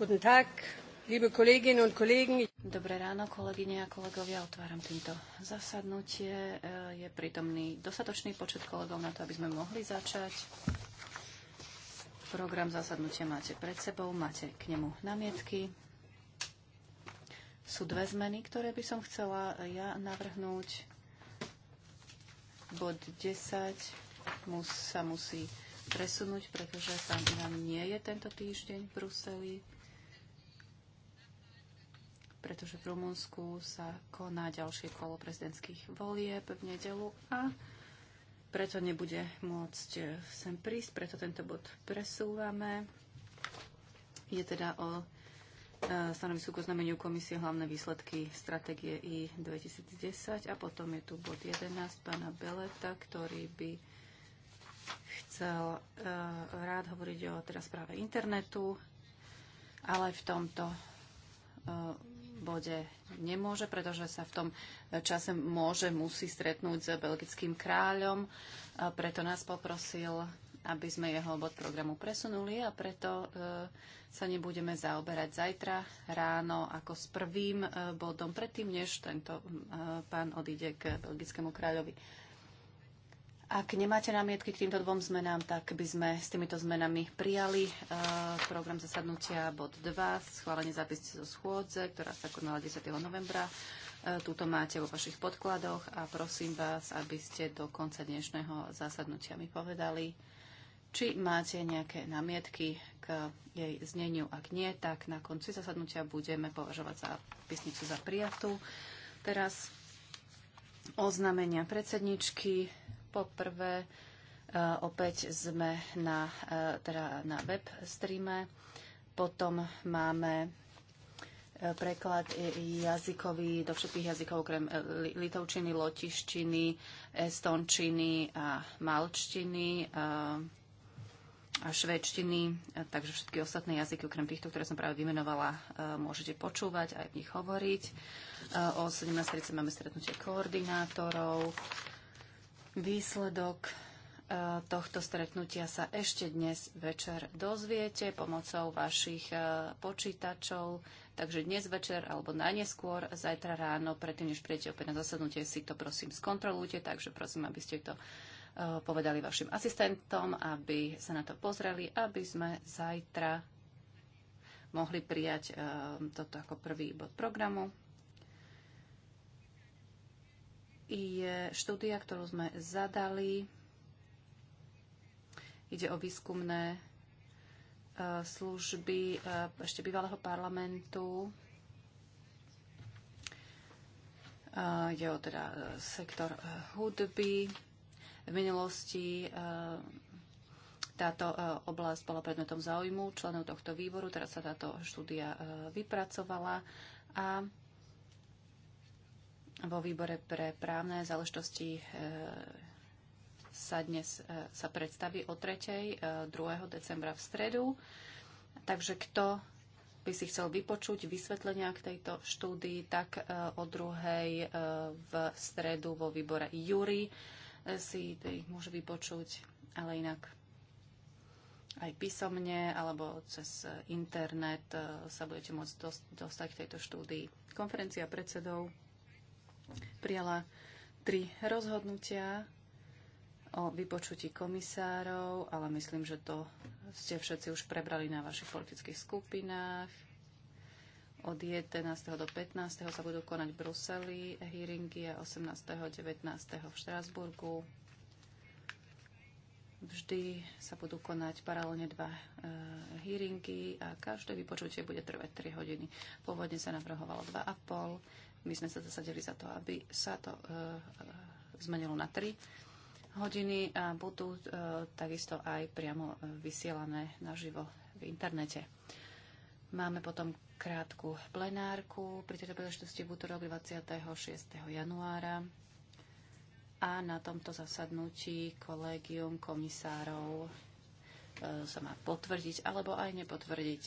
Guten Tag, liebe Kolleginnen und Kollegen. Dobré ráno, kolegyne a kolegovia. Otváram týmto zasadnutie. E, je prítomný dostatočný počet kolegov na to, aby sme mohli začať. Program zasadnutia máte pred sebou, máte k nemu namietky. Sú dve zmeny, ktoré by som chcela ja navrhnúť. Bod 10 mus, sa musí presunúť, pretože tam nám nie je tento týždeň v Bruseli pretože v Rumunsku sa koná ďalšie kolo prezidentských volieb v nedelu a preto nebude môcť sem prísť, preto tento bod presúvame. Je teda o e, stanovisku k oznameniu komisie hlavné výsledky stratégie I 2010 a potom je tu bod 11 pána Beleta, ktorý by chcel e, rád hovoriť o teraz práve internetu, ale v tomto e, bode nemôže, pretože sa v tom čase môže, musí stretnúť s belgickým kráľom. Preto nás poprosil, aby sme jeho bod programu presunuli a preto e, sa nebudeme zaoberať zajtra ráno ako s prvým e, bodom, predtým než tento e, pán odíde k belgickému kráľovi. Ak nemáte námietky k týmto dvom zmenám, tak by sme s týmito zmenami prijali uh, program zasadnutia bod 2, schválenie zápisnice zo schôdze, ktorá sa konala 10. novembra. Uh, eh, Tuto máte vo vašich podkladoch a prosím vás, aby ste do konca dnešného zasadnutia mi povedali, či máte nejaké námietky k jej zneniu. Ak nie, tak na konci zasadnutia budeme považovať zápisnicu za prijatú. Teraz oznámenia predsedničky Poprvé, e, opäť sme na, e, teda na web streame, potom máme e, preklad jazykový do všetkých jazykov, okrem litovčiny, lotištiny, estončiny a malčtiny a, švedčtiny, švedčiny. Takže všetky ostatné jazyky, okrem týchto, ktoré som práve vymenovala, môžete počúvať a aj v nich hovoriť. O 17.30 máme stretnutie koordinátorov Výsledok e, tohto stretnutia sa ešte dnes večer dozviete pomocou vašich e, počítačov. Takže dnes večer alebo najneskôr, zajtra ráno, predtým než prídete opäť na zasadnutie, si to prosím skontrolujte. Takže prosím, aby ste to e, povedali vašim asistentom, aby sa na to pozreli, aby sme zajtra mohli prijať toto ako prvý bod programu je štúdia, ktorú sme zadali. Ide o výskumné e, služby e, ešte bývalého parlamentu. Je o teda e, sektor hudby. V minulosti táto oblasť bola predmetom záujmu členov tohto výboru, teraz sa táto štúdia vypracovala a vo výbore pre právne záležitosti e, sa dnes e, sa predstaví o 3. 2. E, decembra v stredu. Takže kto by si chcel vypočuť vysvetlenia k tejto štúdii, tak o druhej v stredu vo výbore Júri si ich môže vypočuť, ale inak aj písomne alebo cez internet sa budete môcť dostať k tejto štúdii. Konferencia predsedov Prijala tri rozhodnutia o vypočutí komisárov, ale myslím, že to ste všetci už prebrali na vašich politických skupinách. Od 11. do 15. sa budú konať v Bruseli hearingy a 18. a 19. v Štrásburgu. Vždy sa budú konať paralelne dva e, hearingy a každé vypočutie bude trvať 3 hodiny. Pôvodne sa navrhovalo 2,5. My sme sa zasadili za to, aby sa to e, e zmenilo na 3 hodiny a budú e, takisto aj priamo e, vysielané naživo v internete. Máme potom krátku plenárku pri tejto príležitosti v útorok 26. januára a na tomto zasadnutí kolégium komisárov e, sa má potvrdiť alebo aj nepotvrdiť.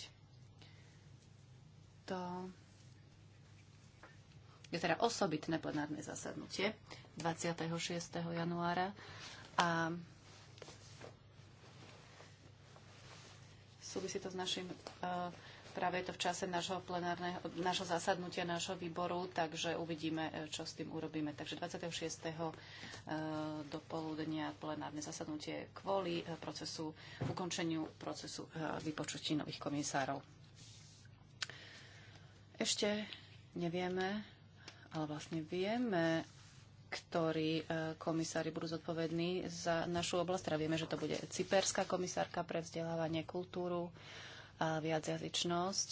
To je teda osobitné plenárne zasadnutie 26. januára a súvisí to s našim uh, práve je to v čase nášho, plenárneho, nášho zasadnutia, nášho výboru, takže uvidíme, e, čo s tým urobíme. Takže 26. E, do poludnia plenárne zasadnutie kvôli e, procesu, ukončeniu procesu vypočutí nových komisárov. Ešte nevieme, ale vlastne vieme, ktorí komisári budú zodpovední za našu oblasť. Teda vieme, že to bude cyperská komisárka pre vzdelávanie, kultúru, a viacjazyčnosť,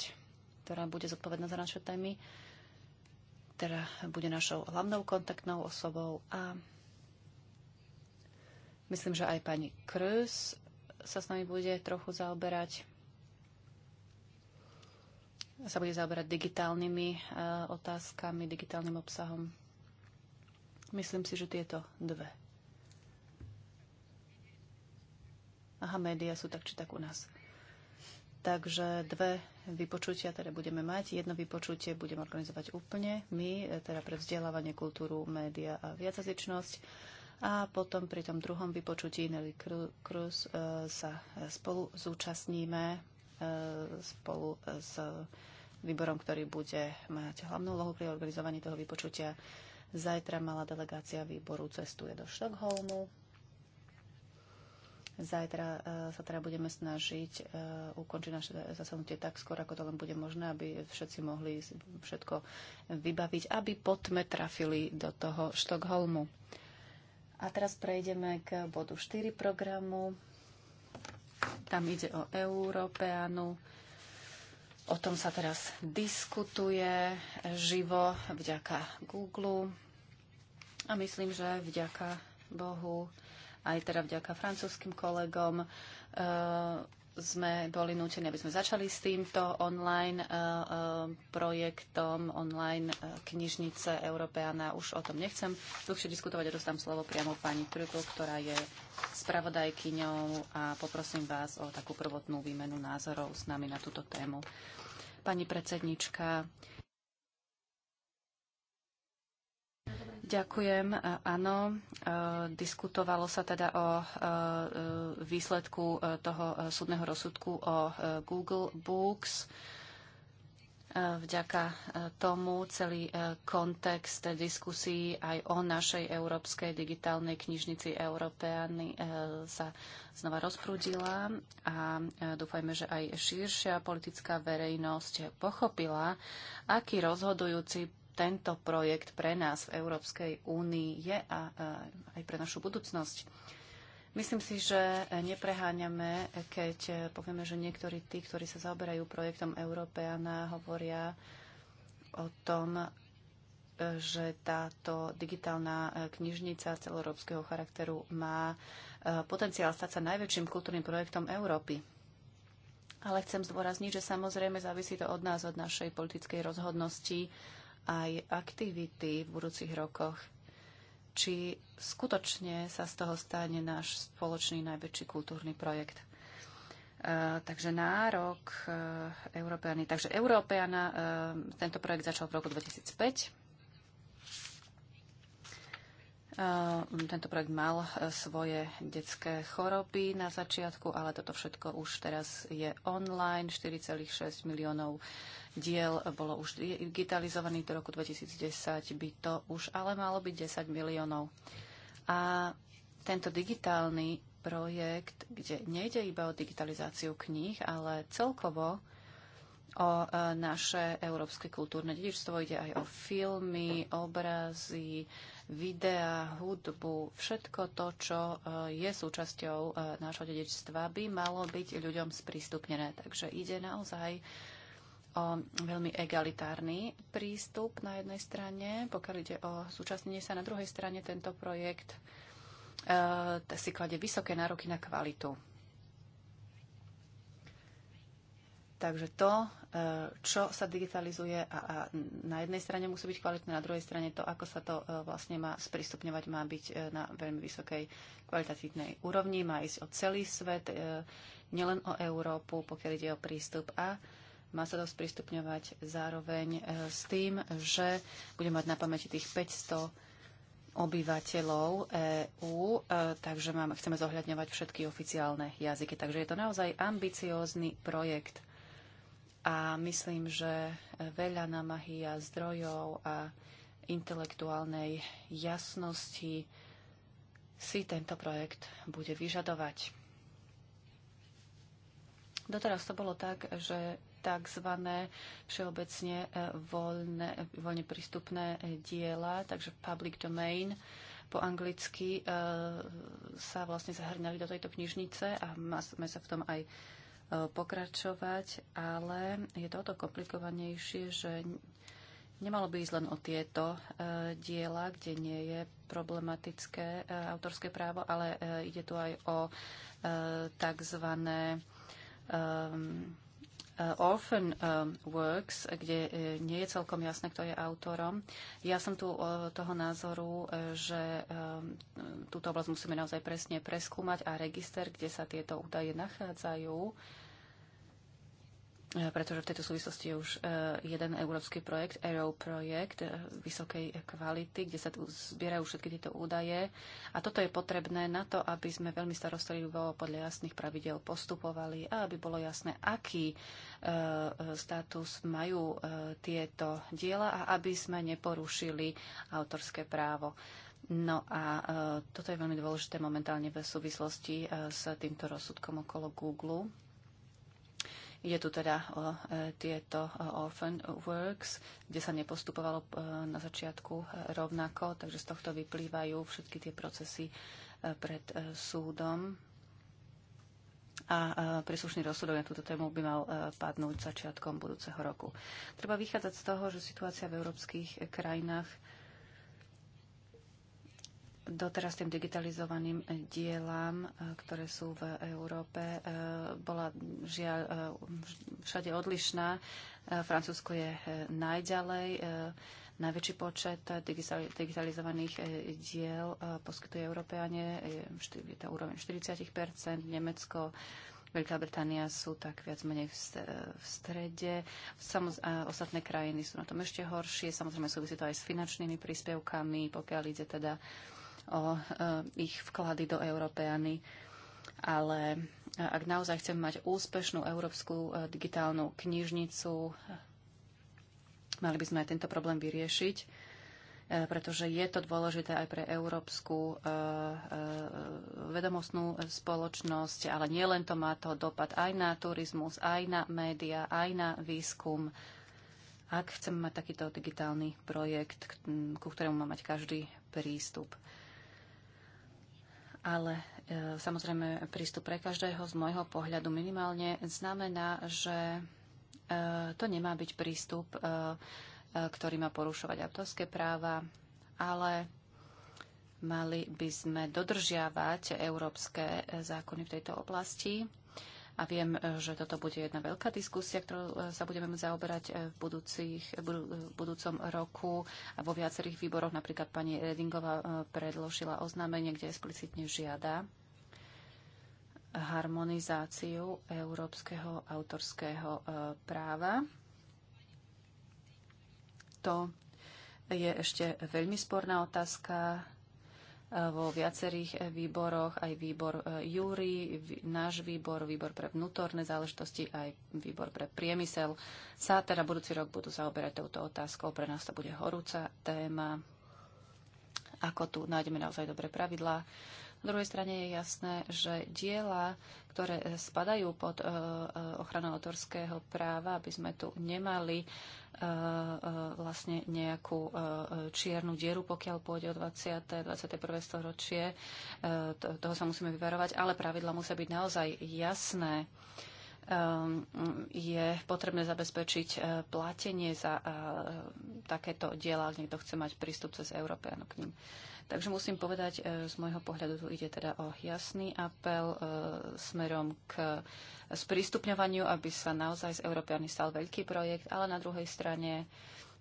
ktorá bude zodpovedná za naše témy, ktorá teda bude našou hlavnou kontaktnou osobou a myslím, že aj pani Krös sa s nami bude trochu zaoberať sa bude zaoberať digitálnymi uh, otázkami, digitálnym obsahom. Myslím si, že tieto dve. Aha, médiá sú tak či tak u nás. Takže dve vypočutia teda budeme mať. Jedno vypočutie budeme organizovať úplne my, teda pre vzdelávanie, kultúru, média a viacazyčnosť. A potom pri tom druhom vypočutí Nelly Cruz e, sa spolu zúčastníme e, spolu s výborom, ktorý bude mať hlavnú lohu pri organizovaní toho vypočutia. Zajtra malá delegácia výboru cestuje do Štokholmu Zajtra e, sa teda budeme snažiť e, ukončiť naše zasadnutie tak skoro, ako to len bude možné, aby všetci mohli všetko vybaviť, aby potme trafili do toho Štokholmu. A teraz prejdeme k bodu 4 programu. Tam ide o Európeanu. O tom sa teraz diskutuje živo vďaka Google. A myslím, že vďaka Bohu aj teda vďaka francúzským kolegom e, sme boli nútení, aby sme začali s týmto online e, e, projektom, online knižnice Európeana. Už o tom nechcem dlhšie diskutovať, a dostám slovo priamo pani Trupl, ktorá je spravodajkyňou a poprosím vás o takú prvotnú výmenu názorov s nami na túto tému. Pani predsednička, Ďakujem. E, áno, e, diskutovalo sa teda o e, výsledku toho súdneho rozsudku o Google Books. Vďaka tomu celý kontext diskusí aj o našej európskej digitálnej knižnici Európeány sa znova rozprúdila a dúfajme, že aj širšia politická verejnosť pochopila, aký rozhodujúci tento projekt pre nás v Európskej únii je a aj pre našu budúcnosť. Myslím si, že nepreháňame, keď povieme, že niektorí tí, ktorí sa zaoberajú projektom Európeana, hovoria o tom, že táto digitálna e, knižnica celoeurópskeho charakteru má e, potenciál stať sa najväčším kultúrnym projektom Európy. Ale chcem zdôrazniť, že samozrejme závisí to od nás, od našej politickej rozhodnosti aj aktivity v budúcich rokoch, či skutočne sa z toho stane náš spoločný najväčší kultúrny projekt. Uh, takže nárok uh, Európeany. Takže Európeana, uh, tento projekt začal v roku 2005 Ehm, tento projekt mal e, svoje detské choroby na začiatku, ale toto všetko už teraz je online. 4,6 miliónov diel bolo už digitalizovaných do roku 2010, by to už ale malo byť 10 miliónov. A tento digitálny projekt, kde nejde iba o digitalizáciu kníh, ale celkovo o e, naše európske kultúrne dedičstvo. Ide aj o filmy, obrazy, videá, hudbu. Všetko to, čo e, je súčasťou e, nášho dedičstva, by malo byť ľuďom sprístupnené. Takže ide naozaj o veľmi egalitárny prístup na jednej strane, pokiaľ ide o súčasnenie sa na druhej strane tento projekt e, si klade vysoké nároky na kvalitu. Takže to, e, čo sa digitalizuje a, a na jednej strane musí byť kvalitné, na druhej strane to, ako sa to e, vlastne má sprístupňovať, má byť e, na veľmi vysokej kvalitatívnej úrovni, má ísť o celý svet, nielen o Európu, pokiaľ ide o prístup a má sa to sprístupňovať zároveň s tým, že bude mať na pamäti tých 500 obyvateľov EÚ, takže máme, chceme zohľadňovať všetky oficiálne jazyky. Takže je to naozaj ambiciózny projekt a myslím, že e, veľa namahy a zdrojov a intelektuálnej jasnosti si tento projekt bude vyžadovať. Doteraz to bolo tak, že tzv. všeobecne e, voľne, voľne prístupné e, diela, takže public domain, po anglicky sa vlastne zahrňali do tejto knižnice a sme sa v tom aj E, pokračovať, ale je to o to komplikovanejšie, že nemalo by ísť len o tieto e, diela, kde nie je problematické e, autorské právo, ale ide tu aj o tzv. Orphan Works, kde nie je celkom jasné, kto je autorom. Ja som tu toho názoru, že túto oblasť musíme naozaj presne preskúmať a register, kde sa tieto údaje nachádzajú, E, pretože v tejto súvislosti je už e, jeden európsky projekt, Aero projekt e, vysokej kvality, kde sa tu zbierajú všetky tieto údaje. A toto je potrebné na to, aby sme veľmi starostlivo podľa jasných pravidel postupovali a aby bolo jasné, aký status majú tieto diela a aby sme neporušili autorské právo. No a toto je veľmi dôležité momentálne v súvislosti s týmto rozsudkom okolo Google Ide tu teda o e, tieto e, orphan works, kde sa nepostupovalo e, na začiatku rovnako, takže z tohto vyplývajú všetky tie procesy pred súdom. A príslušný rozsudok na túto tému by mal padnúť začiatkom budúceho roku. Treba vychádzať z toho, že situácia v európskych krajinách doteraz tým digitalizovaným eh, dielam, eh, ktoré sú v Európe, eh, bola žiaľ všade odlišná. Francúzsko je najďalej. Najväčší počet digitalizovaných diel poskytuje Európeane, je to úroveň 40 Nemecko Veľká Británia sú tak viac menej v, v strede. Samoz, a ostatné krajiny sú na tom ešte horšie. Samozrejme súvisí to aj s finančnými príspevkami, pokiaľ ide teda uh, o e, ich vklady do Európeany. Ale ak naozaj chcem mať úspešnú európsku e, digitálnu knižnicu, mali by sme aj tento problém vyriešiť e, pretože je to dôležité aj pre európsku vedomostnú spoločnosť, ale nielen to má to dopad aj na turizmus, aj na média, aj na výskum. Ak chceme mať takýto digitálny projekt, ku ktorému má mať každý prístup ale e, samozrejme prístup pre každého z môjho pohľadu minimálne znamená, že e, to nemá byť prístup, e, e ktorý má porušovať autorské práva, ale mali by sme dodržiavať európske zákony v tejto oblasti a viem, e, že toto bude jedna veľká diskusia, ktorou e, sa budeme zaoberať e, v, budúcich, v budúcom roku a vo viacerých výboroch. Napríklad pani Redingová predložila oznámenie, kde explicitne žiada harmonizáciu európskeho autorského práva. To je ešte veľmi sporná otázka vo viacerých eh, výboroch, aj výbor eh, Júri, náš výbor, výbor pre vnútorné záležitosti, aj výbor pre priemysel sa teda budúci rok budú zaoberať touto otázkou. Pre nás to bude horúca téma, ako tu nájdeme naozaj dobré pravidlá na druhej strane je jasné, že diela, ktoré spadajú pod e, e, ochranu autorského práva, aby sme tu nemali e, vlastne nejakú čiernu dieru, pokiaľ pôjde o 20. 21. storočie. Toho sa musíme vyvarovať, ale pravidla musia byť naozaj jasné. Ehm, je potrebné zabezpečiť platenie za takéto diela, ak niekto chce mať prístup cez Európeanu k ním. Takže musím povedať, e, z môjho pohľadu tu ide teda o jasný apel e, smerom k sprístupňovaniu, aby sa naozaj z Európiany stal veľký projekt, ale na druhej strane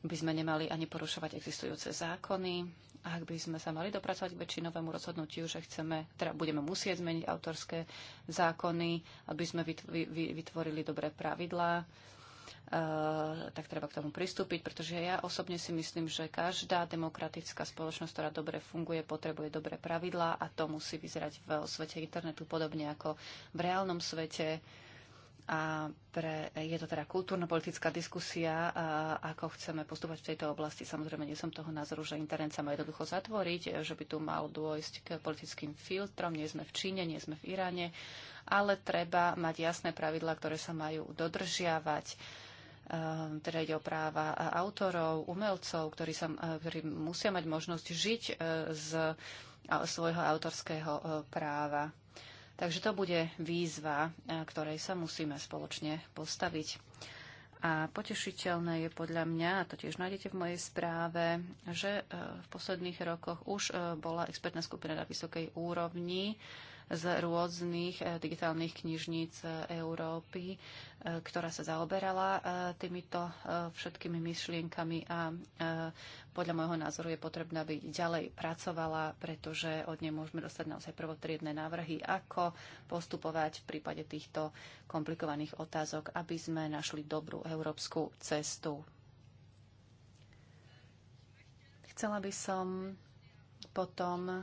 by sme nemali ani porušovať existujúce zákony. A ak by sme sa mali dopracovať k väčšinovému rozhodnutiu, že chceme, teda budeme musieť zmeniť autorské zákony, aby sme vytvorili dobré pravidlá, Eh, tak treba k tomu pristúpiť, pretože ja osobne si myslím, že každá demokratická spoločnosť, ktorá dobre funguje, potrebuje dobré pravidlá a to musí vyzerať v svete internetu podobne ako v reálnom svete. A pre, je to teda kultúrno-politická diskusia, a eh, ako chceme postupovať v tejto oblasti. Samozrejme, nie som toho názoru, že internet sa má jednoducho zatvoriť, eh, že by tu mal dôjsť k politickým filtrom. Nie sme v Číne, nie sme v Iráne, ale treba mať jasné pravidlá, ktoré sa majú dodržiavať Ehm, teda ide o práva e, autorov, umelcov, ktorí, sa, e, ktorí musia mať možnosť žiť e, z svojho autorského práva. Takže to bude výzva, ktorej sa musíme spoločne postaviť. A potešiteľné je podľa mňa, a to tiež nájdete v mojej správe, že v posledných rokoch už bola expertná skupina na vysokej úrovni, z rôznych e, digitálnych knižníc e, Európy, e, ktorá sa zaoberala týmito všetkými myšlienkami a podľa môjho názoru je potrebné, aby ďalej pracovala, pretože od nej môžeme dostať naozaj prvotriedne návrhy, ako postupovať v prípade týchto komplikovaných otázok, aby sme našli dobrú európsku cestu. Chcela by som potom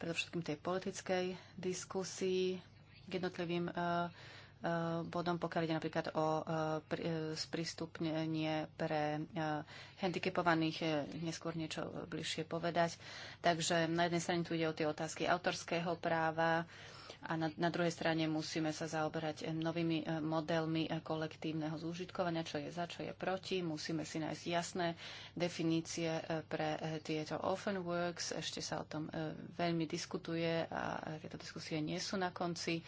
predovšetkým tej politickej diskusii k jednotlivým e, e, bodom, pokiaľ ide napríklad o e, sprístupnenie pre handicapovaných, neskôr niečo bližšie povedať. Takže na jednej strane tu ide o tie otázky autorského práva, a na, na druhej strane musíme sa zaoberať eh, novými eh, modelmi eh, kolektívneho zúžitkovania, čo je za, čo je proti. Musíme si nájsť jasné definície pre tieto open works. Ešte sa o tom veľmi diskutuje a tieto diskusie nie sú na konci.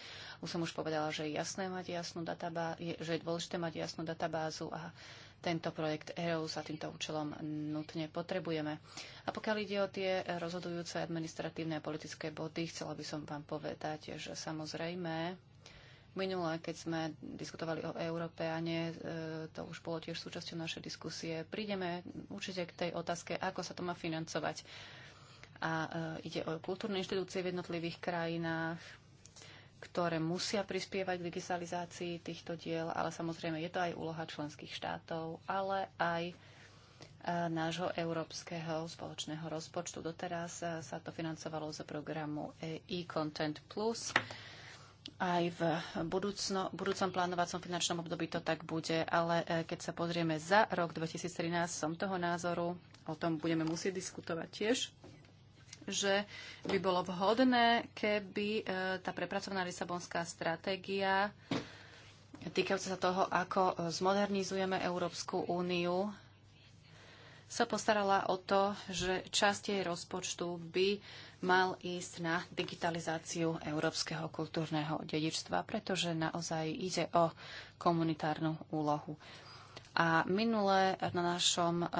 Už som už povedala, že je jasné mať jasnú databázu, že je dôležité mať jasnú databázu a tento projekt EÚ sa týmto účelom nutne potrebujeme. A pokiaľ ide o tie rozhodujúce administratívne a politické body, chcela by som vám povedať, že samozrejme minule, keď sme diskutovali o nie, e, to už bolo tiež súčasťou našej diskusie. Prídeme určite k tej otázke, ako sa to má financovať. A e, ide o kultúrne inštitúcie v jednotlivých krajinách, ktoré musia prispievať k digitalizácii týchto diel, ale samozrejme je to aj úloha členských štátov, ale aj e, nášho európskeho spoločného rozpočtu. Doteraz e, sa to financovalo z programu e, e-Content Plus. Aj v budúcno, budúcom plánovacom finančnom období to tak bude, ale keď sa pozrieme za rok 2013, som toho názoru, o tom budeme musieť diskutovať tiež, že by bolo vhodné, keby e, tá prepracovaná Lisabonská stratégia týkajúca sa toho, ako e, zmodernizujeme Európsku úniu, sa postarala o to, že časť jej rozpočtu by mal ísť na digitalizáciu európskeho kultúrneho dedičstva, pretože naozaj ide o komunitárnu úlohu. A minule na našom uh,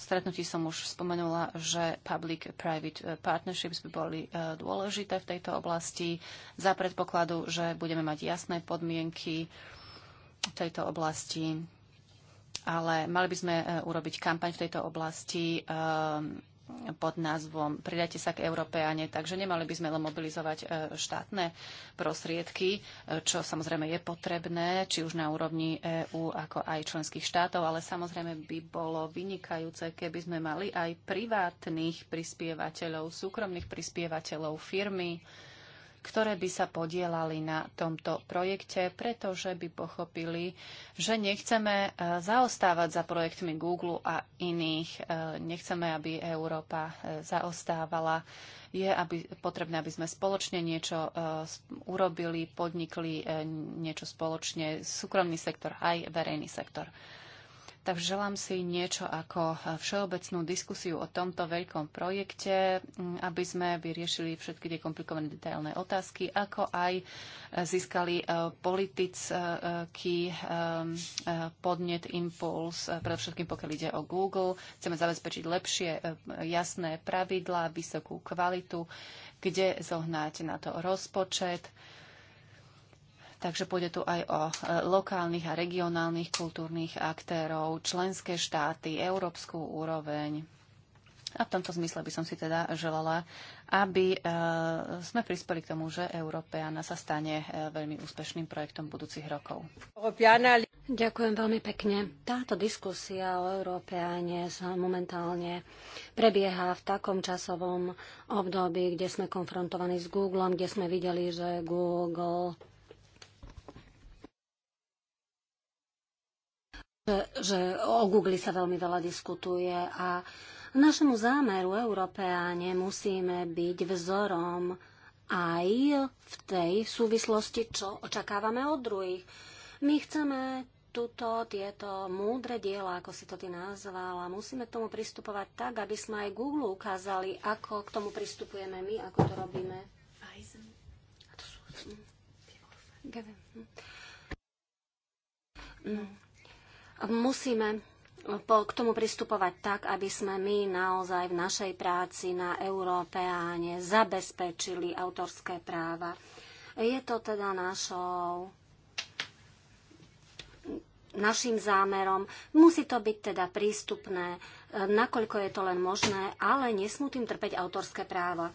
stretnutí som už spomenula, že public-private eh, partnerships by boli uh, dôležité v tejto oblasti za predpokladu, že budeme mať jasné podmienky v tejto oblasti. Ale mali by sme uh, urobiť kampaň v tejto oblasti pod názvom Pridajte sa k Európe a nie, takže nemali by sme len mobilizovať e, štátne prostriedky, e, čo samozrejme je potrebné, či už na úrovni EÚ ako aj členských štátov, ale samozrejme by bolo vynikajúce, keby sme mali aj privátnych prispievateľov, súkromných prispievateľov, firmy, ktoré by sa podielali na tomto projekte, pretože by pochopili, že nechceme e, zaostávať za projektmi Google a iných. E, nechceme, aby Európa e, zaostávala. Je aby, potrebné, aby sme spoločne niečo urobili, podnikli niečo spoločne, súkromný sektor aj verejný sektor tak želám si niečo ako eh, všeobecnú diskusiu o tomto veľkom projekte, mm, aby sme vyriešili všetky tie komplikované detailné otázky, ako aj eh, získali eh, politický podnet, impuls, predovšetkým pokiaľ ide o Google. Chceme zabezpečiť lepšie, jasné pravidlá, vysokú kvalitu, kde zohnať na to rozpočet, Takže pôjde tu aj o e, lokálnych a regionálnych kultúrnych aktérov, členské štáty, európsku úroveň. A v tomto zmysle by som si teda želala, aby e, sme prispeli k tomu, že Európeana sa stane e, veľmi úspešným projektom budúcich rokov. Ďakujem veľmi pekne. Táto diskusia o Európeane sa momentálne prebieha v takom časovom období, kde sme konfrontovaní s Googlem, kde sme videli, že Google že, že o Google sa veľmi veľa diskutuje a našemu zámeru Európeáne musíme byť vzorom aj v tej súvislosti, čo očakávame od druhých. My chceme tuto, tieto múdre diela, ako si to ty nazvala, musíme k tomu pristupovať tak, aby sme aj Google ukázali, ako k tomu pristupujeme my, ako to robíme. Hm. Hm. No. Musíme k tomu pristupovať tak, aby sme my naozaj v našej práci na Európeáne zabezpečili autorské práva. Je to teda našou našim zámerom. Musí to byť teda prístupné, e, nakoľko je to len možné, ale nesmú tým trpeť autorské práva. E,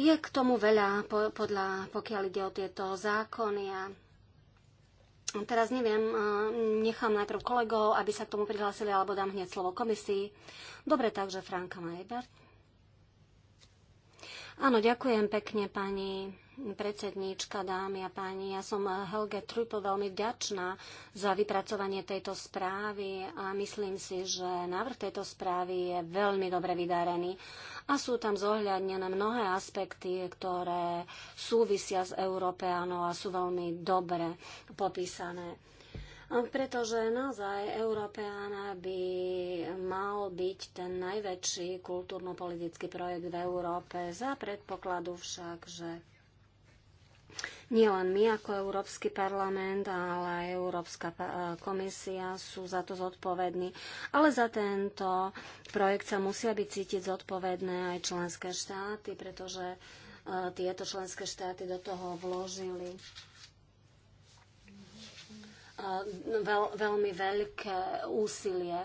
je k tomu veľa, podľa, pokiaľ ide o tieto zákony a Teraz neviem, e, nechám najprv kolegov, aby sa k tomu prihlásili, alebo dám hneď slovo komisii. Dobre, takže Franka Majbert. Áno, ďakujem pekne pani predsedníčka, dámy a páni. Ja som Helge Trupl veľmi vďačná za vypracovanie tejto správy a myslím si, že návrh tejto správy je veľmi dobre vydarený a sú tam zohľadnené mnohé aspekty, ktoré súvisia s Európeanou a sú veľmi dobre popísané pretože naozaj Európeana by mal byť ten najväčší kultúrno-politický projekt v Európe, za predpokladu však, že Nielen my ako Európsky parlament, ale aj Európska eh, komisia sú za to zodpovední. Ale za tento projekt sa musia byť cítiť zodpovedné aj členské štáty, pretože eh, tieto členské štáty do toho vložili E, veľ, veľmi veľké úsilie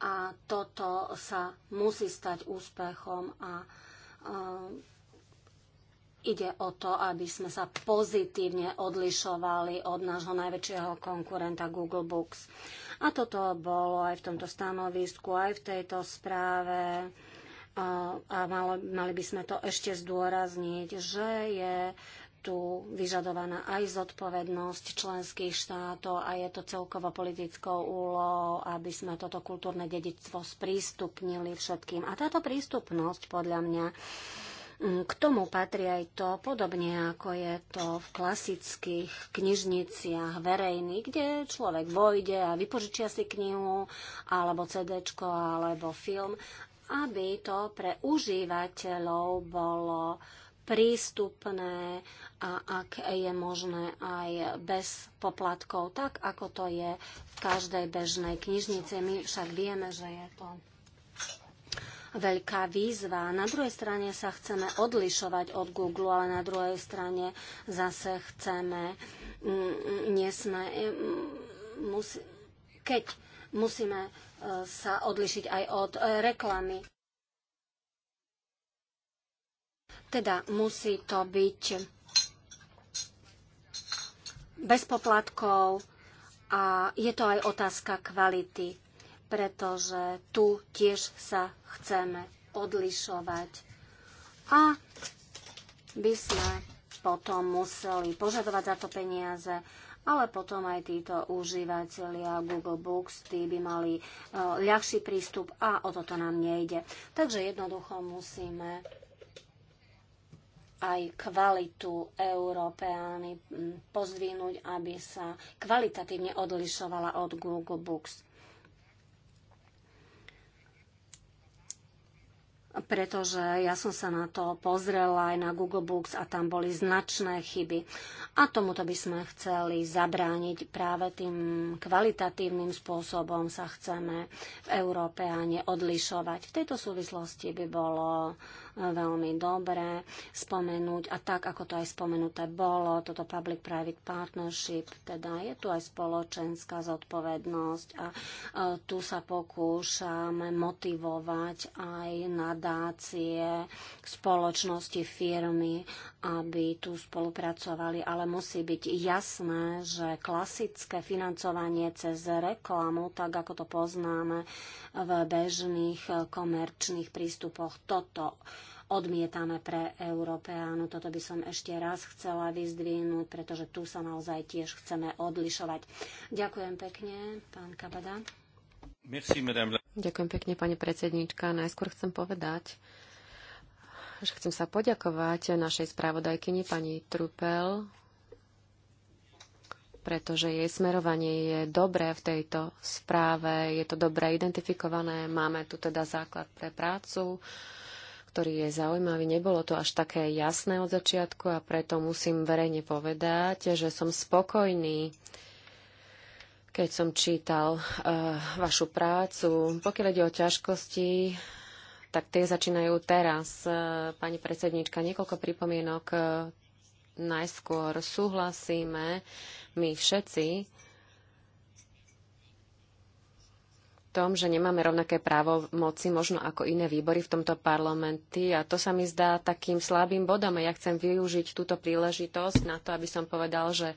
a toto sa musí stať úspechom a e, Ide o to, aby sme sa pozitívne odlišovali od nášho najväčšieho konkurenta Google Books. A toto bolo aj v tomto stanovisku, aj v tejto správe. E, a mali by sme to ešte zdôrazniť, že je tu vyžadovaná aj zodpovednosť členských štátov a je to celkovo politickou úlohou, aby sme toto kultúrne dedictvo sprístupnili všetkým. A táto prístupnosť podľa mňa mm, k tomu patrí aj to, podobne ako je to v klasických knižniciach verejných, kde človek vojde a vypožičia si knihu, alebo CD, alebo film, aby to pre užívateľov bolo uh, prístupné a ak je možné aj bez poplatkov, tak ako to je v každej bežnej knižnici. My však vieme, že je to veľká výzva. Na druhej strane sa chceme odlišovať od Google, ale na druhej strane zase chceme, mm, nesme, mm, musí, keď musíme e, sa odlišiť aj od e, reklamy. Teda musí to byť bez poplatkov a je to aj otázka kvality, pretože tu tiež sa chceme odlišovať. A by sme potom museli požadovať za to peniaze, ale potom aj títo užívateľia Google Books, tí by mali eh, ľahší prístup a o toto nám nejde. Takže jednoducho musíme aj kvalitu Európeány pozvinúť, aby sa kvalitatívne odlišovala od Google Books. pretože ja som sa na to pozrela aj na Google Books a tam boli značné chyby. A tomuto by sme chceli zabrániť práve tým kvalitatívnym spôsobom sa chceme v Európe a neodlišovať. V tejto súvislosti by bolo veľmi dobre spomenúť a tak, ako to aj spomenuté bolo, toto public-private partnership, teda je tu aj spoločenská zodpovednosť a e, tu sa pokúšame motivovať aj nadácie, spoločnosti, firmy, aby tu spolupracovali, ale musí byť jasné, že klasické financovanie cez reklamu, tak ako to poznáme v bežných komerčných prístupoch, toto odmietame pre Európeánu. Toto by som ešte raz chcela vyzdvihnúť, pretože tu sa naozaj tiež chceme odlišovať. Ďakujem pekne, pán Kabada. Merci, Ďakujem pekne, pani predsedníčka. Najskôr chcem povedať, Chcem sa poďakovať našej správodajkyni pani Trupel, pretože jej smerovanie je dobré v tejto správe, je to dobre identifikované, máme tu teda základ pre prácu, ktorý je zaujímavý. Nebolo to až také jasné od začiatku a preto musím verejne povedať, že som spokojný keď som čítal uh, vašu prácu. Pokiaľ ide o ťažkosti, tak tie začínajú teraz. E, pani predsednička, niekoľko pripomienok. E, najskôr súhlasíme my všetci v tom, že nemáme rovnaké právo moci, možno ako iné výbory v tomto parlamente. A to sa mi zdá takým slabým bodom. A ja chcem využiť túto príležitosť na to, aby som povedal, že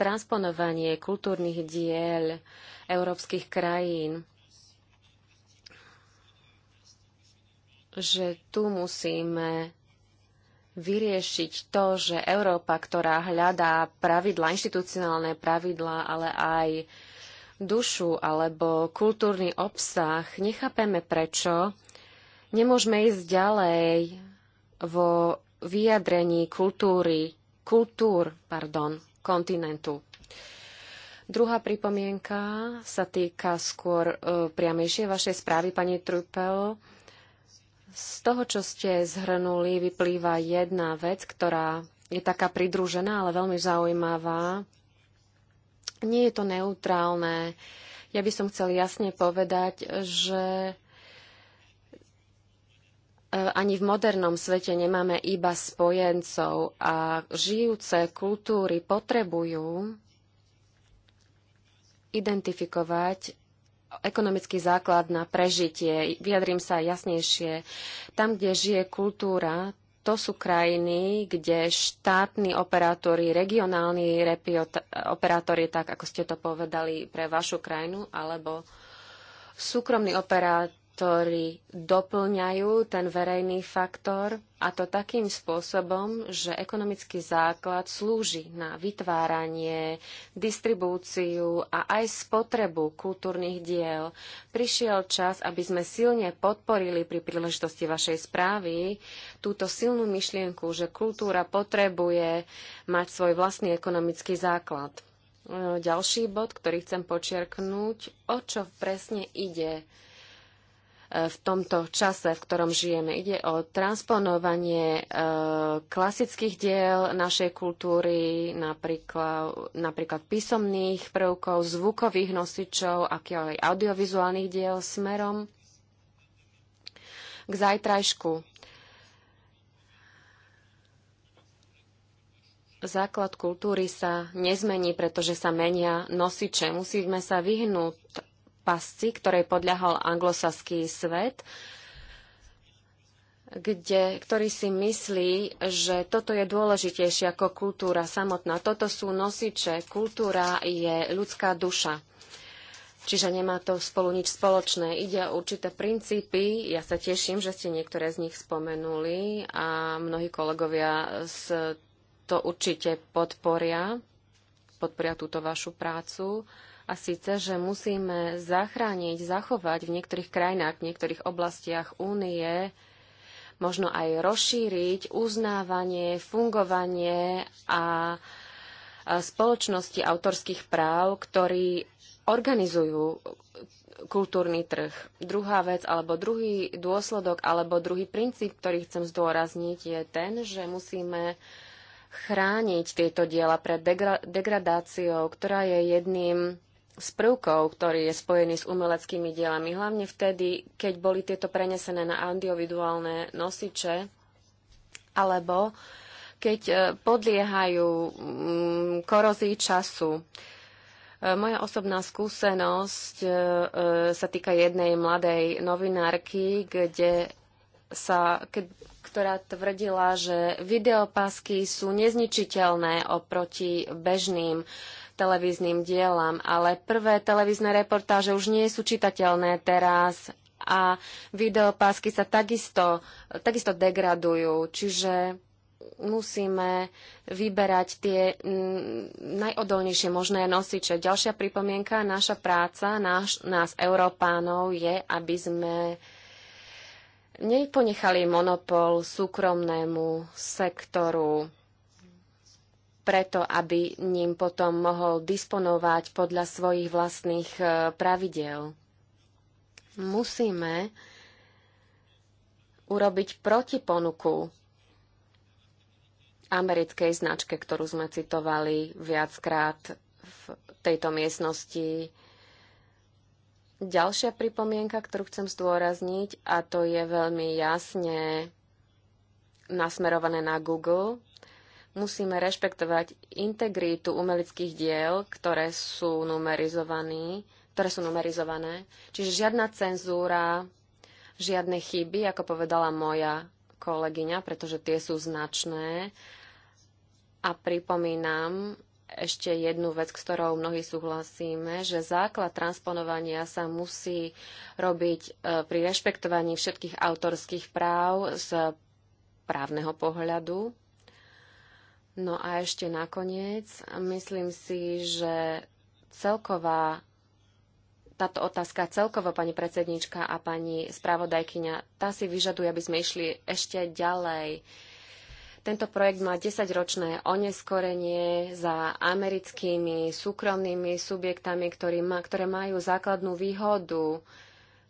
transponovanie kultúrnych diel európskych krajín že tu musíme vyriešiť to, že Európa, ktorá hľadá pravidla, inštitucionálne pravidla, ale aj dušu alebo kultúrny obsah, nechápeme prečo, nemôžeme ísť ďalej vo vyjadrení kultúry, kultúr, pardon, kontinentu. Druhá pripomienka sa týka skôr e, priamejšie vašej správy, pani Trupel. E, z toho, čo ste zhrnuli, vyplýva jedna vec, ktorá je taká pridružená, ale veľmi zaujímavá. Nie je to neutrálne. Ja by som chcel jasne povedať, že e, ani v modernom svete nemáme iba spojencov a žijúce kultúry potrebujú identifikovať ekonomický základ na prežitie. Vyjadrím sa jasnejšie. Tam, kde žije kultúra, to sú krajiny, kde štátni operátori, regionálni operátori, tak ako ste to povedali pre vašu krajinu, alebo súkromní operátori, ktorí doplňajú ten verejný faktor a to takým spôsobom, že ekonomický základ slúži na vytváranie, distribúciu a aj spotrebu kultúrnych diel. Prišiel čas, aby sme silne podporili pri príležitosti vašej správy túto silnú myšlienku, že kultúra potrebuje mať svoj vlastný ekonomický základ. E, ďalší bod, ktorý chcem počiarknúť, o čo presne ide v tomto čase, v ktorom žijeme. Ide o transponovanie e, klasických diel našej kultúry, napríklad, napríklad písomných prvkov, zvukových nosičov, aký aj audiovizuálnych diel smerom k zajtrajšku. Základ kultúry sa nezmení, pretože sa menia nosiče. Musíme sa vyhnúť pasci, ktorej podľahol anglosaský svet, kde, ktorý si myslí, že toto je dôležitejšie ako kultúra samotná. Toto sú nosiče. Kultúra je ľudská duša. Čiže nemá to spolu nič spoločné. Ide o určité princípy. Ja sa teším, že ste niektoré z nich spomenuli a mnohí kolegovia to určite podporia. Podporia túto vašu prácu. A síce, že musíme zachrániť, zachovať v niektorých krajinách, v niektorých oblastiach únie, možno aj rozšíriť uznávanie, fungovanie a spoločnosti autorských práv, ktorí organizujú kultúrny trh. Druhá vec, alebo druhý dôsledok, alebo druhý princíp, ktorý chcem zdôrazniť, je ten, že musíme chrániť tieto diela pred degra- degradáciou, ktorá je jedným z prvkov, ktorý je spojený s umeleckými dielami, hlavne vtedy, keď boli tieto prenesené na individuálne nosiče, alebo keď e, podliehajú mm, korozii času. E, moja osobná skúsenosť e, sa týka jednej mladej novinárky, kde sa, ktorá tvrdila, že videopasky sú nezničiteľné oproti bežným televíznym dielam, ale prvé televízne reportáže už nie sú čitateľné teraz a videopásky sa takisto, takisto degradujú, čiže musíme vyberať tie najodolnejšie možné nosiče. Ďalšia pripomienka, naša práca, náš, nás, Európánov, je, aby sme neponechali monopol súkromnému sektoru preto, aby ním potom mohol disponovať podľa svojich vlastných e, pravidel. Musíme urobiť protiponuku americkej značke, ktorú sme citovali viackrát v tejto miestnosti. Ďalšia pripomienka, ktorú chcem zdôrazniť, a to je veľmi jasne nasmerované na Google, Musíme rešpektovať integritu umeleckých diel, ktoré sú, ktoré sú numerizované. Čiže žiadna cenzúra, žiadne chyby, ako povedala moja kolegyňa, pretože tie sú značné. A pripomínam, ešte jednu vec, s ktorou mnohí súhlasíme, že základ transponovania sa musí robiť e, pri rešpektovaní všetkých autorských práv z právneho pohľadu. No a ešte nakoniec, myslím si, že celková táto otázka celkovo, pani predsednička a pani spravodajkyňa, tá si vyžaduje, aby sme išli ešte ďalej. Tento projekt má 10-ročné oneskorenie za americkými súkromnými subjektami, ktoré majú základnú výhodu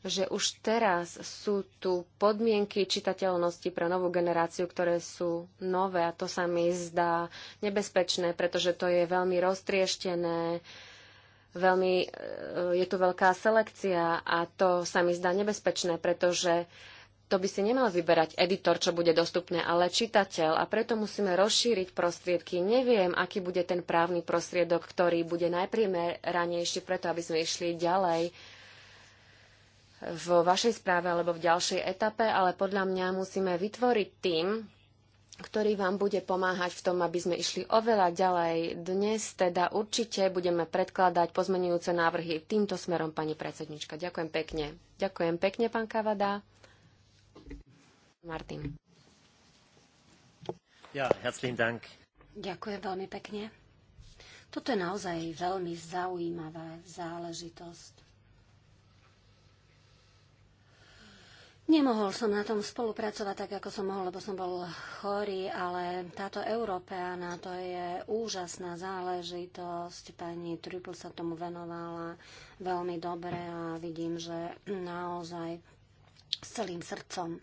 že už teraz sú tu podmienky čitateľnosti pre novú generáciu, ktoré sú nové a to sa mi zdá nebezpečné, pretože to je veľmi roztrieštené, veľmi, e, je tu veľká selekcia a to sa mi zdá nebezpečné, pretože to by si nemal vyberať editor, čo bude dostupné, ale čitateľ. A preto musíme rozšíriť prostriedky. Neviem, aký bude ten právny prostriedok, ktorý bude najprimeranejší preto, aby sme išli ďalej vo vašej správe alebo v ďalšej etape, ale podľa mňa musíme vytvoriť tým, ktorý vám bude pomáhať v tom, aby sme išli oveľa ďalej. Dnes teda určite budeme predkladať pozmenujúce návrhy týmto smerom, pani predsednička. Ďakujem pekne. Ďakujem pekne, pán Kavada. Martin. Ja, herzlichen Dank. Ďakujem veľmi pekne. Toto je naozaj veľmi zaujímavá záležitosť. Nemohol som na tom spolupracovať tak, ako som mohol, lebo som bol chorý, ale táto Európeana, to je úžasná záležitosť. Pani Triple sa tomu venovala veľmi dobre a vidím, že naozaj s celým srdcom.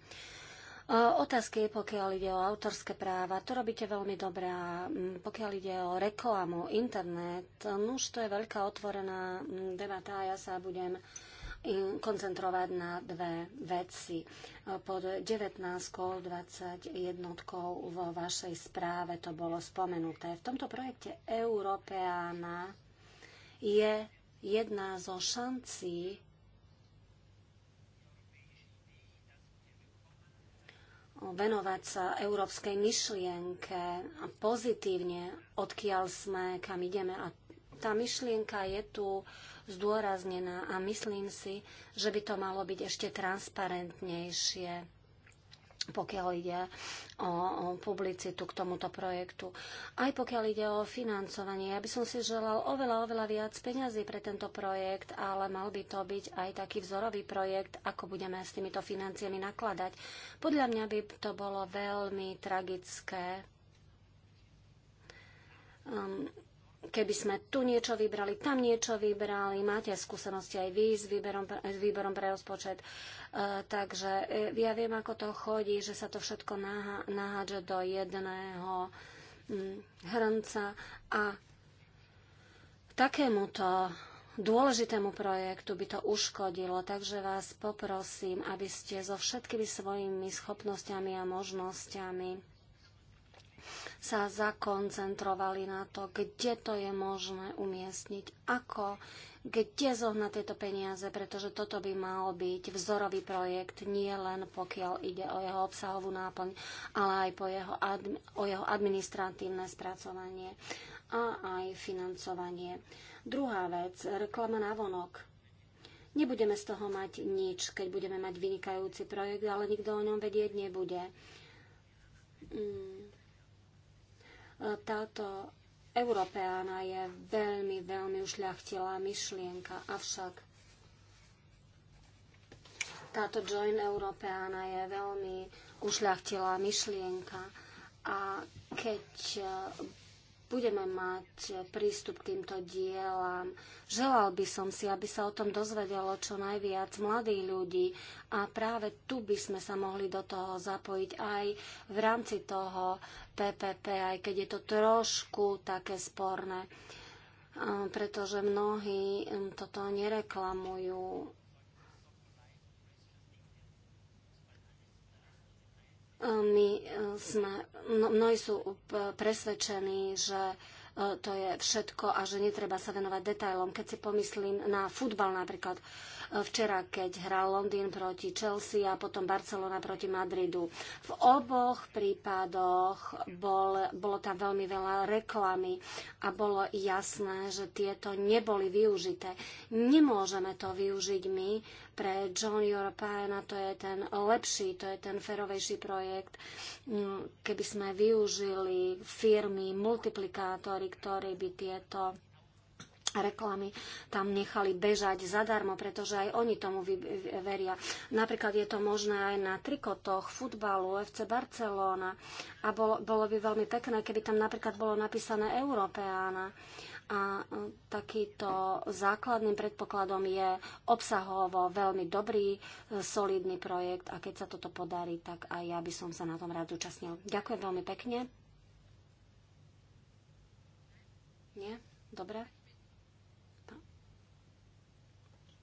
Otázky, pokiaľ ide o autorské práva, to robíte veľmi dobre. A pokiaľ ide o reklamu, internet, už to je veľká otvorená debata a ja sa budem koncentrovať na dve veci. Pod 19 21 vo vašej správe to bolo spomenuté. V tomto projekte Európeána je jedna zo šancí venovať sa európskej myšlienke a pozitívne, odkiaľ sme, kam ideme. A tá myšlienka je tu zdôraznená a myslím si, že by to malo byť ešte transparentnejšie pokiaľ ide o, o publicitu k tomuto projektu. Aj pokiaľ ide o financovanie, ja by som si želal oveľa, oveľa viac peňazí pre tento projekt, ale mal by to byť aj taký vzorový projekt, ako budeme s týmito financiami nakladať. Podľa mňa by to bolo veľmi tragické. Um, keby sme tu niečo vybrali, tam niečo vybrali, máte skúsenosti aj vy s výberom, s výberom pre rozpočet. E, takže e, ja viem, ako to chodí, že sa to všetko nahá, nahádže do jedného hm, hrnca a takémuto dôležitému projektu by to uškodilo, takže vás poprosím, aby ste so všetkými svojimi schopnosťami a možnosťami sa zakoncentrovali na to, kde to je možné umiestniť, ako, kde zohnať tieto peniaze, pretože toto by mal byť vzorový projekt, nie len pokiaľ ide o jeho obsahovú náplň, ale aj po jeho, o jeho administratívne spracovanie a aj financovanie. Druhá vec, reklama na vonok. Nebudeme z toho mať nič, keď budeme mať vynikajúci projekt, ale nikto o ňom vedieť nebude. Mm. Táto Európeána je veľmi, veľmi ušľachtilá myšlienka, avšak táto Join Európeána je veľmi ušľachtilá myšlienka a keď budeme mať prístup k týmto dielam. Želal by som si, aby sa o tom dozvedelo čo najviac mladých ľudí a práve tu by sme sa mohli do toho zapojiť aj v rámci toho PPP, aj keď je to trošku také sporné, pretože mnohí mm, toto nereklamujú E, my e, sme, mnohí sú presvedčení, že e, to je všetko a že netreba sa venovať detailom. Keď si pomyslím na futbal napríklad, včera, keď hral Londýn proti Chelsea a potom Barcelona proti Madridu. V oboch prípadoch bol, bolo tam veľmi veľa reklamy a bolo jasné, že tieto neboli využité. Nemôžeme to využiť my pre John European a to je ten lepší, to je ten ferovejší projekt, mm, keby sme využili firmy, multiplikátory, ktorí by tieto reklamy tam nechali bežať zadarmo, pretože aj oni tomu veria. Napríklad je to možné aj na trikotoch futbalu FC Barcelona a bolo, bolo by veľmi pekné, keby tam napríklad bolo napísané Európeána. A e, takýto základným predpokladom je obsahovo veľmi dobrý, e, solidný projekt a keď sa toto podarí, tak aj ja by som sa na tom rád zúčastnil. Ďakujem veľmi pekne. Nie? Dobre.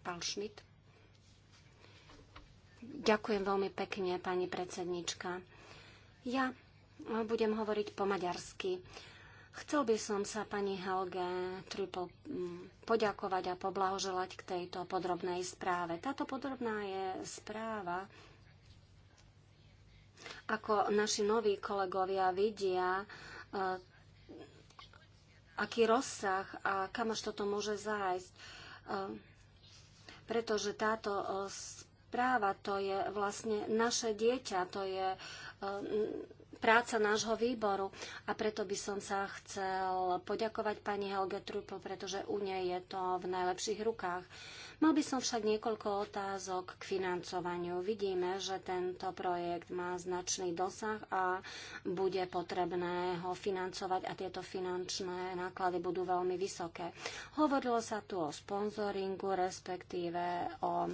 Pán Šmit. Ďakujem veľmi pekne, pani predsednička. Ja budem hovoriť po maďarsky. Chcel by som sa pani Helge Trüppel mm, poďakovať a poblahoželať k tejto podrobnej správe. Táto podrobná je správa, ako naši noví kolegovia vidia, e, aký rozsah a kam až toto môže zájsť. E, pretože táto e, správa to je vlastne naše dieťa, to je e, práca nášho výboru a preto by som sa chcel poďakovať pani Helge Trupl, pretože u nej je to v najlepších rukách. Mal by som však niekoľko otázok k financovaniu. Vidíme, že tento projekt má značný dosah a bude potrebné ho financovať a tieto finančné náklady budú veľmi vysoké. Hovorilo sa tu o sponzoringu, respektíve o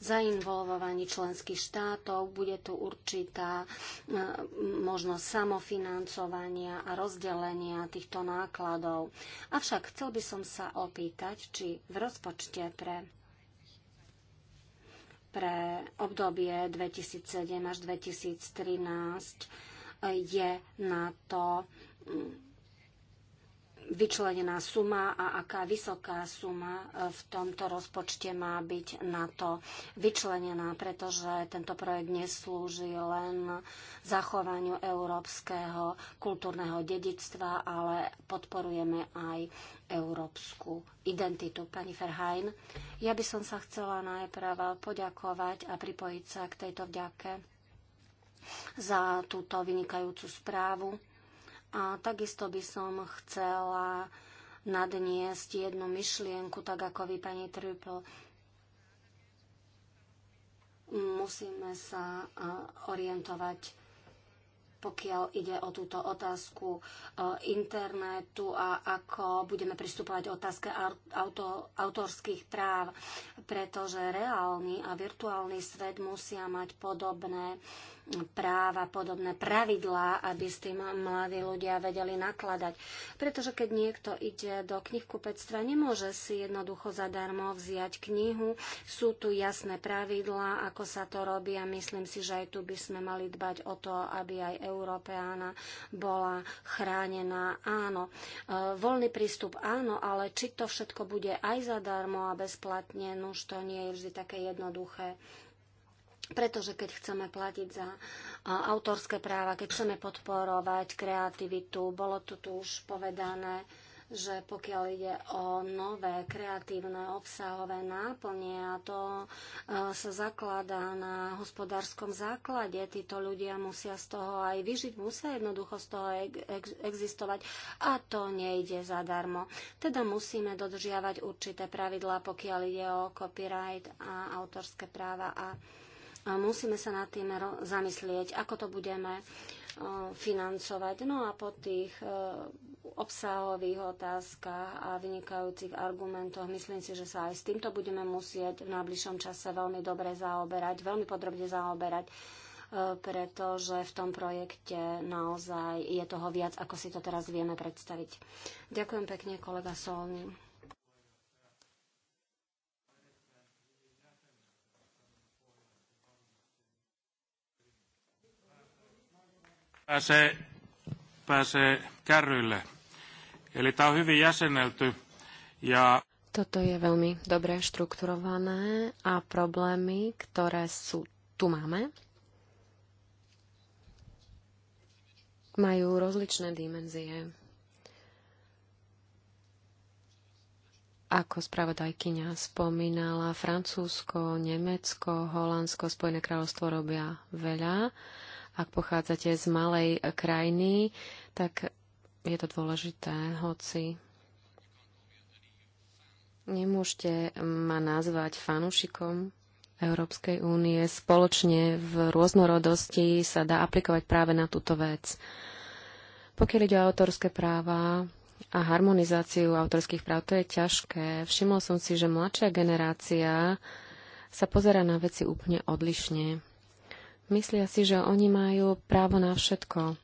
zainvolvovaní členských štátov, bude tu určitá e, možnosť samofinancovania a rozdelenia týchto nákladov. Avšak chcel by som sa opýtať, či v rozpočte pre pre obdobie 2007 až 2013 je na to vyčlenená suma a aká vysoká suma e, v tomto rozpočte má byť na to vyčlenená, pretože tento projekt neslúži len zachovaniu európskeho kultúrneho dedictva, ale podporujeme aj európsku identitu. Pani Ferhajn, ja by som sa chcela najprv poďakovať a pripojiť sa k tejto vďake za túto vynikajúcu správu a takisto by som chcela nadniesť jednu myšlienku, tak ako vy, pani Triple. Musíme sa orientovať pokiaľ ide o túto otázku e, internetu a ako budeme pristupovať otázke auto, autorských práv, pretože reálny a virtuálny svet musia mať podobné práva, podobné pravidlá, aby s tým mladí ľudia vedeli nakladať. Pretože keď niekto ide do knihkupectva, nemôže si jednoducho zadarmo vziať knihu. Sú tu jasné pravidlá, ako sa to robí a myslím si, že aj tu by sme mali dbať o to, aby aj Európeána bola chránená. Áno, e, voľný prístup áno, ale či to všetko bude aj zadarmo a bezplatne, no už to nie je vždy také jednoduché. Pretože keď chceme platiť za autorské práva, keď chceme podporovať kreativitu, bolo to tu už povedané, že pokiaľ ide o nové kreatívne obsahové náplne a to e, sa zakladá na hospodárskom základe, títo ľudia musia z toho aj vyžiť, musia jednoducho z toho existovať a to nejde zadarmo. Teda musíme dodržiavať určité pravidlá, pokiaľ ide o copyright a autorské práva a musíme sa nad tým zamyslieť, ako to budeme financovať. No a po tých obsahových otázkach a vynikajúcich argumentoch myslím si, že sa aj s týmto budeme musieť v najbližšom čase veľmi dobre zaoberať, veľmi podrobne zaoberať pretože v tom projekte naozaj je toho viac, ako si to teraz vieme predstaviť. Ďakujem pekne, kolega Solný. pääsee, pääsee kärryille. Eli tämä on hyvin jäsennelty ja toto je veľmi dobre štrukturované a problémy, ktoré sú, tu máme, majú rozličné dimenzie. Ako spravodajkyňa spomínala, Francúzsko, Nemecko, Holandsko, Spojené kráľovstvo robia veľa. Ak pochádzate z malej krajiny, tak je to dôležité, hoci nemôžete ma nazvať fanúšikom Európskej únie. Spoločne v rôznorodosti sa dá aplikovať práve na túto vec. Pokiaľ ide o autorské práva a harmonizáciu autorských práv, to je ťažké. Všimol som si, že mladšia generácia sa pozera na veci úplne odlišne. Myslia si, že oni majú právo na všetko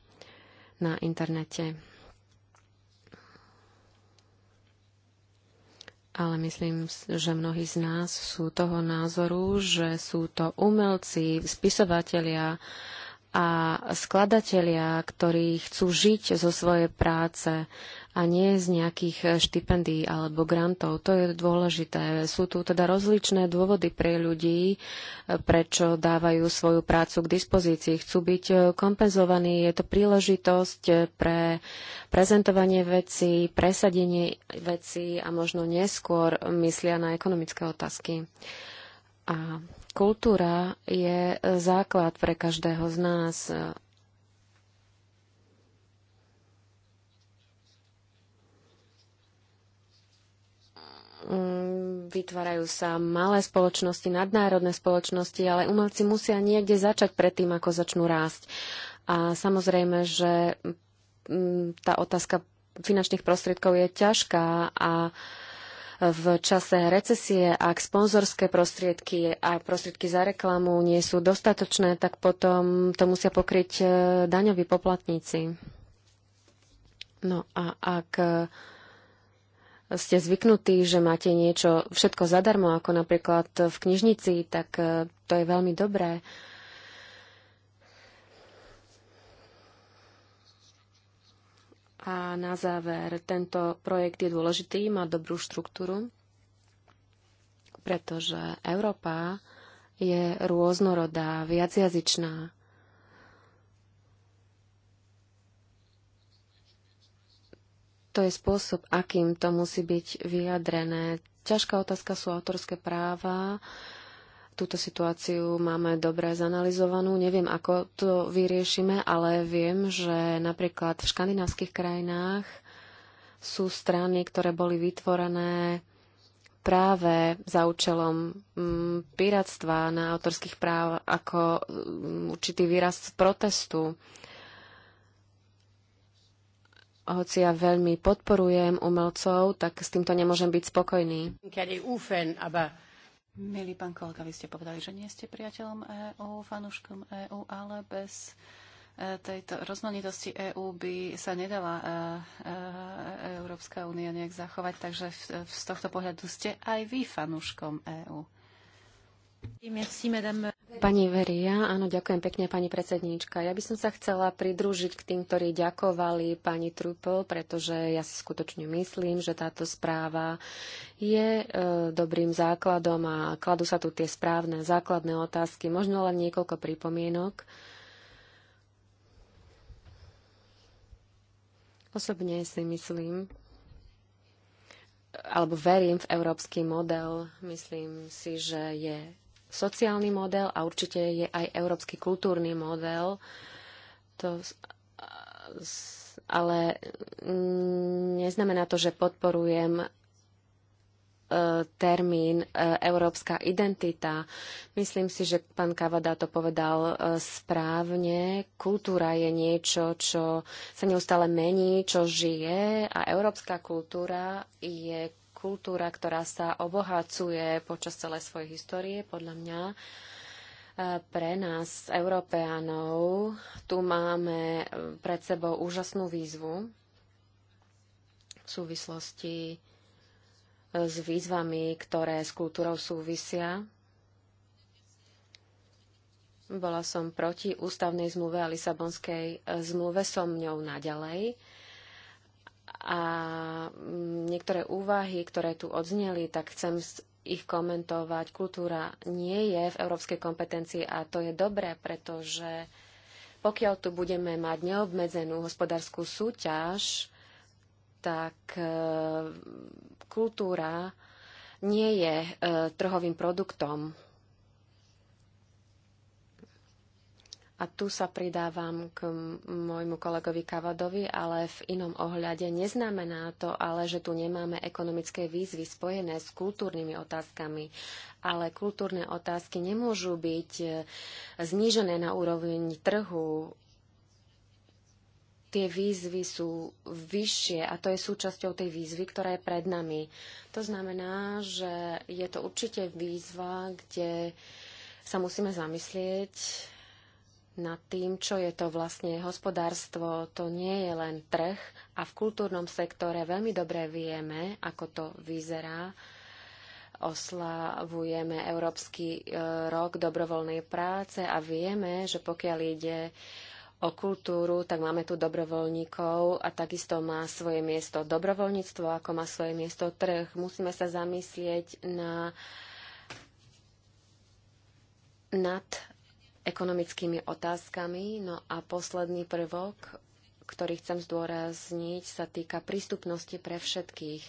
na internete. ale myslím, že mnohí z nás sú toho názoru, že sú to umelci, spisovatelia a skladatelia, ktorí chcú žiť zo svojej práce a nie z nejakých eh, štipendií alebo grantov. To je dôležité. Sú tu teda rozličné dôvody pre ľudí, eh, prečo dávajú svoju prácu k dispozícii. Chcú byť eh, kompenzovaní. Je to príležitosť pre prezentovanie vecí, presadenie vecí a možno neskôr myslia na ekonomické otázky. A kultúra je základ pre každého z nás Mm, vytvárajú sa malé spoločnosti, nadnárodné spoločnosti, ale umelci musia niekde začať predtým, ako začnú rásť. A samozrejme, že mm, tá otázka finančných prostriedkov je ťažká a v čase recesie, ak sponzorské prostriedky a prostriedky za reklamu nie sú dostatočné, tak potom to musia pokryť e, daňoví poplatníci. No a ak ste zvyknutí, že máte niečo všetko zadarmo, ako napríklad v knižnici, tak e, to je veľmi dobré. A na záver, tento projekt je dôležitý, má dobrú štruktúru, pretože Európa je rôznorodá, viacjazyčná. to je spôsob, akým to musí byť vyjadrené. Ťažká otázka sú autorské práva. Túto situáciu máme dobre zanalizovanú. Neviem, ako to vyriešime, ale viem, že napríklad v škandinávskych krajinách sú strany, ktoré boli vytvorené práve za účelom mm, piratstva na autorských práv ako mm, určitý výraz protestu hoci ja veľmi podporujem umelcov, tak s týmto nemôžem byť spokojný. Milý pán kolega, vy ste povedali, že nie ste priateľom EÚ, fanúškom EÚ, ale bez e, tejto rozmanitosti EÚ by sa nedala e, e, Európska únia nejak zachovať, takže z tohto pohľadu ste aj vy fanúškom EÚ. Pani Veria, áno, ďakujem pekne, pani predsedníčka. Ja by som sa chcela pridružiť k tým, ktorí ďakovali pani Trupel, pretože ja si skutočne myslím, že táto správa je e, dobrým základom a kladú sa tu tie správne základné otázky. Možno len niekoľko pripomienok. Osobne si myslím, alebo verím v európsky model. Myslím si, že je sociálny model a určite je aj európsky kultúrny model. To, ale neznamená to, že podporujem e, termín e, európska identita. Myslím si, že pán Kavada to povedal e, správne. Kultúra je niečo, čo sa neustále mení, čo žije a európska kultúra je kultúra, ktorá sa obohacuje počas celej svojej histórie, podľa mňa e, pre nás, Európeanov, tu máme e, pred sebou úžasnú výzvu v súvislosti e, s výzvami, ktoré s kultúrou súvisia. Bola som proti ústavnej zmluve a Lisabonskej zmluve, som ňou naďalej a mm, niektoré úvahy, ktoré tu odzneli, tak chcem ich komentovať. Kultúra nie je v európskej kompetencii a to je dobré, pretože pokiaľ tu budeme mať neobmedzenú hospodárskú súťaž, tak e, kultúra nie je e, trhovým produktom A tu sa pridávam k môjmu kolegovi Kavadovi, ale v inom ohľade neznamená to, ale že tu nemáme ekonomické výzvy spojené s kultúrnymi otázkami. Ale kultúrne otázky nemôžu byť e, znížené na úroveň trhu. Tie výzvy sú vyššie a to je súčasťou tej výzvy, ktorá je pred nami. To znamená, že je to určite výzva, kde sa musíme zamyslieť nad tým, čo je to vlastne hospodárstvo. To nie je len trh a v kultúrnom sektore veľmi dobre vieme, ako to vyzerá. Oslavujeme Európsky e, rok dobrovoľnej práce a vieme, že pokiaľ ide o kultúru, tak máme tu dobrovoľníkov a takisto má svoje miesto dobrovoľníctvo, ako má svoje miesto trh. Musíme sa zamyslieť na nad ekonomickými otázkami. No a posledný prvok, ktorý chcem zdôrazniť, sa týka prístupnosti pre všetkých.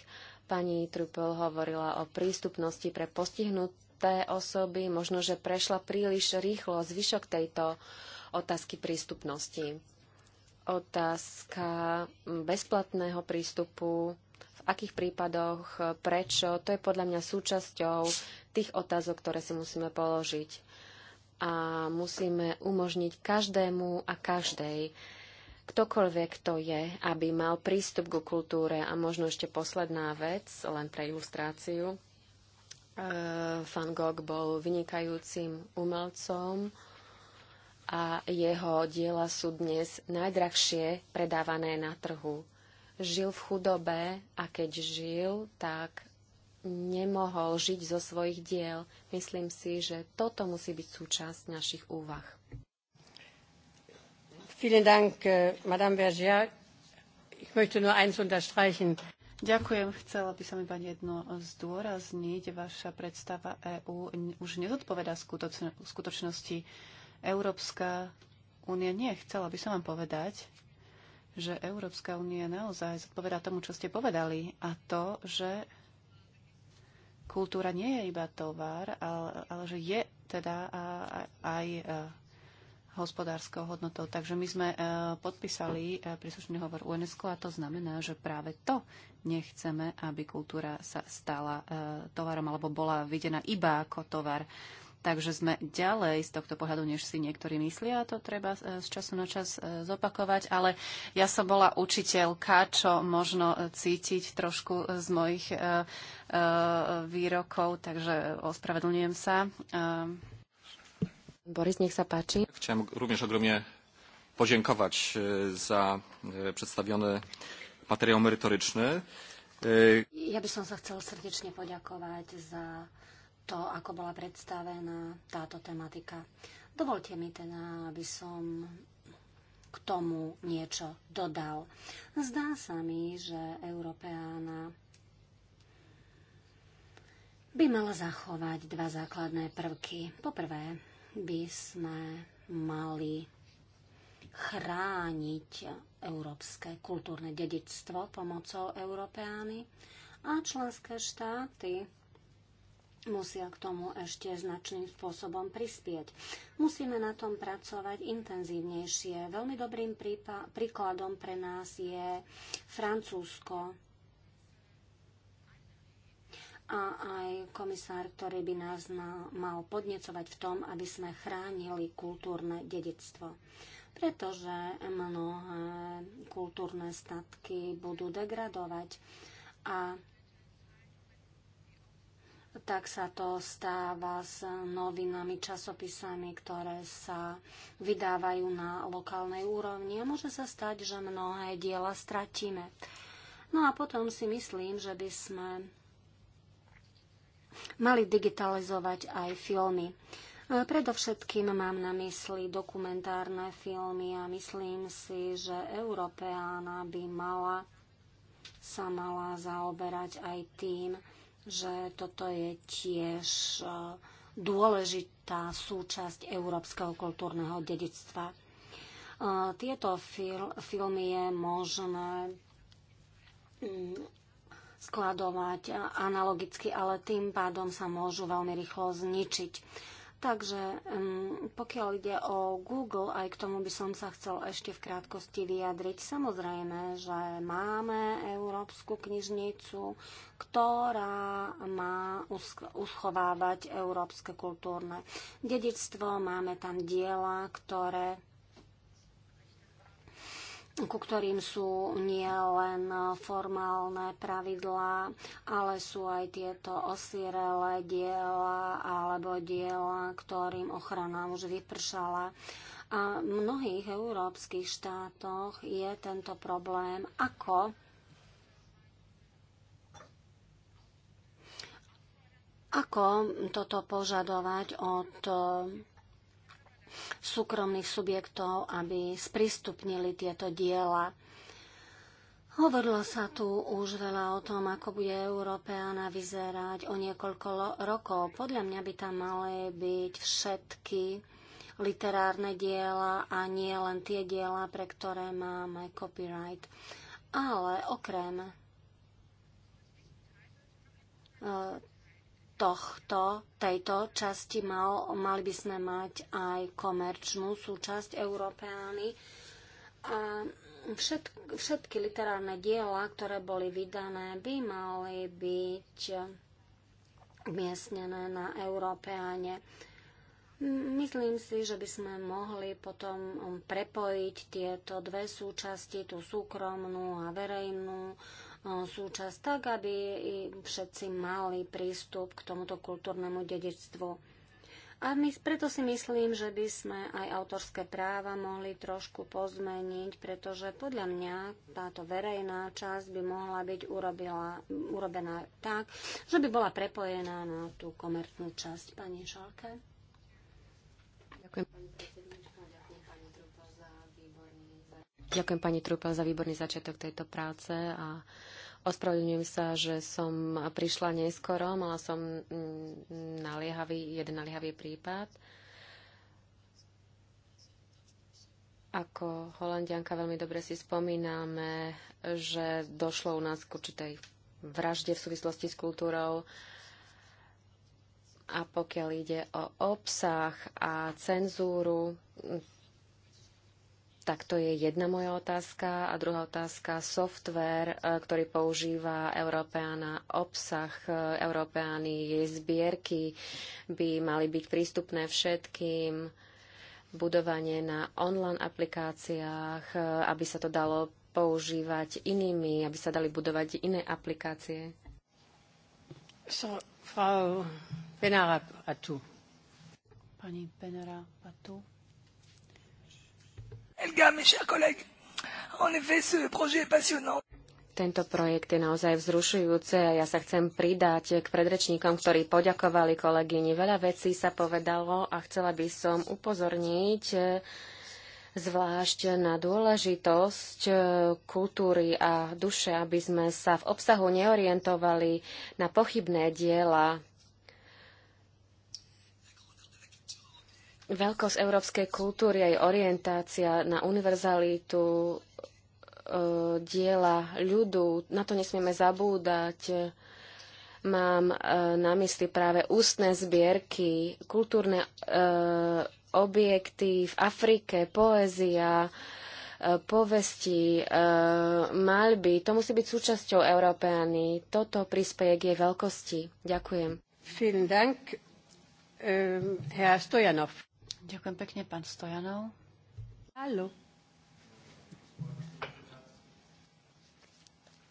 Pani Trupel hovorila o prístupnosti pre postihnuté osoby, možno, že prešla príliš rýchlo zvyšok tejto otázky prístupnosti. Otázka bezplatného prístupu v akých prípadoch, prečo, to je podľa mňa súčasťou tých otázok, ktoré si musíme položiť a musíme umožniť každému a každej, ktokoľvek to je, aby mal prístup ku kultúre. A možno ešte posledná vec, len pre ilustráciu. E, Van Gogh bol vynikajúcim umelcom a jeho diela sú dnes najdrahšie predávané na trhu. Žil v chudobe a keď žil, tak nemohol žiť zo svojich diel. Myslím si, že toto musí byť súčasť našich úvah. Eh, Ďakujem. Chcela by som iba jedno zdôrazniť. Vaša predstava EÚ už nezodpoveda skutočnosti. Európska únia nie. Chcela by som vám povedať, že Európska únia naozaj zodpovedá tomu, čo ste povedali, a to, že kultúra nie je iba tovar, ale, ale že je teda aj e, hospodárskou hodnotou. Takže my sme e, podpísali e, príslušný hovor UNESCO a to znamená, že práve to nechceme, aby kultúra sa stala tovarom alebo bola videná iba ako tovar. Takže sme ďalej z tohto pohľadu, než si niektorí myslia, a to treba e, z času na čas e, zopakovať, ale ja som bola učiteľka, čo možno e, cítiť trošku z mojich výrokov, takže ospravedlňujem sa. Boris, nech sa páči. Chciałem również ogromnie podziękować za przedstawiony materiał merytoryczny. Ja bym som sa podziękować za to, ako bola predstavená táto tematika. Dovolte mi teda, aby som k tomu niečo dodal. Zdá sa mi, že Európeána by mala zachovať dva základné prvky. Poprvé by sme mali chrániť európske kultúrne dedictvo pomocou Európeány a členské štáty musia k tomu ešte značným spôsobom prispieť. Musíme na tom pracovať intenzívnejšie. Veľmi dobrým príkladom pre nás je Francúzsko a aj komisár, ktorý by nás mal podnecovať v tom, aby sme chránili kultúrne dedictvo pretože mnohé kultúrne statky budú degradovať a tak sa to stáva s novinami, časopisami, ktoré sa vydávajú na lokálnej úrovni a môže sa stať, že mnohé diela stratíme. No a potom si myslím, že by sme mali digitalizovať aj filmy. E, predovšetkým mám na mysli dokumentárne filmy a myslím si, že Európeána by mala sa mala zaoberať aj tým, že toto je tiež e, dôležitá súčasť európskeho kultúrneho dedictva. E, tieto fil- filmy je možné mm, skladovať analogicky, ale tým pádom sa môžu veľmi rýchlo zničiť. Takže pokiaľ ide o Google, aj k tomu by som sa chcel ešte v krátkosti vyjadriť. Samozrejme, že máme Európsku knižnicu, ktorá má uschovávať európske kultúrne dedičstvo. Máme tam diela, ktoré ku ktorým sú nie len formálne pravidlá, ale sú aj tieto osirele diela alebo diela, ktorým ochrana už vypršala. A v mnohých európskych štátoch je tento problém, ako ako toto požadovať od súkromných subjektov, aby sprístupnili tieto diela. Hovorilo sa tu už veľa o tom, ako bude Európeana vyzerať o niekoľko rokov. Podľa mňa by tam mali byť všetky literárne diela a nie len tie diela, pre ktoré máme copyright. Ale okrem e, tohto, tejto časti mal, mali by sme mať aj komerčnú súčasť Európeány. A všet, všetky literárne diela, ktoré boli vydané, by mali byť umiestnené na Európeáne. Myslím si, že by sme mohli potom prepojiť tieto dve súčasti, tú súkromnú a verejnú E, súčasť, tak aby všetci mali prístup k tomuto kultúrnemu dedictvu. A my, preto si myslím, že by sme aj autorské práva mohli trošku pozmeniť, pretože podľa mňa táto verejná časť by mohla byť urobila, urobená tak, že by bola prepojená na tú komerčnú časť. Pani Šalke? Ďakujem, pani Ďakujem pani Trupel za výborný začiatok tejto práce a ospravedlňujem sa, že som prišla neskoro, mala som mm, naliehavý, jeden naliehavý prípad. Ako holandianka veľmi dobre si spomíname, že došlo u nás k určitej vražde v súvislosti s kultúrou. A pokiaľ ide o obsah a cenzúru, tak to je jedna moja otázka. A druhá otázka, software, e, ktorý používa Európeana, obsah e, Európeány, jej zbierky by mali byť prístupné všetkým budovanie na online aplikáciách, e, aby sa to dalo používať inými, aby sa dali budovať iné aplikácie. So, Frau Benara Patu. Pani Patu. Helga, mes chers collègues, en effet, ce projet est passionnant. Tento projekt je naozaj vzrušujúce a ja sa chcem pridať k predrečníkom, ktorí poďakovali kolegyni. Veľa vecí sa povedalo a chcela by som upozorniť e, zvlášť na dôležitosť e, kultúry a duše, aby sme sa v obsahu neorientovali na pochybné diela Veľkosť európskej kultúry, aj orientácia na univerzalitu e, diela ľudu, na to nesmieme zabúdať. Mám e, na mysli práve ústne zbierky, kultúrne e, objekty v Afrike, poézia, e, povesti, e, maľby. To musí byť súčasťou Európeany. Toto prispieje k jej veľkosti. Ďakujem. Vielen Dank. Ähm, Herr Stojanov. Ďakujem pekne, pán Stojanov. Halo.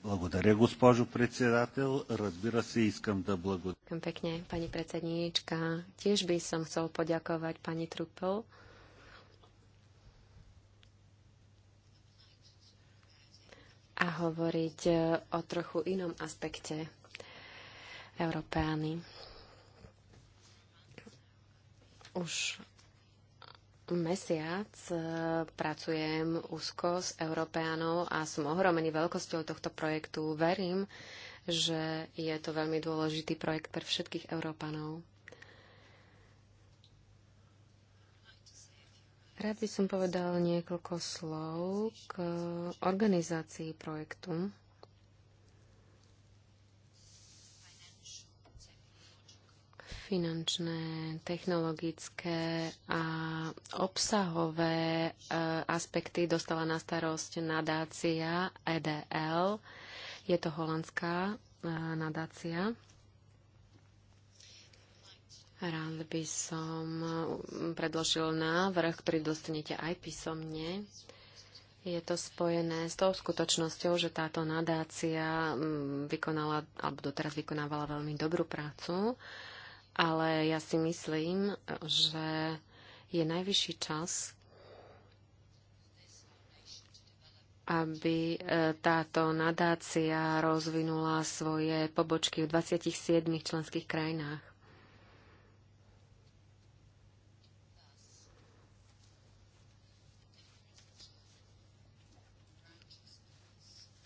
Благодаря, госпожо председател. Разбира се, искам да благодаря. Pekne, pani председничка. Tiež by som chcel подяковать pani Трупел. A hovoriť o trochu inom aspekte европеани. Уж mesiac e, pracujem úzko s Európeanou a som ohromený veľkosťou tohto projektu. Verím, že je to veľmi dôležitý projekt pre všetkých Európanov. Rád by som povedal niekoľko slov k organizácii projektu. finančné, technologické a obsahové e, aspekty dostala na starosť nadácia EDL. Je to holandská e, nadácia. Rád by som predložil návrh, ktorý dostanete aj písomne. Je to spojené s tou skutočnosťou, že táto nadácia mm, vykonala, alebo doteraz vykonávala veľmi dobrú prácu ale ja si myslím, že je najvyšší čas, aby e, táto nadácia rozvinula svoje pobočky v 27 členských krajinách.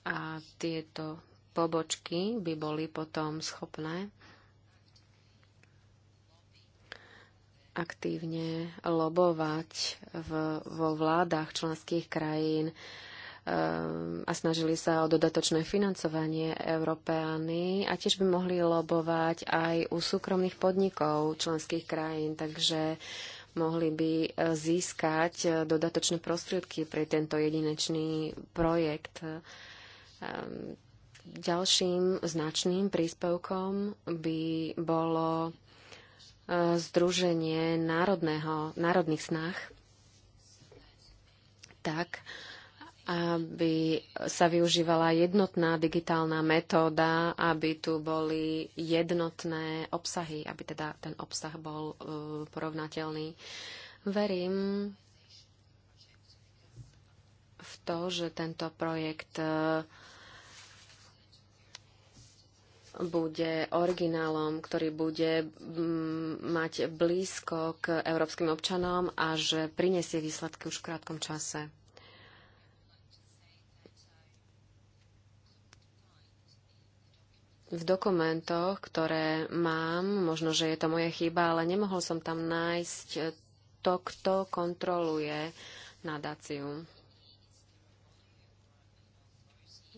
A tieto pobočky by boli potom schopné aktívne lobovať v, vo vládach členských krajín eh, a snažili sa o dodatočné financovanie Európeány a tiež by mohli lobovať aj u súkromných podnikov členských krajín, takže mohli by eh, získať eh, dodatočné prostriedky pre tento jedinečný projekt. Ehm, ďalším značným príspevkom by bolo Združenie národného, národných snách tak, aby sa využívala jednotná digitálna metóda, aby tu boli jednotné obsahy, aby teda ten obsah bol e, porovnateľný. Verím v to, že tento projekt e, bude originálom, ktorý bude mm, mať blízko k európskym občanom a že prinesie výsledky už v krátkom čase. V dokumentoch, ktoré mám, možno, že je to moje chyba, ale nemohol som tam nájsť to, kto kontroluje nadáciu.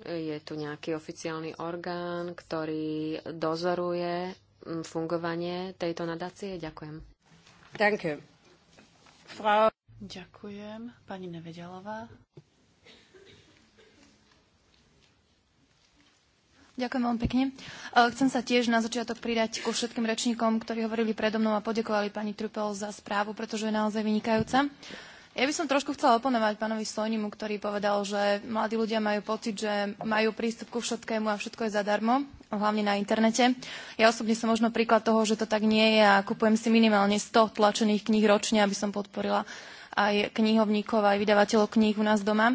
Je tu nejaký oficiálny orgán, ktorý dozoruje fungovanie tejto nadácie? Ďakujem. Danke. Frau... Ďakujem. Pani Nevedelová. Ďakujem veľmi pekne. E, chcem sa tiež na začiatok pridať ku všetkým rečníkom, ktorí hovorili predo mnou a podekovali pani Trupel za správu, pretože je naozaj vynikajúca. Ja by som trošku chcela oponovať pánovi Slonimu, ktorý povedal, že mladí ľudia majú pocit, že majú prístup ku všetkému a všetko je zadarmo, hlavne na internete. Ja osobne som možno príklad toho, že to tak nie je a kupujem si minimálne 100 tlačených kníh ročne, aby som podporila aj knihovníkov, aj vydavateľov kníh u nás doma.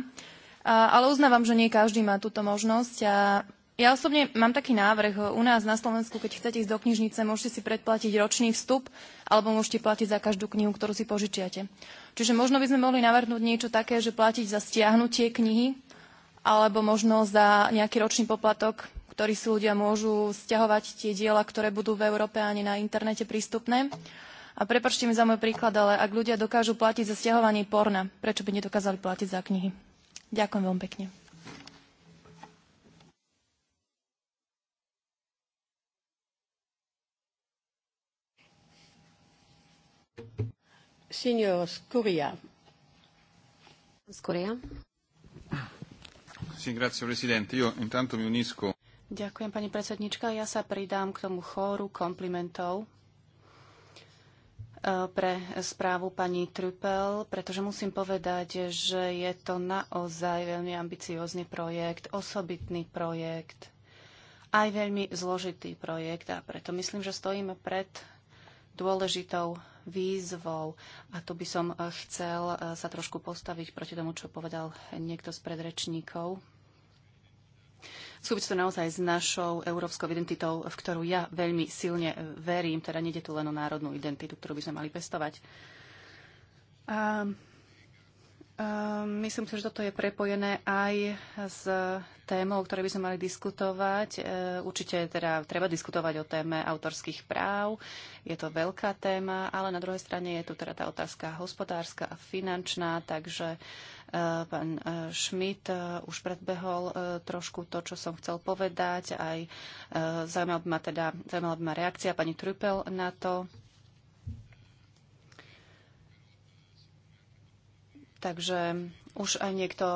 Ale uznávam, že nie každý má túto možnosť a ja osobne mám taký návrh. U nás na Slovensku, keď chcete ísť do knižnice, môžete si predplatiť ročný vstup alebo môžete platiť za každú knihu, ktorú si požičiate. Čiže možno by sme mohli navrhnúť niečo také, že platiť za stiahnutie knihy alebo možno za nejaký ročný poplatok, ktorý si ľudia môžu stiahovať tie diela, ktoré budú v Európe ani na internete prístupné. A prepačte mi za môj príklad, ale ak ľudia dokážu platiť za stiahovanie porna, prečo by nedokázali platiť za knihy? Ďakujem veľmi pekne. intanto mi unisco. Ďakujem, pani predsedníčka Ja sa pridám k tomu chóru komplimentov e, pre správu pani trpel pretože musím povedať, že je to naozaj veľmi ambiciózny projekt, osobitný projekt, aj veľmi zložitý projekt a preto myslím, že stojíme pred dôležitou výzvou. A tu by som eh, chcel eh, sa trošku postaviť proti tomu, čo povedal niekto z predrečníkov. Súvisí to naozaj s našou európskou identitou, v ktorú ja veľmi silne eh, verím. Teda nejde tu len o národnú identitu, ktorú by sme mali pestovať. A Ehm, myslím si, že toto je prepojené aj s témou, o ktorej by sme mali diskutovať. Ehm, určite teda treba diskutovať o téme autorských práv. Je to veľká téma, ale na druhej strane je tu teda tá otázka hospodárska a finančná, takže ehm, pán Schmidt už predbehol trošku to, čo som chcel povedať. Aj zaujímavá by ma, teda, zaujímavá by ma reakcia pani Trupel na to. Takže už aj niekto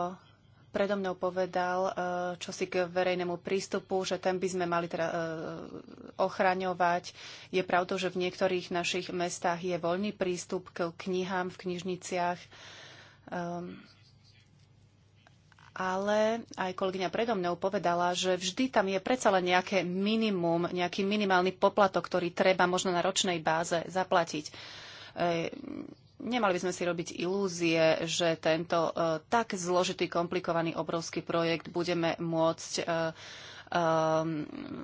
predo mnou povedal e, čo si k verejnému prístupu, že ten by sme mali teda e, ochraňovať. Je pravdou, že v niektorých našich mestách je voľný prístup k knihám v knižniciach. Ehm, ale aj kolegyňa predo mnou povedala, že vždy tam je predsa len nejaké minimum, nejaký minimálny poplatok, ktorý treba možno na ročnej báze zaplatiť e, Nemali by sme si robiť ilúzie, že tento uh, tak zložitý, komplikovaný, obrovský projekt budeme môcť uh,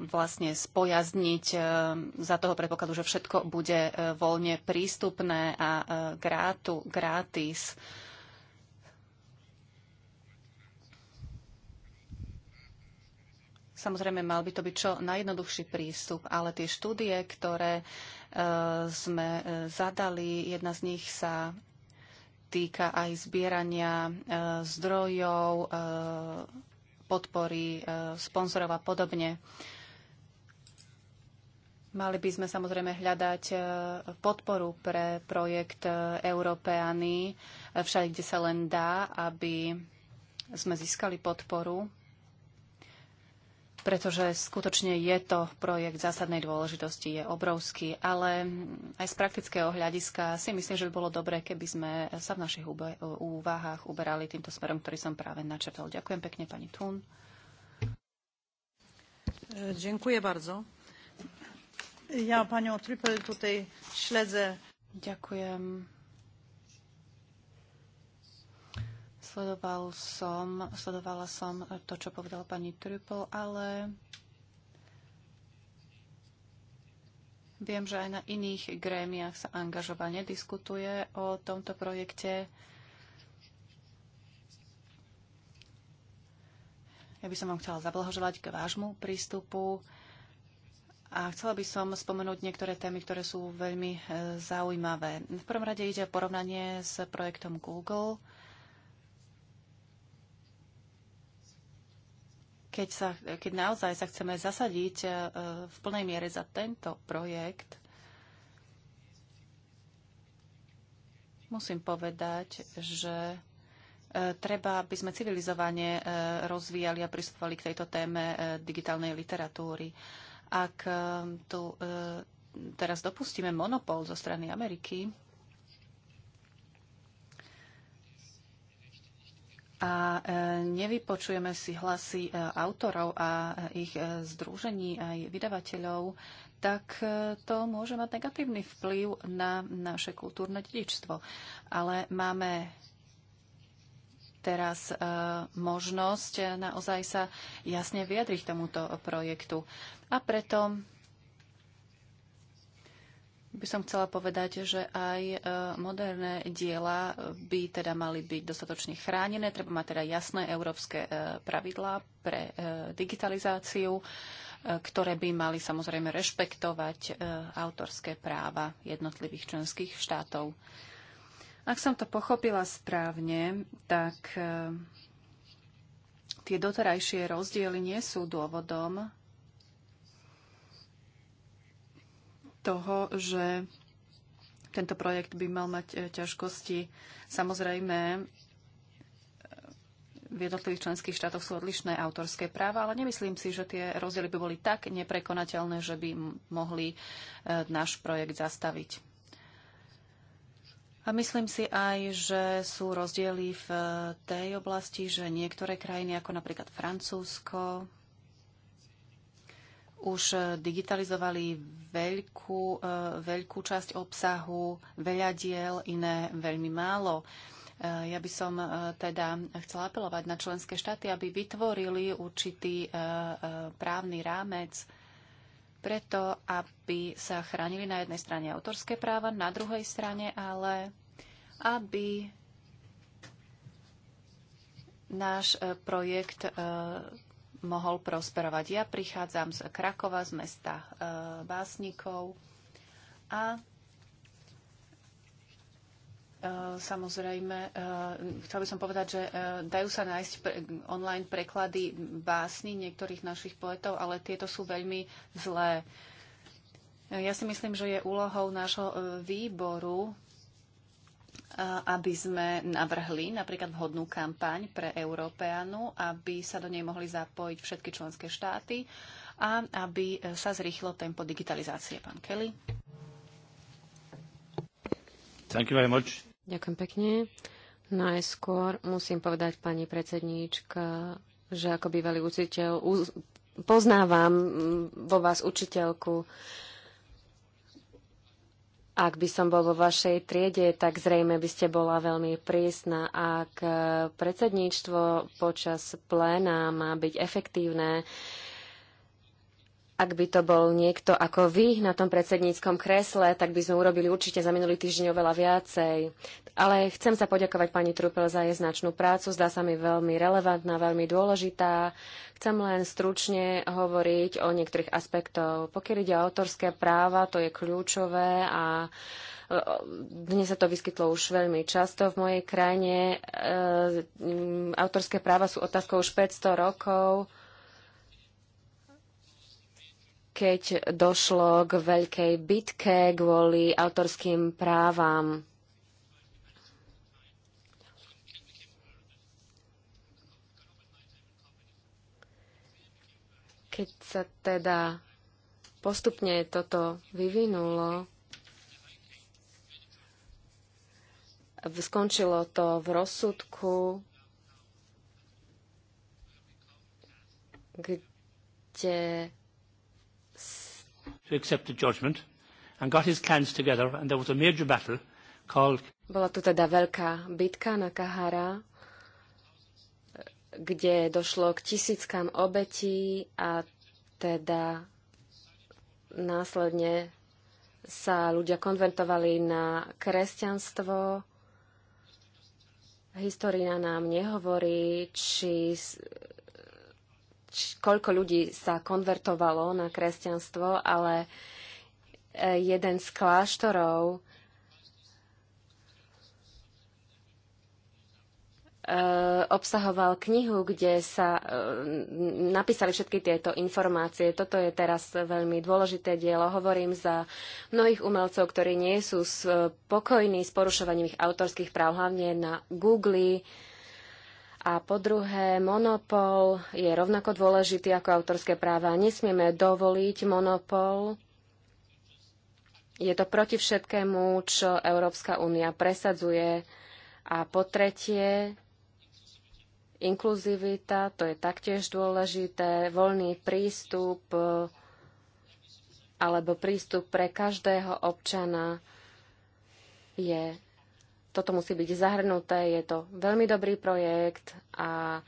vlastne spojazniť za toho predpokladu, že všetko bude voľne prístupné a grátu, gratis. Samozrejme, mal by to byť čo najjednoduchší prístup, ale tie štúdie, ktoré e, sme e, zadali, jedna z nich sa týka aj zbierania e, zdrojov, e, podpory, e, sponzorov a podobne. Mali by sme samozrejme hľadať e, podporu pre projekt e, Európeany e, všade, kde sa len dá, aby sme získali podporu pretože skutočne je to projekt zásadnej dôležitosti, je obrovský, ale aj z praktického hľadiska si myslím, že by bolo dobré, keby sme sa v našich úvahách uberali týmto smerom, ktorý som práve načrtol. Ďakujem pekne, pani Thun. Ďakujem bardzo. Ja panią Trippel tutaj śledzę. Ďakujem. Sledoval som, sledovala som to, čo povedal pani Triple, ale viem, že aj na iných grémiach sa angažovane diskutuje o tomto projekte. Ja by som vám chcela zablahoželať k vášmu prístupu a chcela by som spomenúť niektoré témy, ktoré sú veľmi e, zaujímavé. V prvom rade ide o porovnanie s projektom Google. keď, sa, keď naozaj sa chceme zasadiť e, v plnej miere za tento projekt, musím povedať, že e, treba, aby sme civilizovane e, rozvíjali a pristupovali k tejto téme digitálnej literatúry. Ak tu teraz dopustíme monopol zo strany Ameriky, a e, nevypočujeme si hlasy e, autorov a e, ich združení aj vydavateľov, tak to môže mať negatívny vplyv na naše kultúrne dedičstvo. Ale máme teraz možnosť naozaj sa jasne vyjadriť tomuto projektu. A preto by som chcela povedať, že aj e, moderné diela by teda mali byť dostatočne chránené. Treba mať teda jasné európske e, pravidlá pre e, digitalizáciu, ktoré by mali samozrejme rešpektovať autorské práva jednotlivých členských štátov. Ak som to pochopila správne, tak tie doterajšie rozdiely nie sú dôvodom toho, že tento projekt by mal mať e, ťažkosti. Samozrejme, e, v jednotlivých členských štátoch sú odlišné autorské práva, ale nemyslím si, že tie rozdiely by boli tak neprekonateľné, že by mohli e, náš projekt zastaviť. A myslím si aj, že sú rozdiely v tej oblasti, že niektoré krajiny, ako napríklad Francúzsko, už e, digitalizovali veľkú, e, veľkú časť obsahu, veľa diel, iné veľmi málo. E, ja by som teda chcela apelovať na členské štáty, aby vytvorili určitý právny rámec preto, aby sa chránili na jednej strane autorské práva, na druhej strane ale, aby náš projekt mohol prosperovať. Ja prichádzam z Krakova, z mesta e, básnikov a e, samozrejme, e, chcel by som povedať, že e, dajú sa nájsť online preklady básni niektorých našich poetov, ale tieto sú veľmi zlé. Ja si myslím, že je úlohou nášho výboru aby sme navrhli napríklad vhodnú kampaň pre Európeanu, aby sa do nej mohli zapojiť všetky členské štáty a aby e, sa zrýchlo tempo digitalizácie. Pán Kelly. Thank you very much. Ďakujem pekne. Najskôr musím povedať pani predsedníčka, že ako bývalý učiteľ poznávam mm, vo vás učiteľku ak by som bol vo vašej triede, tak zrejme by ste bola veľmi prísna. Ak predsedníctvo počas pléna má byť efektívne, uh, ak by to bol niekto ako vy na tom predsedníckom kresle, tak by sme urobili určite za minulý týždeň oveľa viacej. Ale chcem sa poďakovať pani Trupel za jej značnú prácu. Zdá sa mi veľmi relevantná, veľmi dôležitá. Chcem len stručne hovoriť o niektorých aspektoch. Pokiaľ ide o autorské práva, to je kľúčové a e, dnes sa to vyskytlo už veľmi často v mojej krajine. E, autorské práva sú otázkou už 500 rokov keď došlo k veľkej bitke kvôli autorským právam. Keď sa teda postupne toto vyvinulo, skončilo to v rozsudku, kde to accept the judgment and got his clans together and there was a major battle called Bola tu teda veľká bitka na Kahara, kde došlo k tisíckam obetí a teda následne sa ľudia konventovali na kresťanstvo. História nám nehovorí, či koľko ľudí sa konvertovalo na kresťanstvo, ale e, jeden z kláštorov e, obsahoval knihu, kde sa e, napísali všetky tieto informácie. Toto je teraz veľmi dôležité dielo. Hovorím za mnohých umelcov, ktorí nie sú spokojní s porušovaním ich autorských práv, hlavne na Google a po druhé, monopol je rovnako dôležitý ako autorské práva. Nesmieme dovoliť monopol. Je to proti všetkému, čo Európska únia presadzuje. A po tretie, inkluzivita, to je taktiež dôležité, voľný prístup eh, alebo prístup pre každého občana je toto musí byť zahrnuté. Je to veľmi dobrý projekt a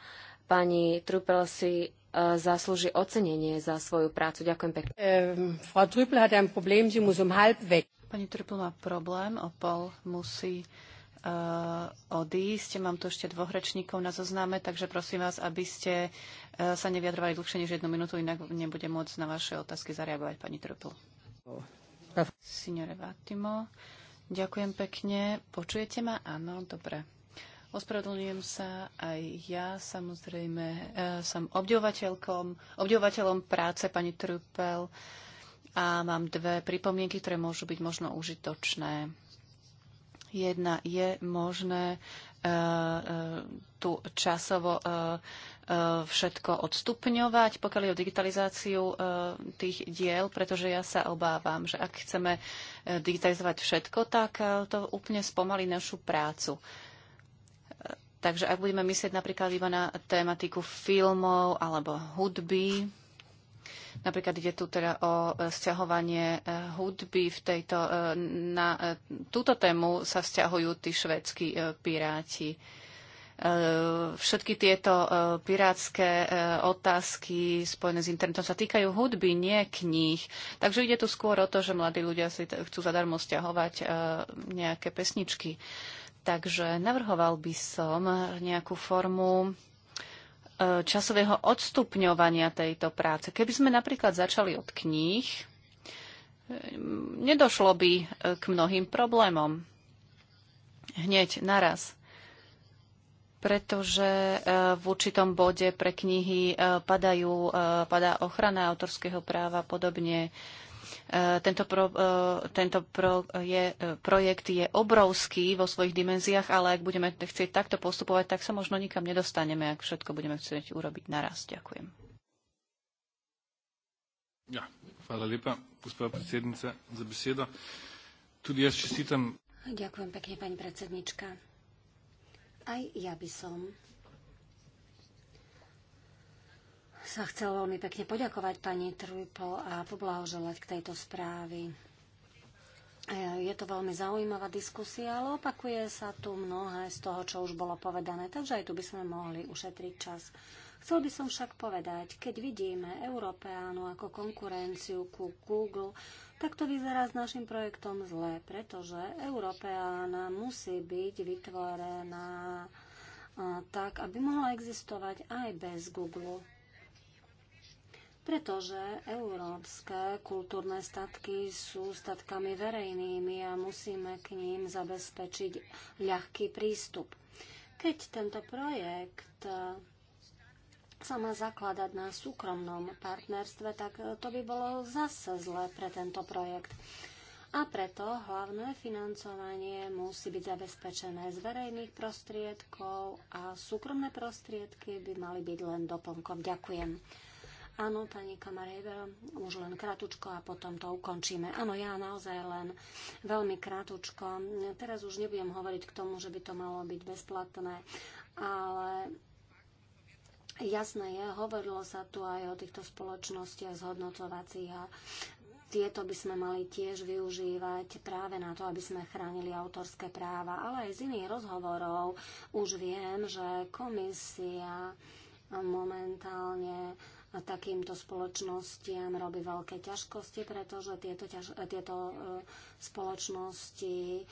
pani Trupel si e, zaslúži ocenenie za svoju prácu. Ďakujem pekne. Ehm, Frau Trupel hat ein Problem, sie muss um halb weg. Pani Trupel má problém, o pol musí uh, odísť. Mám tu ešte dvoch rečníkov na zozname, takže prosím vás, aby ste uh, sa neviadrovali dlhšie než jednu minútu, inak nebude môcť na vaše otázky zareagovať, pani Trüppel. Signore Vattimo. Ďakujem pekne. Počujete ma? Áno, dobre. Ospravedlňujem sa aj ja, samozrejme, e, som obdivovateľkom, obdivovateľom práce pani Trupel a mám dve pripomienky, ktoré môžu byť možno užitočné. Jedna je možné E, e, tu časovo e, všetko odstupňovať, pokiaľ je o digitalizáciu tých diel, pretože ja sa obávam, že ak chceme digitalizovať všetko, tak to úplne spomalí našu prácu. Takže ak budeme myslieť napríklad iba na tematiku filmov alebo hudby, Napríklad ide tu teda o e, sťahovanie e, hudby v tejto, e, na túto tému sa sťahujú tí švedskí piráti. Všetky tieto pirátske otázky spojené s internetom sa týkajú hudby, nie kníh. Takže ide tu skôr o to, že mladí ľudia si chcú zadarmo stiahovať nejaké pesničky. Takže navrhoval by som nejakú formu E, časového odstupňovania tejto práce. Keby sme napríklad začali od kníh, e, nedošlo by e, k mnohým problémom. Hneď, naraz. Pretože v určitom bode pre knihy padajú, padá ochrana autorského práva podobne. Eh, tento, pro, eh, tento pro je, eh, projekt je obrovský vo svojich dimenziách, ale ak budeme chcieť takto postupovať, tak sa možno nikam nedostaneme, ak všetko budeme chcieť urobiť naraz. Ďakujem. Ja, hvala lepa, gospa predsednica, za besedo. Tudi jaz čestitam. Ďakujem pekne, pani predsednička. Aj ja by som sa chcel veľmi pekne poďakovať pani Trujpol a poblahoželať k tejto správy. E, je to veľmi zaujímavá diskusia, ale opakuje sa tu mnohé z toho, čo už bolo povedané, takže aj tu by sme mohli ušetriť čas. Chcel by som však povedať, keď vidíme Európeánu ako konkurenciu ku Google, tak to vyzerá s našim projektom zle, pretože Európeána musí byť vytvorená e, tak, aby mohla existovať aj bez Google pretože európske kultúrne statky sú statkami verejnými a musíme k ním zabezpečiť ľahký prístup. Keď tento projekt sa má zakladať na súkromnom partnerstve, tak to by bolo zase zle pre tento projekt. A preto hlavné financovanie musí byť zabezpečené z verejných prostriedkov a súkromné prostriedky by mali byť len doplnkom. Ďakujem. Áno, pani Kamareva, už len kratučko a potom to ukončíme. Áno, ja naozaj len veľmi kratučko. Teraz už nebudem hovoriť k tomu, že by to malo byť bezplatné, ale jasné je, hovorilo sa tu aj o týchto spoločnostiach zhodnocovacích a tieto by sme mali tiež využívať práve na to, aby sme chránili autorské práva. Ale aj z iných rozhovorov už viem, že komisia momentálne takýmto spoločnostiam robí veľké ťažkosti, pretože tieto, ťaž, e, tieto e, spoločnosti e,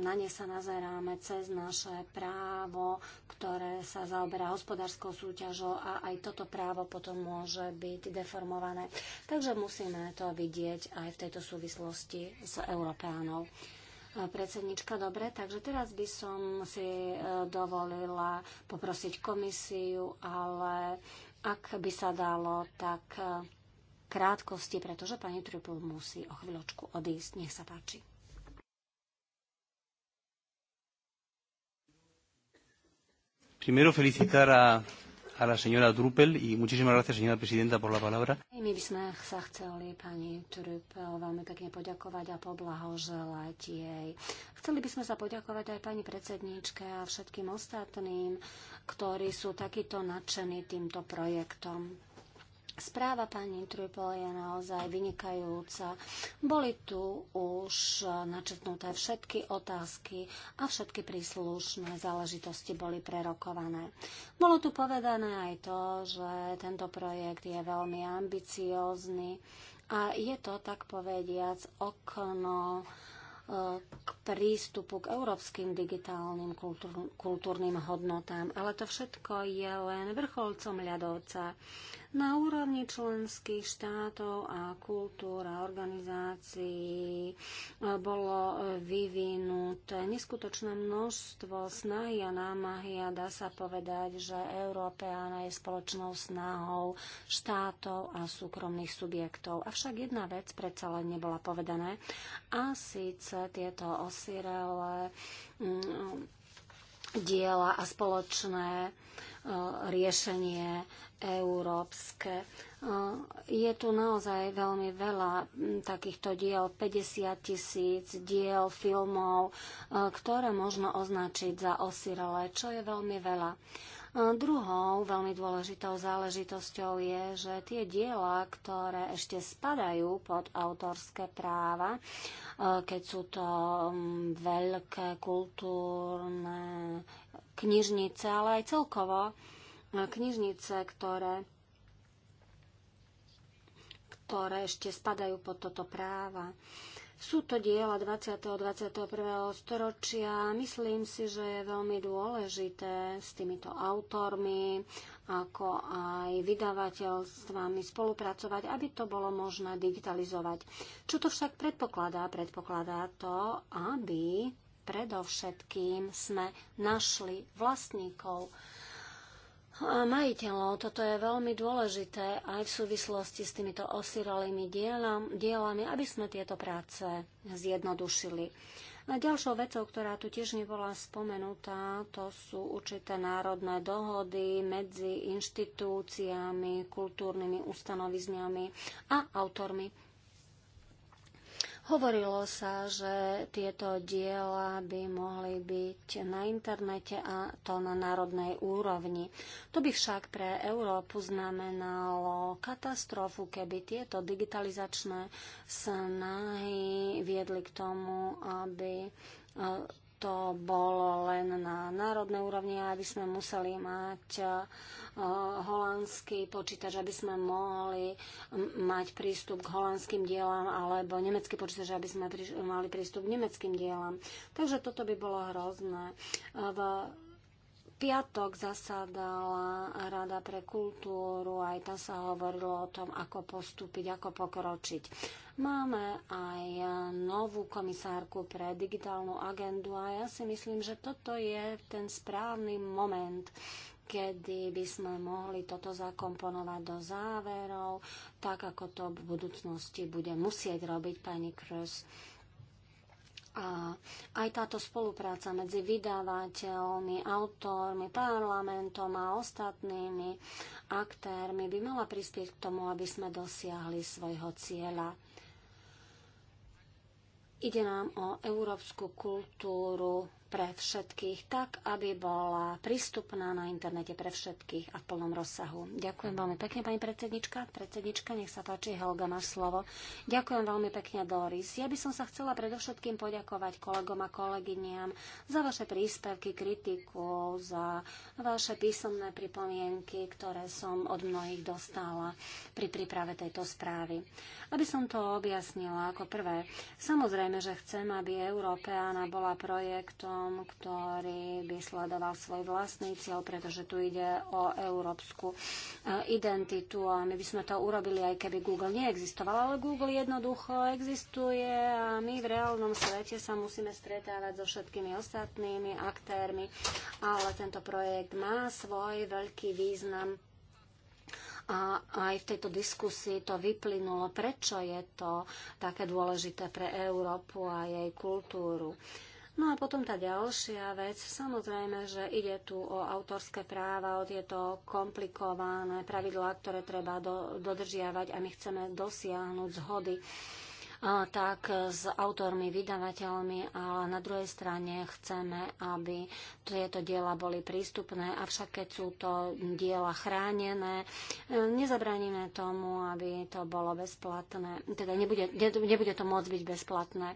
na ne sa nazeráme cez naše právo, ktoré sa zaoberá hospodárskou súťažou a aj toto právo potom môže byť deformované. Takže musíme to vidieť aj v tejto súvislosti s Európánov. predsednička. Dobre, takže teraz by som si dovolila poprosiť komisiu, ale ak by sa dalo, tak e, krátkosti, pretože pani Trupl musí o chvíľočku odísť. Nech sa páči. Primero felicitar a a la señora Drupel y muchísimas gracias, señora presidenta, por la palabra. My by sme sa chceli pani Drupel veľmi pekne poďakovať a poblahoželať jej. Chceli by sme sa poďakovať aj pani predsedničke a všetkým ostatným, ktorí sú takýto nadšení týmto projektom. Správa pani Trupel je naozaj vynikajúca. Boli tu už načetnuté všetky otázky a všetky príslušné záležitosti boli prerokované. Bolo tu povedané aj to, že tento projekt je veľmi ambiciózny a je to, tak povediac, okno e, k prístupu k európskym digitálnym kultúrnym hodnotám. Ale to všetko je len vrcholcom ľadovca na úrovni členských štátov a kultúr a organizácií e, bolo e, vyvinuté neskutočné množstvo snahy a námahy a dá sa povedať, že Európeána je spoločnou snahou štátov a súkromných subjektov. Avšak jedna vec predsa len nebola povedané a síce tieto osirele mm, diela a spoločné E, riešenie európske. E, je tu naozaj veľmi veľa takýchto diel, 50 tisíc diel, filmov, e, ktoré možno označiť za osirele, čo je veľmi veľa. Druhou veľmi dôležitou záležitosťou je, že tie diela, ktoré ešte spadajú pod autorské práva, keď sú to veľké kultúrne knižnice, ale aj celkovo e, knižnice, ktoré, ktoré ešte spadajú pod toto práva. Sú to diela 20. 21. storočia. Myslím si, že je veľmi dôležité s týmito autormi, ako aj vydavateľstvami spolupracovať, aby to bolo možné digitalizovať. Čo to však predpokladá? Predpokladá to, aby predovšetkým sme našli vlastníkov a majiteľov. Toto je veľmi dôležité aj v súvislosti s týmito osirolými dielami, aby sme tieto práce zjednodušili. A ďalšou vecou, ktorá tu tiež nebola spomenutá, to sú určité národné dohody medzi inštitúciami, kultúrnymi ustanovizňami a autormi Hovorilo sa, že tieto diela by mohli byť na internete a to na národnej úrovni. To by však pre Európu znamenalo katastrofu, keby tieto digitalizačné snahy viedli k tomu, aby to bolo len na národnej úrovni, aby sme museli mať eh, holandský počítač, aby sme mohli mať prístup k holandským dielam, alebo nemecký počítač, aby sme mali prístup k nemeckým dielam. Takže toto by bolo hrozné. Eh, v piatok zasadala Rada pre kultúru, aj tam sa hovorilo o tom, ako postúpiť, ako pokročiť. Máme aj novú komisárku pre digitálnu agendu a ja si myslím, že toto je ten správny moment, kedy by sme mohli toto zakomponovať do záverov, tak ako to v budúcnosti bude musieť robiť pani Kröz. A aj táto spolupráca medzi vydávateľmi, autormi, parlamentom a ostatnými aktérmi by mala prispieť k tomu, aby sme dosiahli svojho cieľa. Ide nám o európsku kultúru pre všetkých, tak aby bola prístupná na internete pre všetkých a v plnom rozsahu. Ďakujem veľmi pekne, pani predsednička. Predsednička, nech sa páči, Helga, máš slovo. Ďakujem veľmi pekne, Doris. Ja by som sa chcela predovšetkým poďakovať kolegom a kolegyniam za vaše príspevky, kritiku, za vaše písomné pripomienky, ktoré som od mnohých dostala pri príprave tejto správy. Aby som to objasnila ako prvé, samozrejme, že chcem, aby Európeana bola projektom, smerom, ktorý by sledoval svoj vlastný cieľ, pretože tu ide o európsku e, identitu a my by sme to urobili, aj keby Google neexistoval, ale Google jednoducho existuje a my v reálnom svete sa musíme stretávať so všetkými ostatnými aktérmi, ale tento projekt má svoj veľký význam a aj v tejto diskusii to vyplynulo, prečo je to také dôležité pre Európu a jej kultúru. No a potom tá ďalšia vec, samozrejme, že ide tu o autorské práva, o tieto komplikované pravidlá, ktoré treba do, dodržiavať a my chceme dosiahnuť zhody tak s autormi, vydavateľmi, ale na druhej strane chceme, aby tieto diela boli prístupné, avšak keď sú to diela chránené, e, nezabraníme tomu, aby to bolo bezplatné, teda nebude, nebude to môcť byť bezplatné.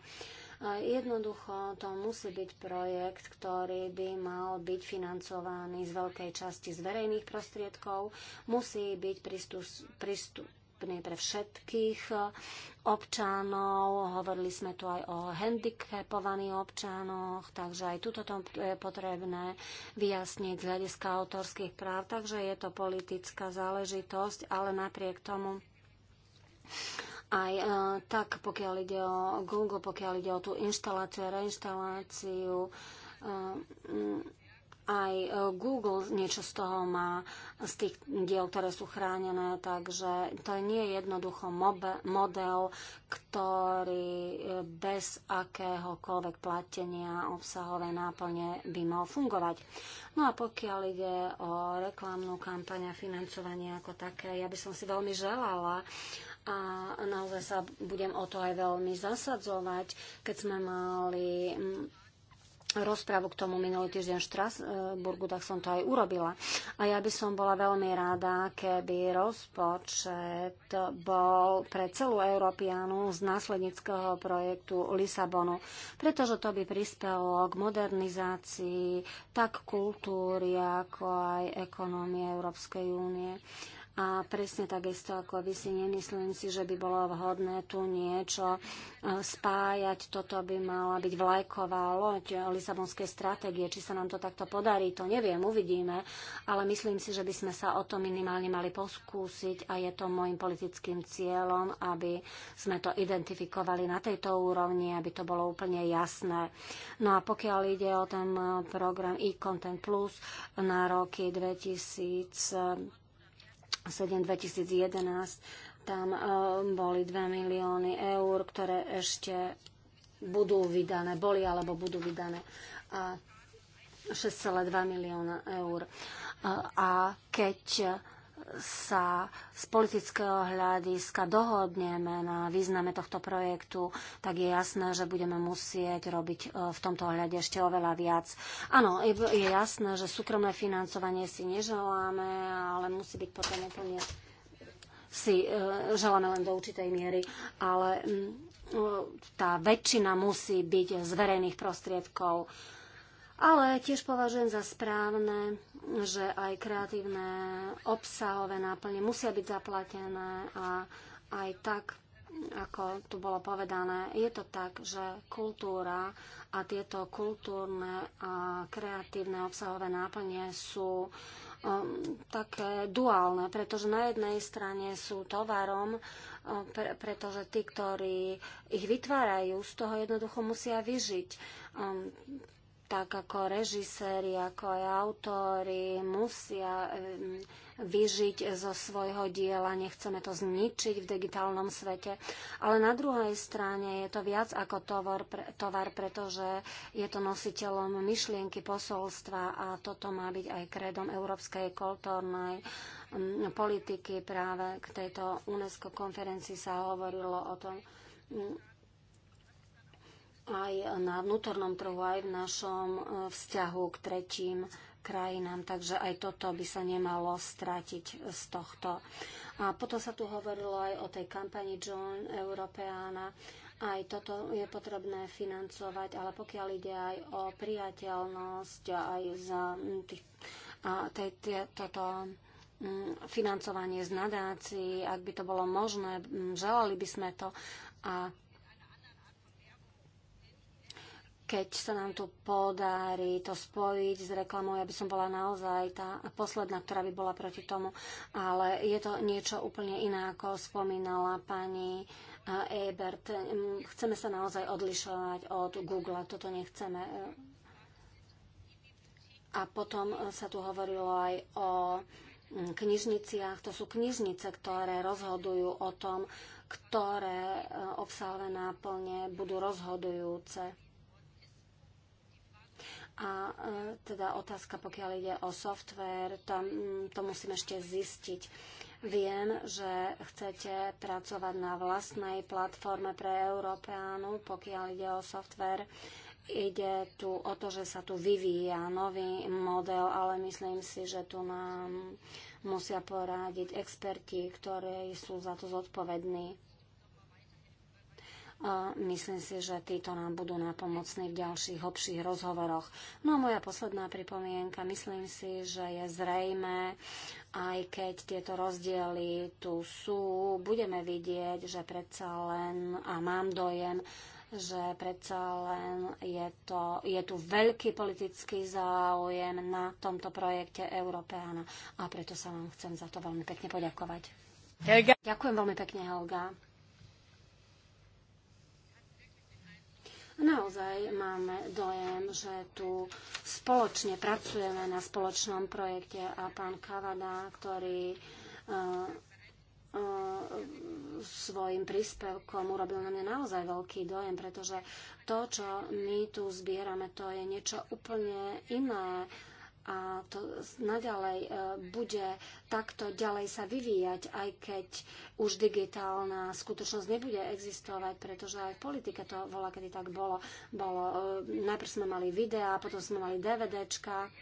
Jednoducho to musí byť projekt, ktorý by mal byť financovaný z veľkej časti z verejných prostriedkov, musí byť prístupný pre všetkých e, občanov. Hovorili sme tu aj o handicapovaných občanoch, takže aj tuto to je potrebné vyjasniť z hľadiska autorských práv, takže je to politická záležitosť, ale napriek tomu aj e, tak, pokiaľ ide o Google, pokiaľ ide o tú inštaláciu a reinštaláciu. E, aj e, Google niečo z toho má, z tých diel, ktoré sú chránené, takže to nie je jednoducho model, ktorý e, bez akéhokoľvek platenia obsahové náplne by mal fungovať. No a pokiaľ ide o reklamnú kampaň a financovanie ako také, ja by som si veľmi želala, a naozaj sa budem o to aj veľmi zasadzovať. Keď sme mali mm, rozprávu k tomu minulý týždeň v Štrasburgu, tak som to aj urobila. A ja by som bola veľmi rada, keby rozpočet bol pre celú Európianu z následnického projektu Lisabonu, pretože to by prispelo k modernizácii tak kultúry, ako aj ekonomie Európskej únie. Uh, a presne takisto ako vy si nemyslím si, že by bolo vhodné tu niečo e, spájať. Toto by mala byť vlajková loď Lisabonskej stratégie. Či sa nám to takto podarí, to neviem, uvidíme. Ale myslím si, že by sme sa o to minimálne mali poskúsiť a je to môjim politickým cieľom, aby sme to identifikovali na tejto úrovni, aby to bolo úplne jasné. No a pokiaľ ide o ten e, program e-Content Plus na roky 2000, 7 2011, tam eh, boli 2 milióny eur, ktoré ešte budú vydané, boli alebo budú vydané. A 6,2 milióna eur. Eh, a keď sa z politického hľadiska dohodneme na význame tohto projektu, tak je jasné, že budeme musieť robiť e, v tomto ohľade ešte oveľa viac. Áno, je jasné, že súkromné financovanie si neželáme, ale musí byť potom úplne si e, želáme len do určitej miery, ale mm, e, tá väčšina musí byť z verejných prostriedkov ale tiež považujem za správne, že aj kreatívne obsahové náplne musia byť zaplatené a aj tak, ako tu bolo povedané, je to tak, že kultúra a tieto kultúrne a kreatívne obsahové náplne sú um, také duálne, pretože na jednej strane sú tovarom, um, pre, pretože tí, ktorí ich vytvárajú, z toho jednoducho musia vyžiť. Um, tak ako režiséri, ako aj autori musia vyžiť zo svojho diela, nechceme to zničiť v digitálnom svete. Ale na druhej strane je to viac ako tovar, pre, tovar pretože je to nositeľom myšlienky posolstva a toto má byť aj kredom európskej kultúrnej politiky. Práve k tejto UNESCO konferencii sa hovorilo o tom, aj na vnútornom trhu, aj v našom e, vzťahu k tretím krajinám, takže aj toto by sa nemalo stratiť e, z tohto. A potom sa tu hovorilo aj o tej kampani John Europeana. Aj toto je potrebné financovať, ale pokiaľ ide aj o priateľnosť, aj za tých, a toto financovanie z nadácií, ak by to bolo možné, želali by sme to. A keď sa nám tu podarí to spojiť s reklamou, ja by som bola naozaj tá posledná, ktorá by bola proti tomu, ale je to niečo úplne iné, ako spomínala pani eh, Ebert. Mm, chceme sa naozaj odlišovať od Google, toto nechceme. A potom eh, sa tu hovorilo aj o mm, knižniciach. To sú knižnice, ktoré rozhodujú o tom, ktoré eh, obsahové náplne budú rozhodujúce. A e, teda otázka, pokiaľ ide o software, tam, mm, to musím ešte zistiť. Viem, že chcete pracovať na vlastnej platforme pre Európeánu, pokiaľ ide o software. Ide tu o to, že sa tu vyvíja nový model, ale myslím si, že tu nám musia poradiť experti, ktorí sú za to zodpovední a myslím si, že títo nám budú napomocní v ďalších hlbších rozhovoroch. No a moja posledná pripomienka, myslím si, že je zrejme, aj keď tieto rozdiely tu sú, budeme vidieť, že predsa len, a mám dojem, že predsa len je, to, je tu veľký politický záujem na tomto projekte Európeana a preto sa vám chcem za to veľmi pekne poďakovať. Helga. Ďakujem veľmi pekne, Helga. naozaj máme dojem, že tu spoločne pracujeme na spoločnom projekte a pán Kavada, ktorý uh, svojim príspevkom urobil na mňa naozaj veľký dojem, pretože to, čo my tu zbierame, to je niečo úplne iné a to naďalej e, bude takto ďalej sa vyvíjať, aj keď už digitálna skutočnosť nebude existovať, pretože aj v politike to volá, kedy tak bolo. bolo e, najprv sme mali videá, potom sme mali DVDčka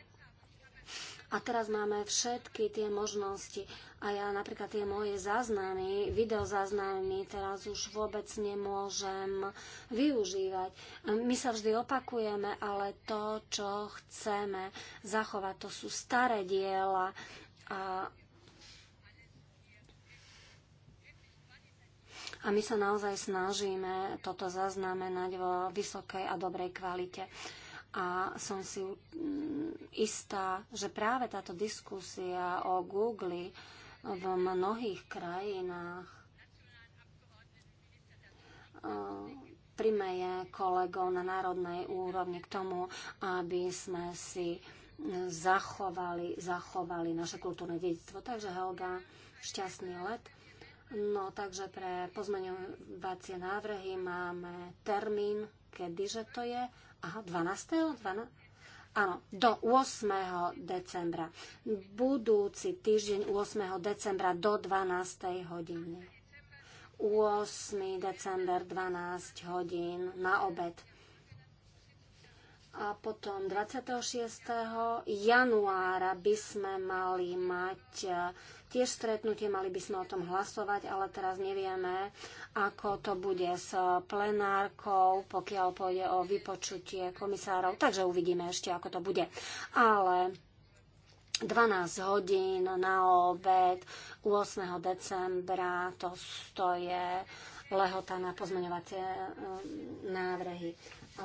a teraz máme všetky tie možnosti. A ja napríklad tie moje záznamy, videozáznamy teraz už vôbec nemôžem využívať. My sa vždy opakujeme, ale to, čo chceme zachovať, to sú staré diela. A A my sa naozaj snažíme toto zaznamenať vo vysokej a dobrej kvalite. A som si mm, istá, že práve táto diskusia o Google v mnohých krajinách eh, primeje kolegov na národnej úrovni k tomu, aby sme si zachovali, zachovali naše kultúrne dedictvo. Takže Helga, šťastný let. No, takže pre pozmeňovacie návrhy máme termín, kedyže to je aha, 12. 12. Áno, do 8. decembra. Budúci týždeň 8. decembra do 12. hodiny. 8. december 12 hodín na obed. A potom 26. januára by sme mali mať tiež stretnutie, mali by sme o tom hlasovať, ale teraz nevieme, ako to bude s plenárkou, pokiaľ pôjde o vypočutie komisárov, takže uvidíme ešte, ako to bude. Ale 12 hodín na obed 8. decembra, to, stoje lehota na pozmeňovacie e, návrhy.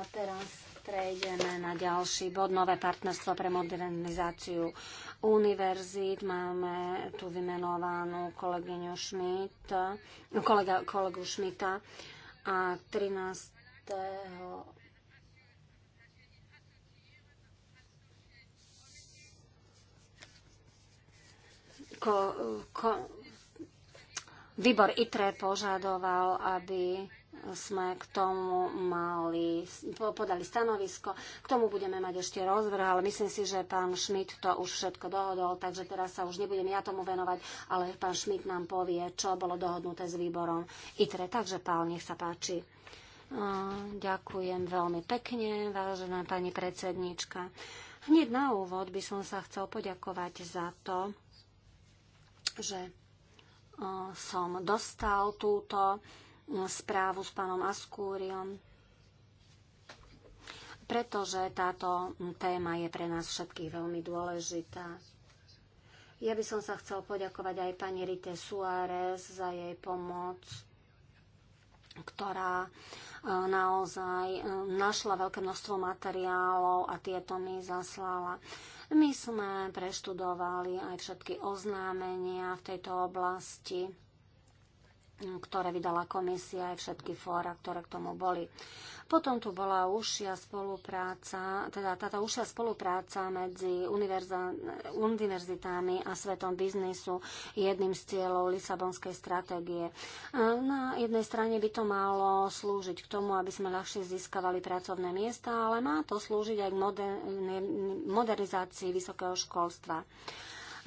A teraz prejdeme na ďalší bod, nové partnerstvo pre modernizáciu univerzít. Máme tu vymenovanú kolegyňu Šmit, kolega, kolegu Šmita a 13. Ko, ko, výbor ITRE požadoval, aby sme k tomu mali, podali stanovisko. K tomu budeme mať ešte rozvrh, ale myslím si, že pán Šmit to už všetko dohodol, takže teraz sa už nebudem ja tomu venovať, ale pán Šmit nám povie, čo bolo dohodnuté s výborom ITRE. Takže pán, nech sa páči. Ďakujem veľmi pekne, vážená pani predsednička. Hneď na úvod by som sa chcel poďakovať za to, že som dostal túto správu s pánom Askúriom, pretože táto téma je pre nás všetkých veľmi dôležitá. Ja by som sa chcel poďakovať aj pani Rite Suárez za jej pomoc, ktorá e, naozaj e, našla veľké množstvo materiálov a tieto mi zaslala. My sme preštudovali aj všetky oznámenia v tejto oblasti ktoré vydala komisia aj všetky fóra, ktoré k tomu boli. Potom tu bola užšia spolupráca, teda táto užšia spolupráca medzi univerzitami a svetom biznisu jedným z cieľov Lisabonskej stratégie. Na jednej strane by to malo slúžiť k tomu, aby sme ľahšie získavali pracovné miesta, ale má to slúžiť aj k modernizácii vysokého školstva.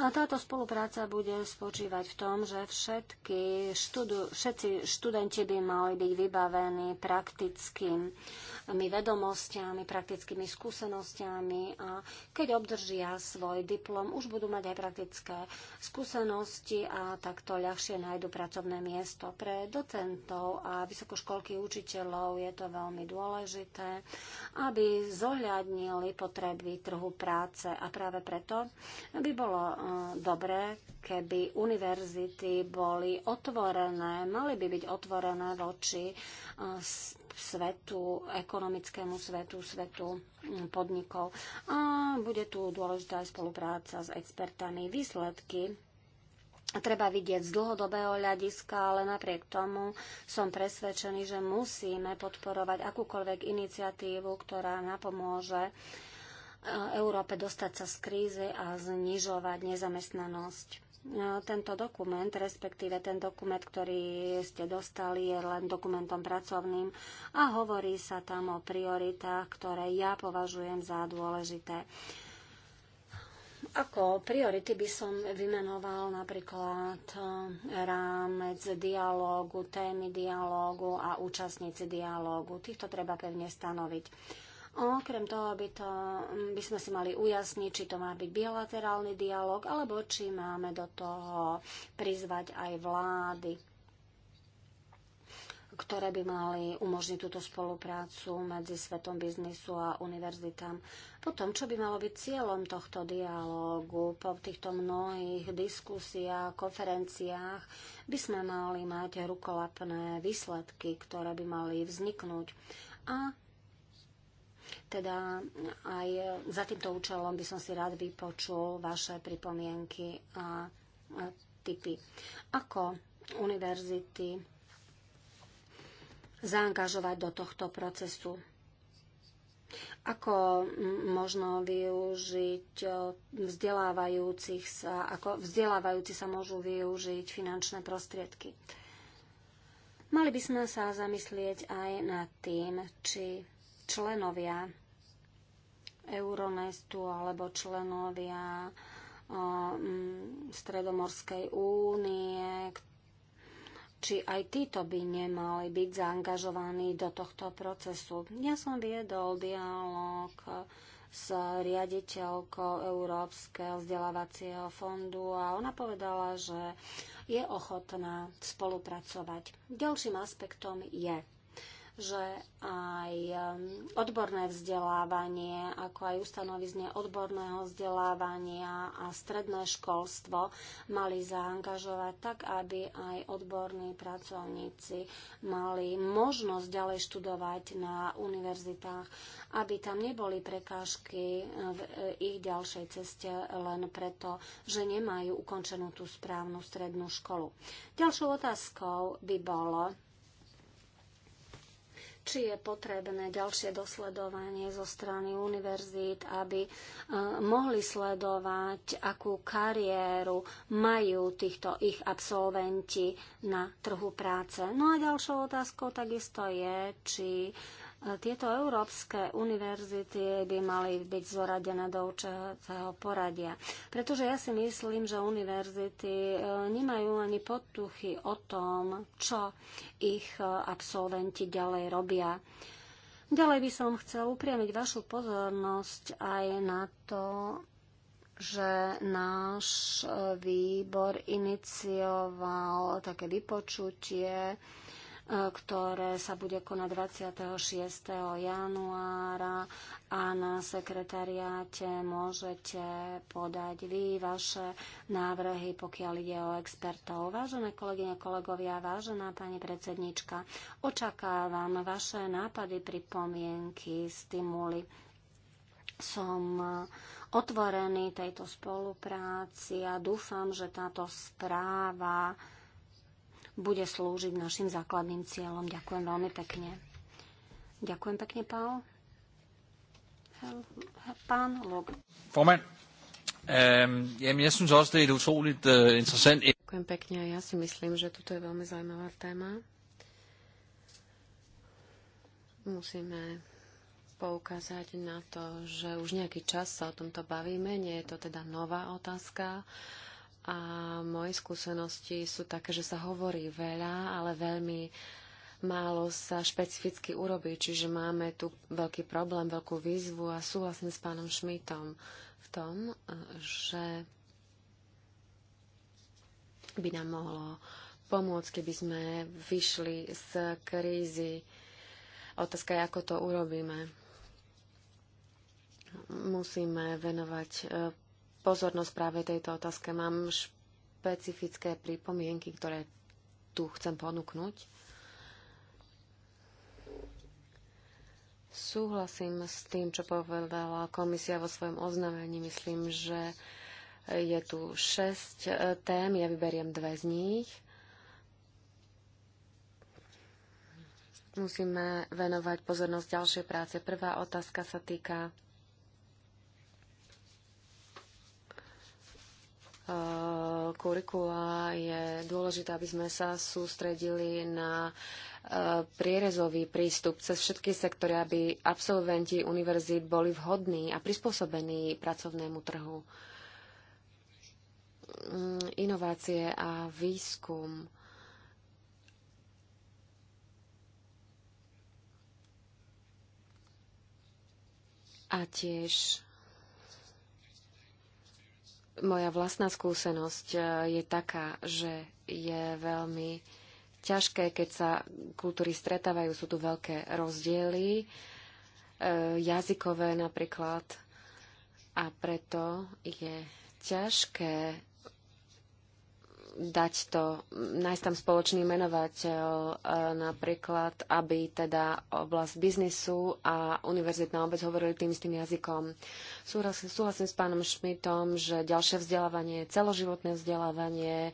A táto spolupráca bude spočívať v tom, že všetky študu, všetci študenti by mali byť vybavení praktickými eh, vedomostiami, praktickými skúsenostiami a keď obdržia svoj diplom, už budú mať aj praktické skúsenosti a takto ľahšie nájdu pracovné miesto. Pre docentov a vysokoškolky učiteľov je to veľmi dôležité, aby zohľadnili potreby trhu práce a práve preto by bolo eh, dobré, keby univerzity boli otvorené, mali by byť otvorené voči e, svetu, ekonomickému svetu, svetu podnikov. A bude tu dôležitá aj spolupráca s expertami. Výsledky treba vidieť z dlhodobého hľadiska, ale napriek tomu som presvedčený, že musíme podporovať akúkoľvek iniciatívu, ktorá napomôže uh, Európe dostať sa z krízy a znižovať nezamestnanosť tento dokument, respektíve ten dokument, ktorý ste dostali, je len dokumentom pracovným a hovorí sa tam o prioritách, ktoré ja považujem za dôležité. Ako priority by som vymenoval napríklad e, rámec dialógu, témy dialógu a účastníci dialógu. Týchto treba pevne stanoviť. Okrem toho by, to, mm, by sme si mali ujasniť, či to má byť bilaterálny dialog, alebo či máme do toho prizvať aj vlády ktoré by mali umožniť túto spoluprácu medzi svetom biznisu a univerzitám. Potom, čo by malo byť cieľom tohto dialógu po týchto mnohých diskusiách, konferenciách, by sme mali mať rukolapné výsledky, ktoré by mali vzniknúť. A teda aj za týmto účelom by som si rád vypočul vaše pripomienky a, typy. Ako univerzity zaangažovať do tohto procesu? Ako možno využiť e, vzdelávajúcich sa, ako vzdelávajúci sa môžu využiť finančné prostriedky? Mali by sme sa zamyslieť aj nad tým, či členovia Euronestu alebo členovia mm, Stredomorskej únie, či aj títo by nemali byť zaangažovaní do tohto procesu. Ja som viedol dialog s riaditeľkou Európskeho vzdelávacieho fondu a ona povedala, že je ochotná spolupracovať. Ďalším aspektom je, že aj um, odborné vzdelávanie, ako aj ustanovizne odborného vzdelávania a stredné školstvo mali zaangažovať tak, aby aj odborní pracovníci mali možnosť ďalej študovať na univerzitách, aby tam neboli prekážky uh, v uh, ich ďalšej ceste len preto, že nemajú ukončenú tú správnu strednú školu. Ďalšou otázkou by bolo, či je potrebné ďalšie dosledovanie zo strany univerzít, aby e, mohli sledovať, akú kariéru majú týchto ich absolventi na trhu práce. No a ďalšou otázkou takisto je, či tieto európske univerzity by mali byť zoradené do určitého poradia. Pretože ja si myslím, že univerzity e, nemajú ani podtuchy o tom, čo ich e, absolventi ďalej robia. Ďalej by som chcel upriamiť vašu pozornosť aj na to, že náš e, výbor inicioval také vypočutie ktoré sa bude konať 26. januára a na sekretariáte môžete podať vy vaše návrhy, pokiaľ ide o expertov. Vážené kolegyne, kolegovia, vážená pani predsednička, očakávam vaše nápady, pripomienky, stimuly. Som otvorený tejto spolupráci a dúfam, že táto správa bude slúžiť našim základným cieľom. Ďakujem veľmi pekne. Ďakujem pekne, Pál. Pán Log. Formen, øhm, jamen som zase, også, er utroligt øh, interessant... Ďakujem pekne. Ja si myslím, že toto je veľmi zaujímavá téma. Musíme poukázať na to, že už nejaký čas sa o tomto bavíme. Nie je to teda nová otázka. Uh, a moje skúsenosti sú také, že sa hovorí veľa, ale veľmi málo sa špecificky urobí, čiže máme tu veľký problém, veľkú výzvu a súhlasím s pánom Šmitom v tom, že by nám mohlo pomôcť, keby sme vyšli z krízy. Otázka je, ako to urobíme. Musíme venovať pozornosť práve tejto otázke. Mám špecifické pripomienky, ktoré tu chcem ponúknuť. Súhlasím s tým, čo povedala komisia vo svojom oznámení. Myslím, že je tu šesť e, tém, ja vyberiem dve z nich. Musíme venovať pozornosť ďalšej práce. Prvá otázka sa týka Eh, kurikula, je dôležité, aby sme sa sústredili na eh, prierezový prístup cez všetky sektory, aby absolventi univerzít boli vhodní a prispôsobení pracovnému trhu. Mm, inovácie a výskum. A tiež moja vlastná skúsenosť e, je taká, že je veľmi ťažké, keď sa kultúry stretávajú. Sú tu veľké rozdiely, e, jazykové napríklad. A preto je ťažké dať to, nájsť tam spoločný menovateľ, e, napríklad, aby teda oblasť biznisu a univerzitná obec hovorili tým istým jazykom. Súhlasím, súhlasím s pánom Šmitom, že ďalšie vzdelávanie, celoživotné vzdelávanie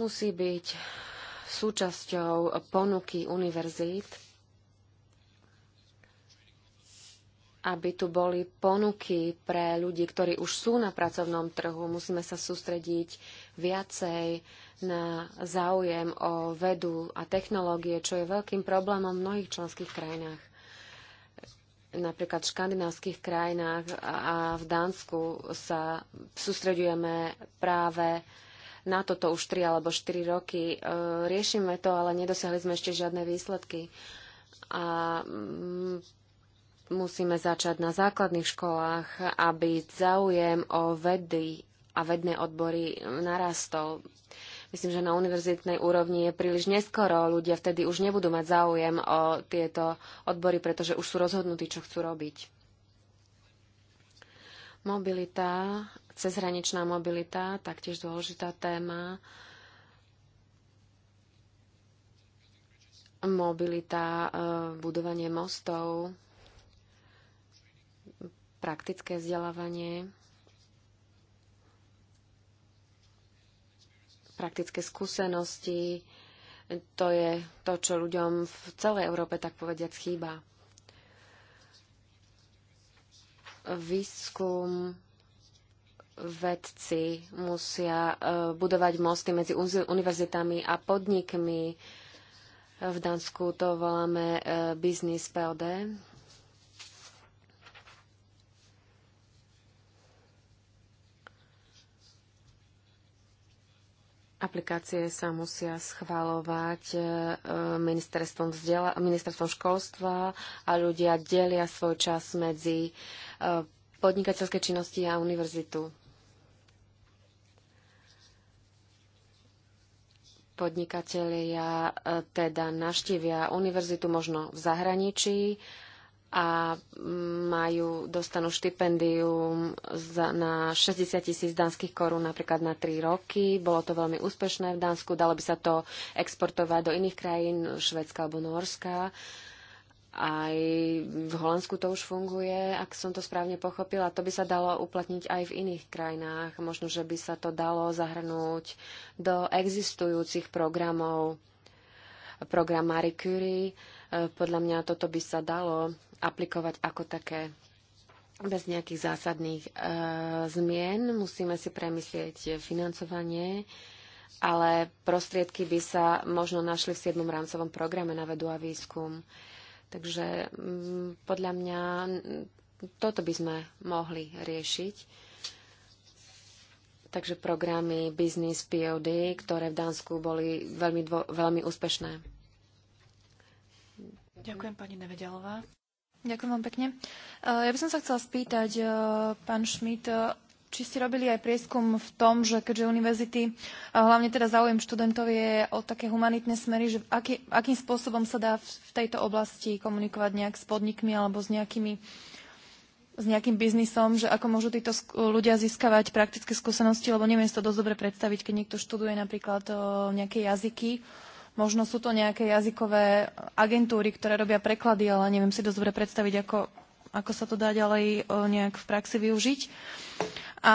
musí byť súčasťou ponuky univerzít, aby tu boli ponuky pre ľudí, ktorí už sú na pracovnom trhu. Musíme sa sústrediť viacej na záujem o vedu a technológie, čo je veľkým problémom v mnohých členských krajinách napríklad v škandinávskych krajinách a v Dánsku sa sústredujeme práve na toto už 3 alebo 4 roky. E, riešime to, ale nedosiahli sme ešte žiadne výsledky. A mm, musíme začať na základných školách, aby záujem o vedy a vedné odbory mm, narastol. Myslím, že na univerzitnej úrovni je príliš neskoro. Ľudia vtedy už nebudú mať záujem o tieto odbory, pretože už sú rozhodnutí, čo chcú robiť. Mobilita, cezhraničná mobilita, taktiež dôležitá téma. Mobilita, e, budovanie mostov, praktické vzdelávanie. praktické skúsenosti. To je to, čo ľuďom v celej Európe, tak povediac, chýba. Výskum vedci musia e, budovať mosty medzi univerzitami a podnikmi. V Dánsku to voláme e, business POD Aplikácie sa musia schvalovať e, ministerstvom, vzdiela- ministerstvom školstva a ľudia delia svoj čas medzi e, podnikateľské činnosti a univerzitu. Podnikatelia e, teda naštívia univerzitu možno v zahraničí, a majú, dostanú štipendium za, na 60 tisíc danských korún napríklad na 3 roky. Bolo to veľmi úspešné v Dánsku, dalo by sa to exportovať do iných krajín, Švedska alebo Norska. Aj v Holandsku to už funguje, ak som to správne pochopila. To by sa dalo uplatniť aj v iných krajinách. Možno, že by sa to dalo zahrnúť do existujúcich programov, program Marie Curie podľa mňa toto by sa dalo aplikovať ako také bez nejakých zásadných e, zmien. Musíme si premyslieť financovanie, ale prostriedky by sa možno našli v 7. rámcovom programe na vedu a výskum. Takže m, mm, podľa mňa toto by sme mohli riešiť. Takže programy Business POD, ktoré v Dánsku boli veľmi, dvo- veľmi úspešné. Ďakujem pani Nevedelová. Ďakujem vám pekne. E, ja by som sa chcela spýtať, e, pán Šmit, e, či ste robili aj prieskum v tom, že keďže univerzity, a hlavne teda záujem študentov je o také humanitné smery, že aký, akým spôsobom sa dá v tejto oblasti komunikovať nejak s podnikmi alebo s nejakými s nejakým biznisom, že ako môžu títo ľudia získavať praktické skúsenosti, lebo neviem si to dosť dobre predstaviť, keď niekto študuje napríklad nejaké jazyky, Možno sú to nejaké jazykové agentúry, ktoré robia preklady, ale neviem si dosť dobre predstaviť, ako, ako sa to dá ďalej e, nejak v praxi využiť. A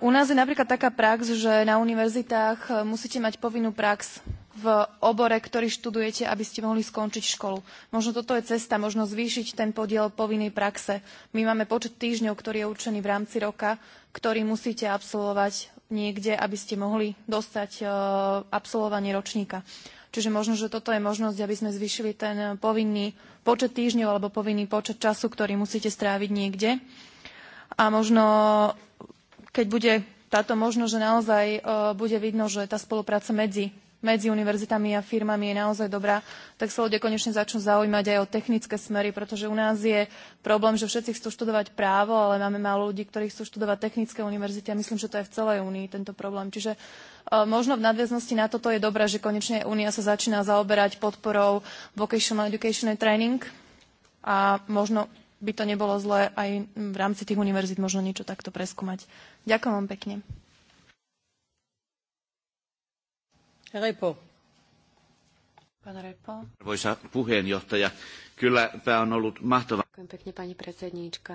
u nás je napríklad taká prax, že na univerzitách e, musíte mať povinnú prax v obore, ktorý študujete, aby ste mohli skončiť školu. Možno toto je cesta, možno zvýšiť ten podiel povinnej praxe. My máme počet týždňov, ktorý je určený v rámci roka, ktorý musíte absolvovať niekde, aby ste mohli dostať e, absolvovanie ročníka. Čiže možno, že toto je možnosť, aby sme zvyšili ten povinný počet týždňov alebo povinný počet času, ktorý musíte stráviť niekde. A možno, keď bude táto možnosť, že naozaj e, bude vidno, že tá spolupráca medzi medzi univerzitami a firmami je naozaj dobrá, tak sa ľudia konečne začnú zaujímať aj o technické smery, pretože u nás je problém, že všetci chcú študovať právo, ale máme málo ľudí, ktorí chcú študovať technické univerzity a myslím, že to je v celej únii tento problém. Čiže e, možno v nadväznosti na toto je dobré, že konečne únia sa začína zaoberať podporou vocational education and training a možno by to nebolo zlé aj v rámci tých univerzít možno niečo takto preskúmať. Ďakujem vám pekne. Arvoisa puheenjohtaja, kyllä tämä on ollut mahtava. Ďakujem pekne, pani predsedníčka.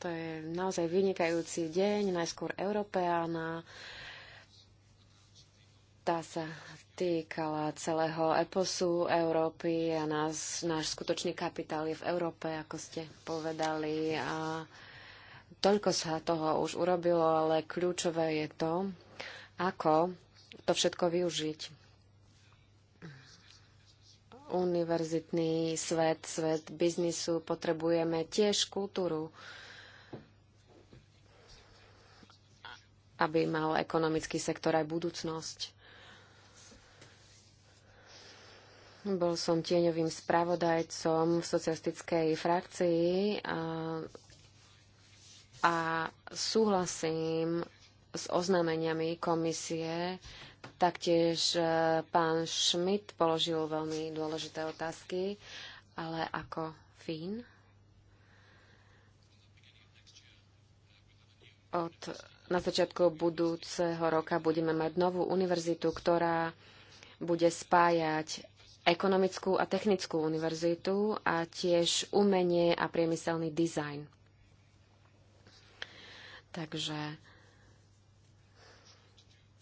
To je naozaj vynikajúci deň, najskôr Európeána. Tá sa týkala celého eposu Európy a nás, náš skutočný kapitál je v Európe, ako ste povedali. A toľko sa toho už urobilo, ale kľúčové je to, ako to všetko využiť. Univerzitný svet, svet biznisu, potrebujeme tiež kultúru, aby mal ekonomický sektor aj budúcnosť. Bol som tieňovým spravodajcom v socialistickej frakcii a, a súhlasím s oznámeniami komisie. Taktiež e, pán Schmidt položil veľmi dôležité otázky, ale ako Fín od na začiatku budúceho roka budeme mať novú univerzitu, ktorá bude spájať ekonomickú a technickú univerzitu a tiež umenie a priemyselný dizajn. Takže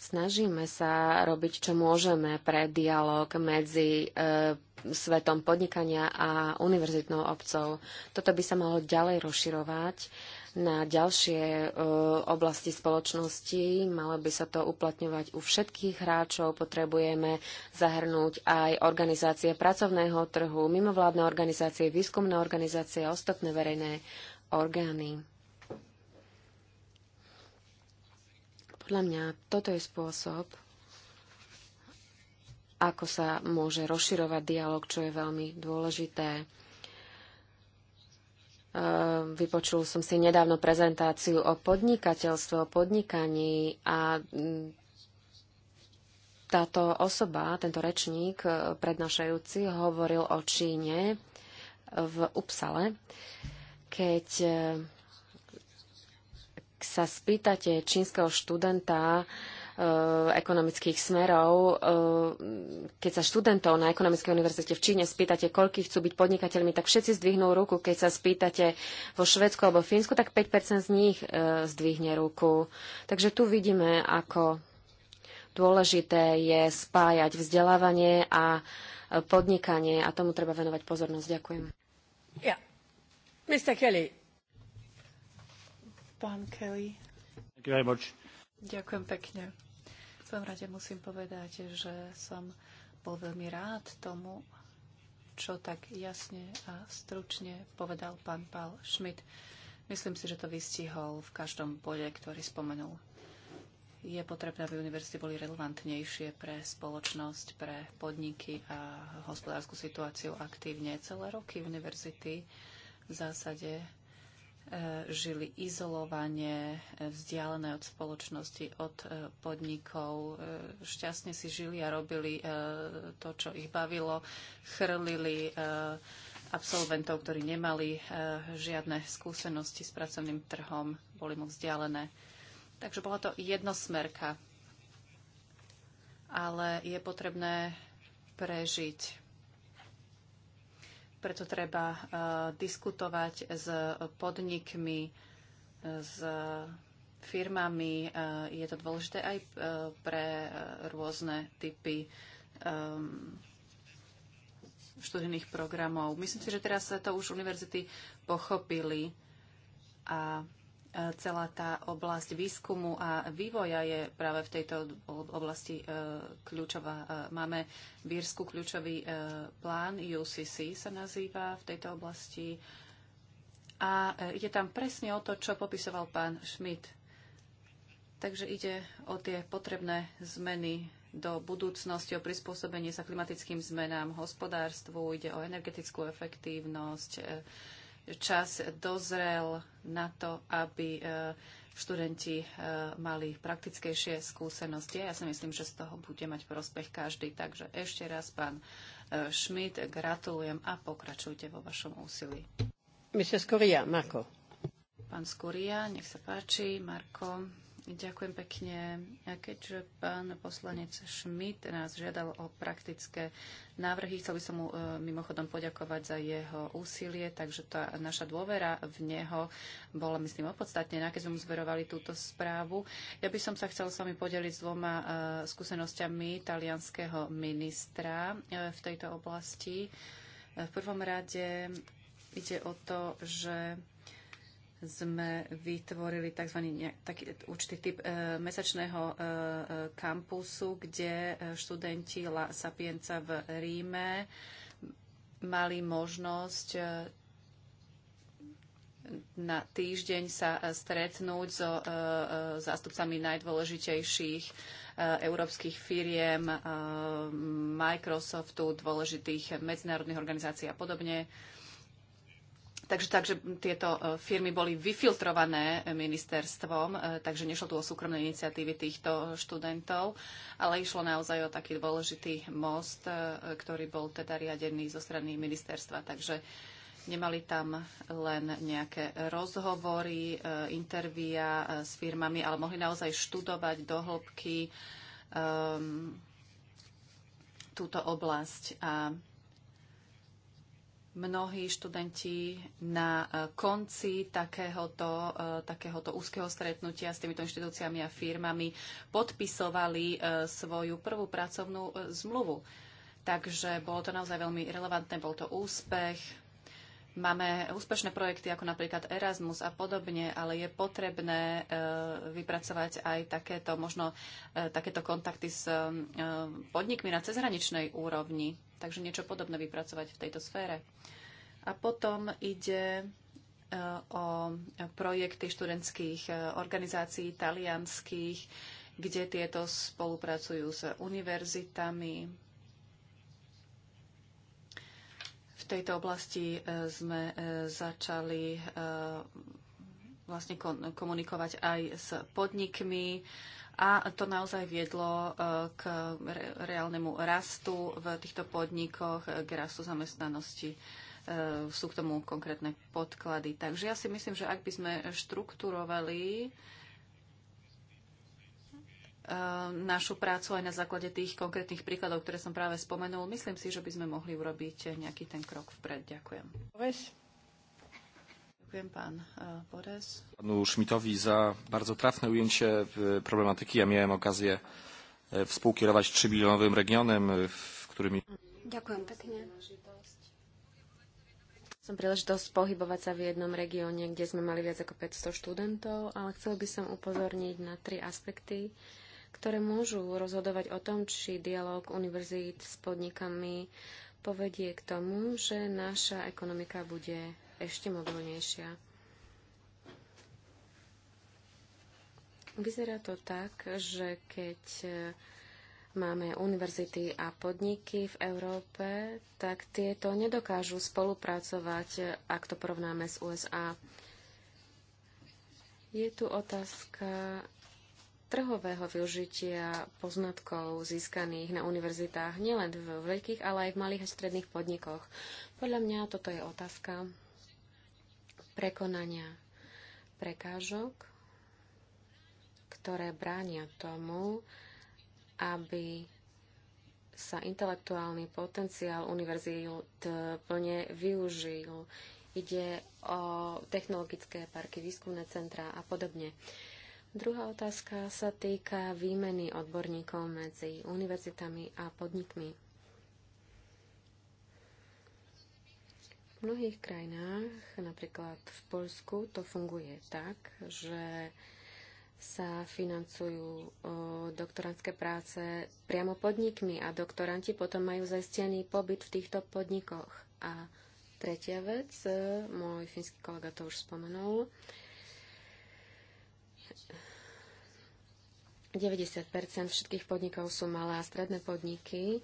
Snažíme sa robiť, čo môžeme pre dialog medzi e, svetom podnikania a univerzitnou obcov. Toto by sa malo ďalej rozširovať na ďalšie e, oblasti spoločnosti. Malo by sa to uplatňovať u všetkých hráčov. Potrebujeme zahrnúť aj organizácie pracovného trhu, mimovládne organizácie, výskumné organizácie a ostatné verejné orgány. Podľa mňa toto je spôsob, ako sa môže rozširovať dialog, čo je veľmi dôležité. E, vypočul som si nedávno prezentáciu o podnikateľstve, o podnikaní a táto osoba, tento rečník e, prednášajúci hovoril o Číne v Upsale, keď e, sa spýtate čínskeho študenta, e, ekonomických smerov. E, keď sa študentov na Ekonomickej univerzite v Číne spýtate, koľký chcú byť podnikateľmi, tak všetci zdvihnú ruku. Keď sa spýtate vo Švedsku alebo Fínsku, tak 5% z nich e, zdvihne ruku. Takže tu vidíme, ako dôležité je spájať vzdelávanie a podnikanie a tomu treba venovať pozornosť. Ďakujem. Yeah. Mr. Kelly, Pán Kelly. Ďakujem pekne. V prvom rade musím povedať, že som bol veľmi rád tomu, čo tak jasne a stručne povedal pán Pál Schmidt. Myslím si, že to vystihol v každom bode, ktorý spomenul. Je potrebné, aby univerzity boli relevantnejšie pre spoločnosť, pre podniky a hospodárskú situáciu aktívne. Celé roky univerzity v zásade žili izolovane, vzdialené od spoločnosti, od e, podnikov, e, šťastne si žili a robili e, to, čo ich bavilo, chrlili absolventov, ktorí nemali žiadne skúsenosti s pracovným trhom, boli mu vzdialené. Takže bola to jednosmerka. Ale je potrebné prežiť preto treba uh, diskutovať s podnikmi, e, s firmami. Uh, je to dôležité aj uh, pre rôzne typy um, študijných programov. Myslím si, že teraz to už univerzity pochopili a Celá tá oblasť výskumu a vývoja je práve v tejto oblasti e, kľúčová. E, máme Bírsku kľúčový e, plán, UCC sa nazýva v tejto oblasti. A ide tam presne o to, čo popisoval pán Schmidt. Takže ide o tie potrebné zmeny do budúcnosti, o prispôsobenie sa klimatickým zmenám, hospodárstvu, ide o energetickú efektívnosť, čas dozrel na to, aby e, študenti e, mali praktickejšie skúsenosti. Ja si myslím, že z toho bude mať prospech každý. Takže ešte raz, pán e, Schmidt, gratulujem a pokračujte vo vašom úsilí. Mrs. Skoria, Marko. Pán Skoria, nech sa páči, Marko. Ďakujem pekne. Keďže pán poslanec Šmit nás žiadal o praktické návrhy, chcel by som mu e, mimochodom poďakovať za jeho úsilie, takže tá naša dôvera v neho bola, myslím, opodstatnená, keď sme mu zverovali túto správu. Ja by som sa chcel s vami podeliť s dvoma e, skúsenostiami talianského ministra e, v tejto oblasti. V prvom rade ide o to, že sme vytvorili tzv. taký určitý typ e, mesačného e, e kampusu, kde e, študenti La Sapienza v Ríme mali možnosť e, na týždeň sa e, stretnúť so zástupcami najdôležitejších európskych firiem, Microsoftu, dôležitých medzinárodných organizácií a podobne Takže, takže tieto e, firmy boli vyfiltrované ministerstvom, e, takže nešlo tu o súkromné iniciatívy týchto študentov, ale išlo naozaj o taký dôležitý most, e, ktorý bol teda riadený zo strany ministerstva. Takže nemali tam len nejaké rozhovory, intervíja s firmami, ale mohli naozaj študovať do hĺbky um, túto oblasť. A mnohí študenti na e, konci takéhoto, e, takéhoto úzkeho stretnutia s týmito inštitúciami a firmami podpisovali e, svoju prvú pracovnú zmluvu. Takže bolo to naozaj veľmi relevantné, bol to úspech. Máme úspešné projekty ako napríklad Erasmus a podobne, ale je potrebné vypracovať aj takéto, možno takéto kontakty s podnikmi na cezhraničnej úrovni Takže niečo podobné vypracovať v tejto sfére. A potom ide e, o projekty študentských e, organizácií talianských, kde tieto spolupracujú s univerzitami, V tejto oblasti e, sme začali vlastne komunikovať aj s podnikmi, a to naozaj viedlo e, k reálnemu rastu v týchto podnikoch, e, k rastu zamestnanosti e, sú k tomu konkrétne podklady. Takže ja si myslím, že ak by sme štrukturovali našu prácu aj na základe tých konkrétnych príkladov, ktoré som práve spomenul, myslím si, že by sme mohli urobiť nejaký ten krok vpred. Ďakujem. Ďakujem pán e, Bores. Panu Schmidtowi za bardzo trafne ujęcie problematyki. Ja miałem okazję e, współkierować 3-milionowym regionem, e, w którym... Ďakujem pekne. Som príležitosť pohybovať sa v jednom regióne, kde sme mali viac ako 500 študentov, ale chcel by som upozorniť na tri aspekty, ktoré môžu rozhodovať o tom, či dialog univerzít s podnikami povedie k tomu, že naša ekonomika bude ešte modlnejšia. Vyzerá to tak, že keď eh, máme univerzity a podniky v Európe, tak tieto nedokážu spolupracovať, eh, ak to porovnáme s USA. Je tu otázka trhového využitia poznatkov získaných na univerzitách, nielen v veľkých, ale aj v malých a stredných podnikoch. Podľa mňa toto je otázka, prekonania prekážok, ktoré bránia tomu, aby sa intelektuálny potenciál univerzít plne využil. Ide o technologické parky, výskumné centrá a podobne. Druhá otázka sa týka výmeny odborníkov medzi univerzitami a podnikmi. V mnohých krajinách, napríklad v Polsku, to funguje tak, že sa financujú doktorantské práce priamo podnikmi a doktoranti potom majú zaistený pobyt v týchto podnikoch. A tretia vec, e, môj finský kolega to už spomenul, 90 všetkých podnikov sú malé a stredné podniky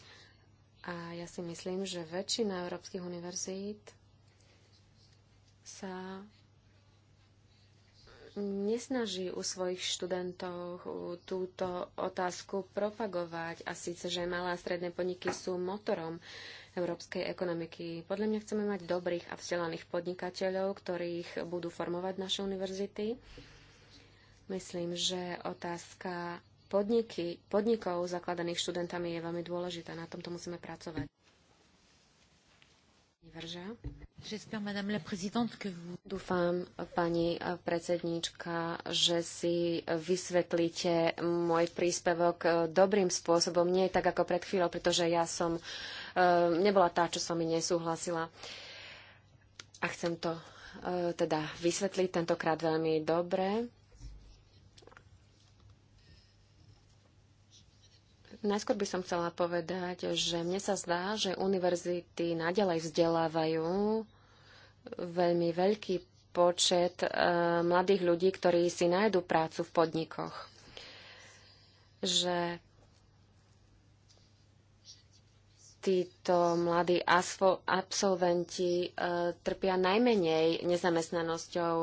a ja si myslím, že väčšina európskych univerzít sa nesnaží u svojich študentov túto otázku propagovať a síce, že malé a stredné podniky sú motorom európskej ekonomiky. Podľa mňa chceme mať dobrých a vzdelaných podnikateľov, ktorých budú formovať naše univerzity. Myslím, že otázka podniky, podnikov zakladaných študentami je veľmi dôležitá. Na tomto musíme pracovať. Verža. Dúfam, pani predsedníčka, že si vysvetlíte môj príspevok e, dobrým spôsobom, nie tak ako pred chvíľou, pretože ja som e, nebola tá, čo som mi nesúhlasila. A chcem to e, teda vysvetliť tentokrát veľmi dobre. Najskôr by som chcela povedať, že mne sa zdá, že univerzity nadalej vzdelávajú veľmi veľký počet e, mladých ľudí, ktorí si nájdu prácu v podnikoch. Že títo mladí absolventi e, trpia najmenej nezamestnanosťou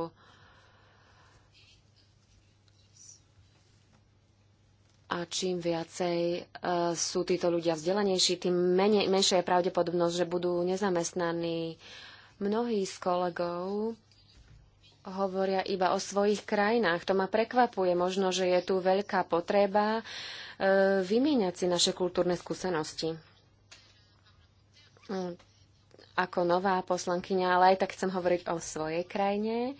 a čím viacej eh, sú títo ľudia vzdelanejší, tým menej, menšia je pravdepodobnosť, že budú nezamestnaní. Mnohí z kolegov hovoria iba o svojich krajinách. To ma prekvapuje. Možno, že je tu veľká potreba e, vymieňať si naše kultúrne skúsenosti. E, ako nová poslankyňa, ale aj tak chcem hovoriť o svojej krajine.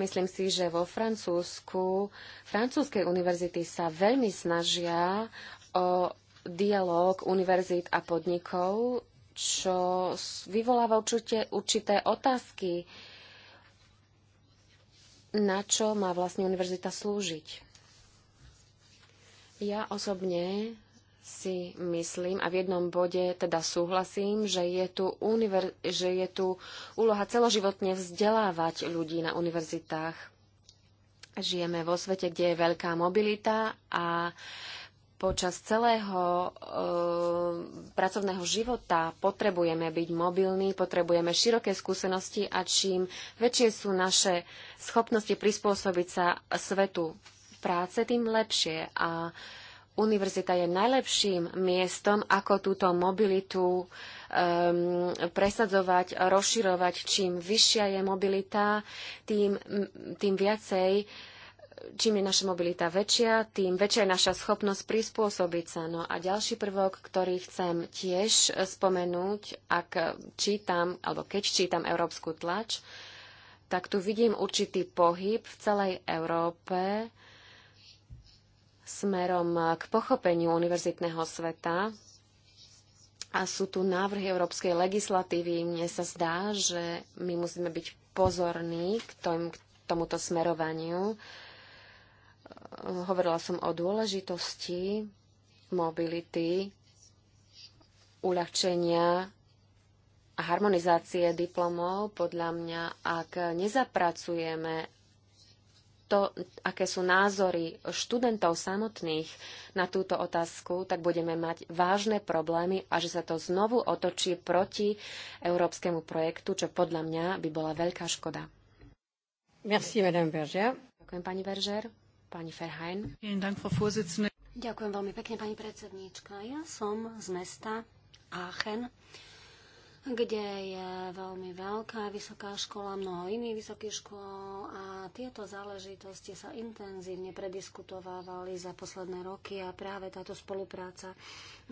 Myslím si, že vo Francúzsku, francúzskej univerzity sa veľmi snažia o dialog univerzít a podnikov čo vyvoláva určite, určité otázky, na čo má vlastne univerzita slúžiť. Ja osobne si myslím a v jednom bode teda súhlasím, že je tu, univer- že je tu úloha celoživotne vzdelávať ľudí na univerzitách. Žijeme vo svete, kde je veľká mobilita a počas celého e, pracovného života potrebujeme byť mobilní, potrebujeme široké skúsenosti a čím väčšie sú naše schopnosti prispôsobiť sa svetu práce, tým lepšie. A univerzita je najlepším miestom, ako túto mobilitu um, presadzovať, rozširovať. Čím vyššia je mobilita, tým, tým viacej uh, čím je naša mobilita väčšia, tým väčšia je naša schopnosť prispôsobiť sa. No a ďalší prvok, ktorý chcem tiež spomenúť, ak čítam, alebo keď čítam európsku tlač, tak tu vidím určitý pohyb v celej Európe smerom k pochopeniu univerzitného sveta. A sú tu návrhy európskej legislatívy. Mne sa zdá, že my musíme byť pozorní k, tomuto smerovaniu. Uh, hovorila som o dôležitosti mobility, uľahčenia a harmonizácie diplomov, podľa mňa, ak nezapracujeme to, aké sú názory študentov samotných na túto otázku, tak budeme mať vážne problémy a že sa to znovu otočí proti európskemu projektu, čo podľa mňa by bola veľká škoda. Merci, Madame Berger. Ďakujem, pani Berger. Pani Ferhajn. Ďakujem veľmi pekne, pani predsedníčka. Ja som z mesta Aachen, kde je veľmi veľká vysoká škola, mnoho iných vysokých škôl a tieto záležitosti sa intenzívne prediskutovávali za posledné roky a práve táto spolupráca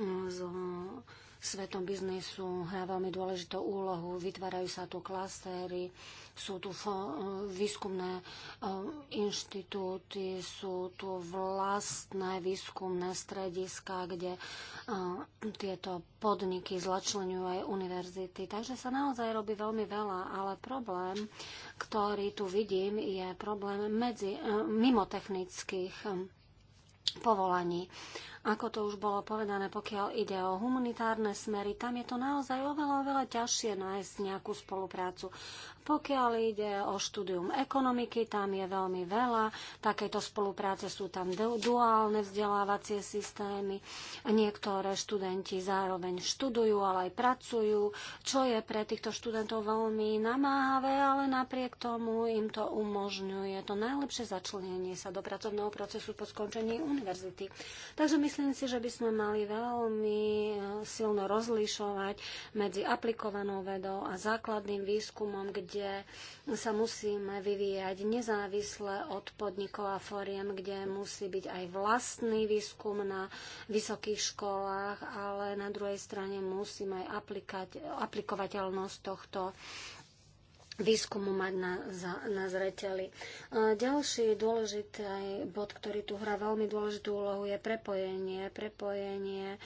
mm, so svetom biznisu hrá veľmi dôležitú úlohu. Vytvárajú sa tu klastéry, sú tu výskumné eh, inštitúty, sú tu vlastné výskumné strediska, kde eh, tieto podniky zlačlenujú aj univerzity. Takže sa naozaj robí veľmi veľa, ale problém, ktorý tu vidím, je problém medzi, eh, mimo technických povolaní. Ako to už bolo povedané, pokiaľ ide o humanitárne smery, tam je to naozaj oveľa, oveľa ťažšie nájsť nejakú spoluprácu. Pokiaľ ide o štúdium ekonomiky, tam je veľmi veľa. Takéto spolupráce sú tam duálne vzdelávacie systémy. Niektoré študenti zároveň študujú, ale aj pracujú, čo je pre týchto študentov veľmi namáhavé, ale napriek tomu im to umožňuje to najlepšie začlenenie sa do pracovného procesu po skončení univerzity. Takže myslím, Myslím si, že by sme mali veľmi eh, silno rozlišovať medzi aplikovanou vedou a základným výskumom, kde sa musíme vyvíjať nezávisle od podnikov a fóriem, kde musí byť aj vlastný výskum na vysokých školách, ale na druhej strane musíme aj aplikovateľnosť tohto výskumu mať na, za, na zreteli. E, ďalší dôležitý bod, ktorý tu hrá veľmi dôležitú úlohu, je prepojenie. Prepojenie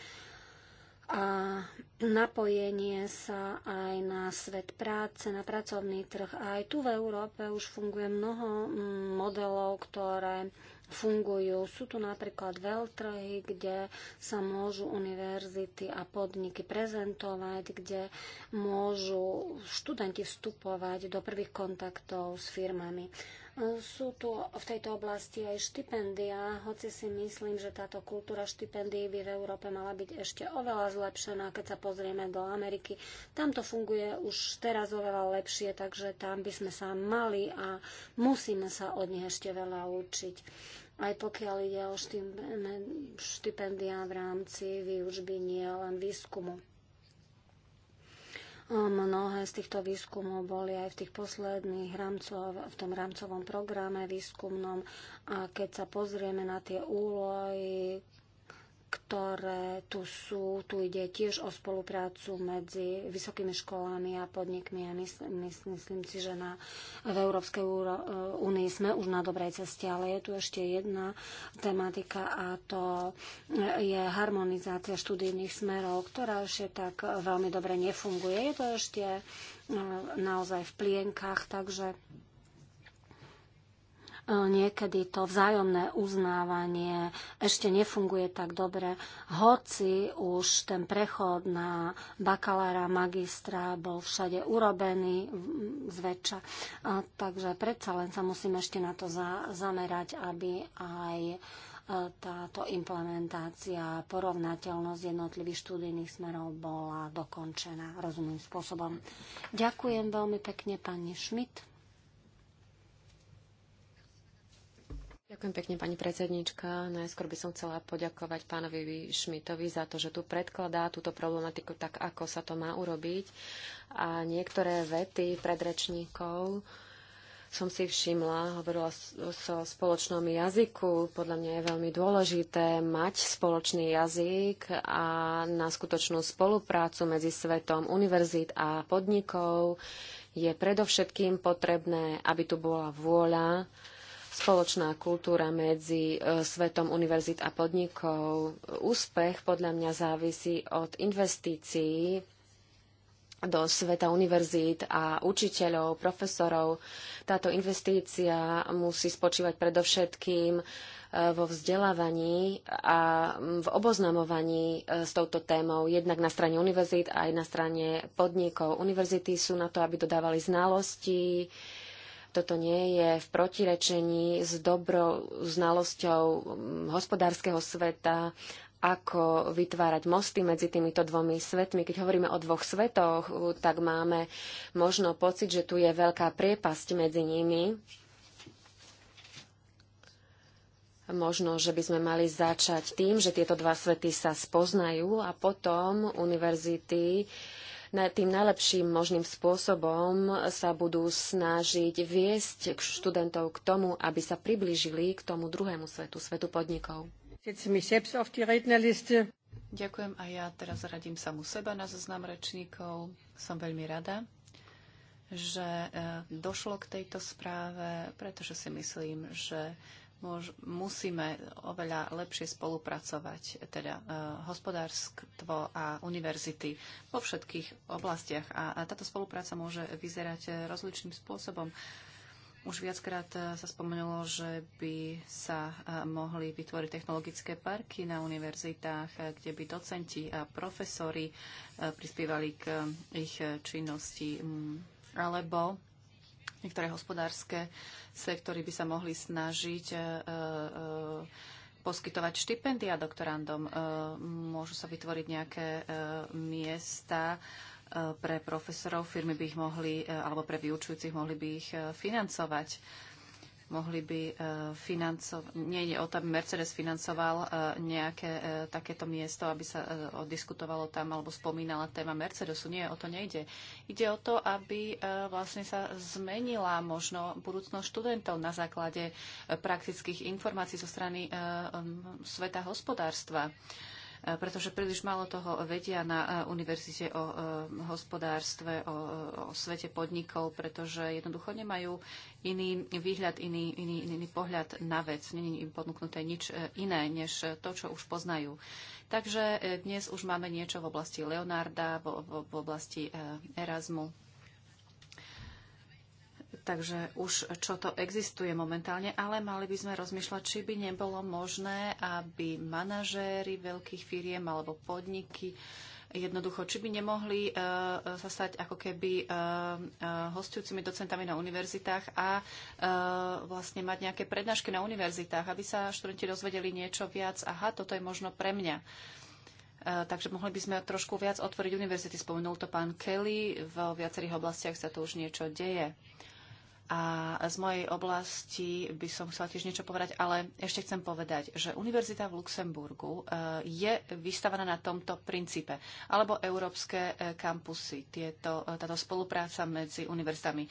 a napojenie sa aj na svet práce, na pracovný trh. A aj tu v Európe už funguje mnoho mm, modelov, ktoré fungujú. Sú tu napríklad veľtrhy, kde sa môžu univerzity a podniky prezentovať, kde môžu študenti vstupovať do prvých kontaktov s firmami. Sú tu v tejto oblasti aj štipendia, hoci si myslím, že táto kultúra štipendií by v Európe mala byť ešte oveľa zlepšená, keď sa pozrieme do Ameriky. Tam to funguje už teraz oveľa lepšie, takže tam by sme sa mali a musíme sa od nich ešte veľa učiť aj pokiaľ ide o štipendia v rámci výučby, nie len výskumu. Mnohé z týchto výskumov boli aj v tých posledných rámcov, v tom rámcovom programe výskumnom a keď sa pozrieme na tie úlohy, ktoré tu sú. Tu ide tiež o spoluprácu medzi vysokými školami a podnikmi a myslím, mysl, myslím si, že na, v Európskej e, únii sme už na dobrej ceste, ale je tu ešte jedna tematika a to e, je harmonizácia študijných smerov, ktorá ešte tak veľmi dobre nefunguje. Je to ešte e, naozaj v plienkach, takže E, niekedy to vzájomné uznávanie ešte nefunguje tak dobre, hoci už ten prechod na bakalára, magistra bol všade urobený zväčša. A, e, takže predsa len sa musíme ešte na to za, zamerať, aby aj e, táto implementácia, porovnateľnosť jednotlivých študijných smerov bola dokončená rozumným spôsobom. Ďakujem veľmi pekne pani Schmidt. Ďakujem pekne, pani predsednička. Najskôr by som chcela poďakovať pánovi Šmitovi za to, že tu predkladá túto problematiku tak, ako sa to má urobiť. A niektoré vety predrečníkov som si všimla, hovorila so spoločnom jazyku. Podľa mňa je veľmi dôležité mať spoločný jazyk a na skutočnú spoluprácu medzi svetom univerzít a podnikov je predovšetkým potrebné, aby tu bola vôľa spoločná kultúra medzi e, svetom univerzít a podnikov. Úspech podľa mňa závisí od investícií do sveta univerzít a učiteľov, profesorov. Táto investícia musí spočívať predovšetkým e, vo vzdelávaní a v oboznamovaní e, s touto témou jednak na strane univerzít a aj na strane podnikov. Univerzity sú na to, aby dodávali znalosti, toto nie je v protirečení s dobrou znalosťou hospodárskeho sveta ako vytvárať mosty medzi týmito dvomi svetmi. Keď hovoríme o dvoch svetoch, tak máme možno pocit, že tu je veľká priepasť medzi nimi. Možno, že by sme mali začať tým, že tieto dva svety sa spoznajú a potom univerzity uh, tým najlepším možným spôsobom sa budú snažiť viesť študentov k tomu, aby sa priblížili k tomu druhému svetu, svetu podnikov. Ďakujem a ja teraz radím mu seba na zoznam rečníkov. Som veľmi rada, že eh, došlo k tejto správe, pretože si myslím, že môž, musíme oveľa lepšie spolupracovať, teda e, hospodárstvo a univerzity vo všetkých oblastiach. A, a táto spolupráca môže vyzerať e, rozličným spôsobom. Už viackrát e, sa spomenulo, že by sa e, mohli vytvoriť technologické parky na univerzitách, kde by docenti a profesori prispievali k ich činnosti. Mm, alebo Niektoré hospodárske sektory by sa mohli snažiť e, e, poskytovať štipendia doktorandom. E, môžu sa vytvoriť nejaké miesta pre profesorov, firmy by ich mohli, alebo pre vyučujúcich mohli by ich financovať mohli by e, financovať, Nie je o to, aby Mercedes financoval e, nejaké e, takéto miesto, aby sa diskutovalo tam alebo spomínala téma Mercedesu. Nie, o to nejde. Ide o to, aby vlastne sa zmenila možno budúcnosť študentov na základe praktických informácií zo strany sveta hospodárstva. E, pretože príliš málo toho vedia na e, univerzite o e, hospodárstve, o, o svete podnikov, pretože jednoducho nemajú iný výhľad, iný, iný, iný pohľad na vec. Není im ponúknuté nič iné, než to, čo už poznajú. Takže dnes už máme niečo v oblasti Leonarda, v, v, v oblasti Erasmu Takže už čo to existuje momentálne, ale mali by sme rozmýšľať, či by nebolo možné, aby manažéri veľkých firiem alebo podniky jednoducho, či by nemohli uh, sa stať ako keby uh, uh, hostujúcimi docentami na univerzitách a uh, vlastne mať nejaké prednášky na univerzitách, aby sa študenti dozvedeli niečo viac. Aha, toto je možno pre mňa. Uh, takže mohli by sme trošku viac otvoriť univerzity. Spomenul to pán Kelly, v viacerých oblastiach sa to už niečo deje. A z mojej oblasti by som chcela tiež niečo povedať, ale ešte chcem povedať, že Univerzita v Luxemburgu eh, je vystavaná na tomto princípe, alebo európske eh, kampusy, tieto, eh, táto spolupráca medzi univerzitami.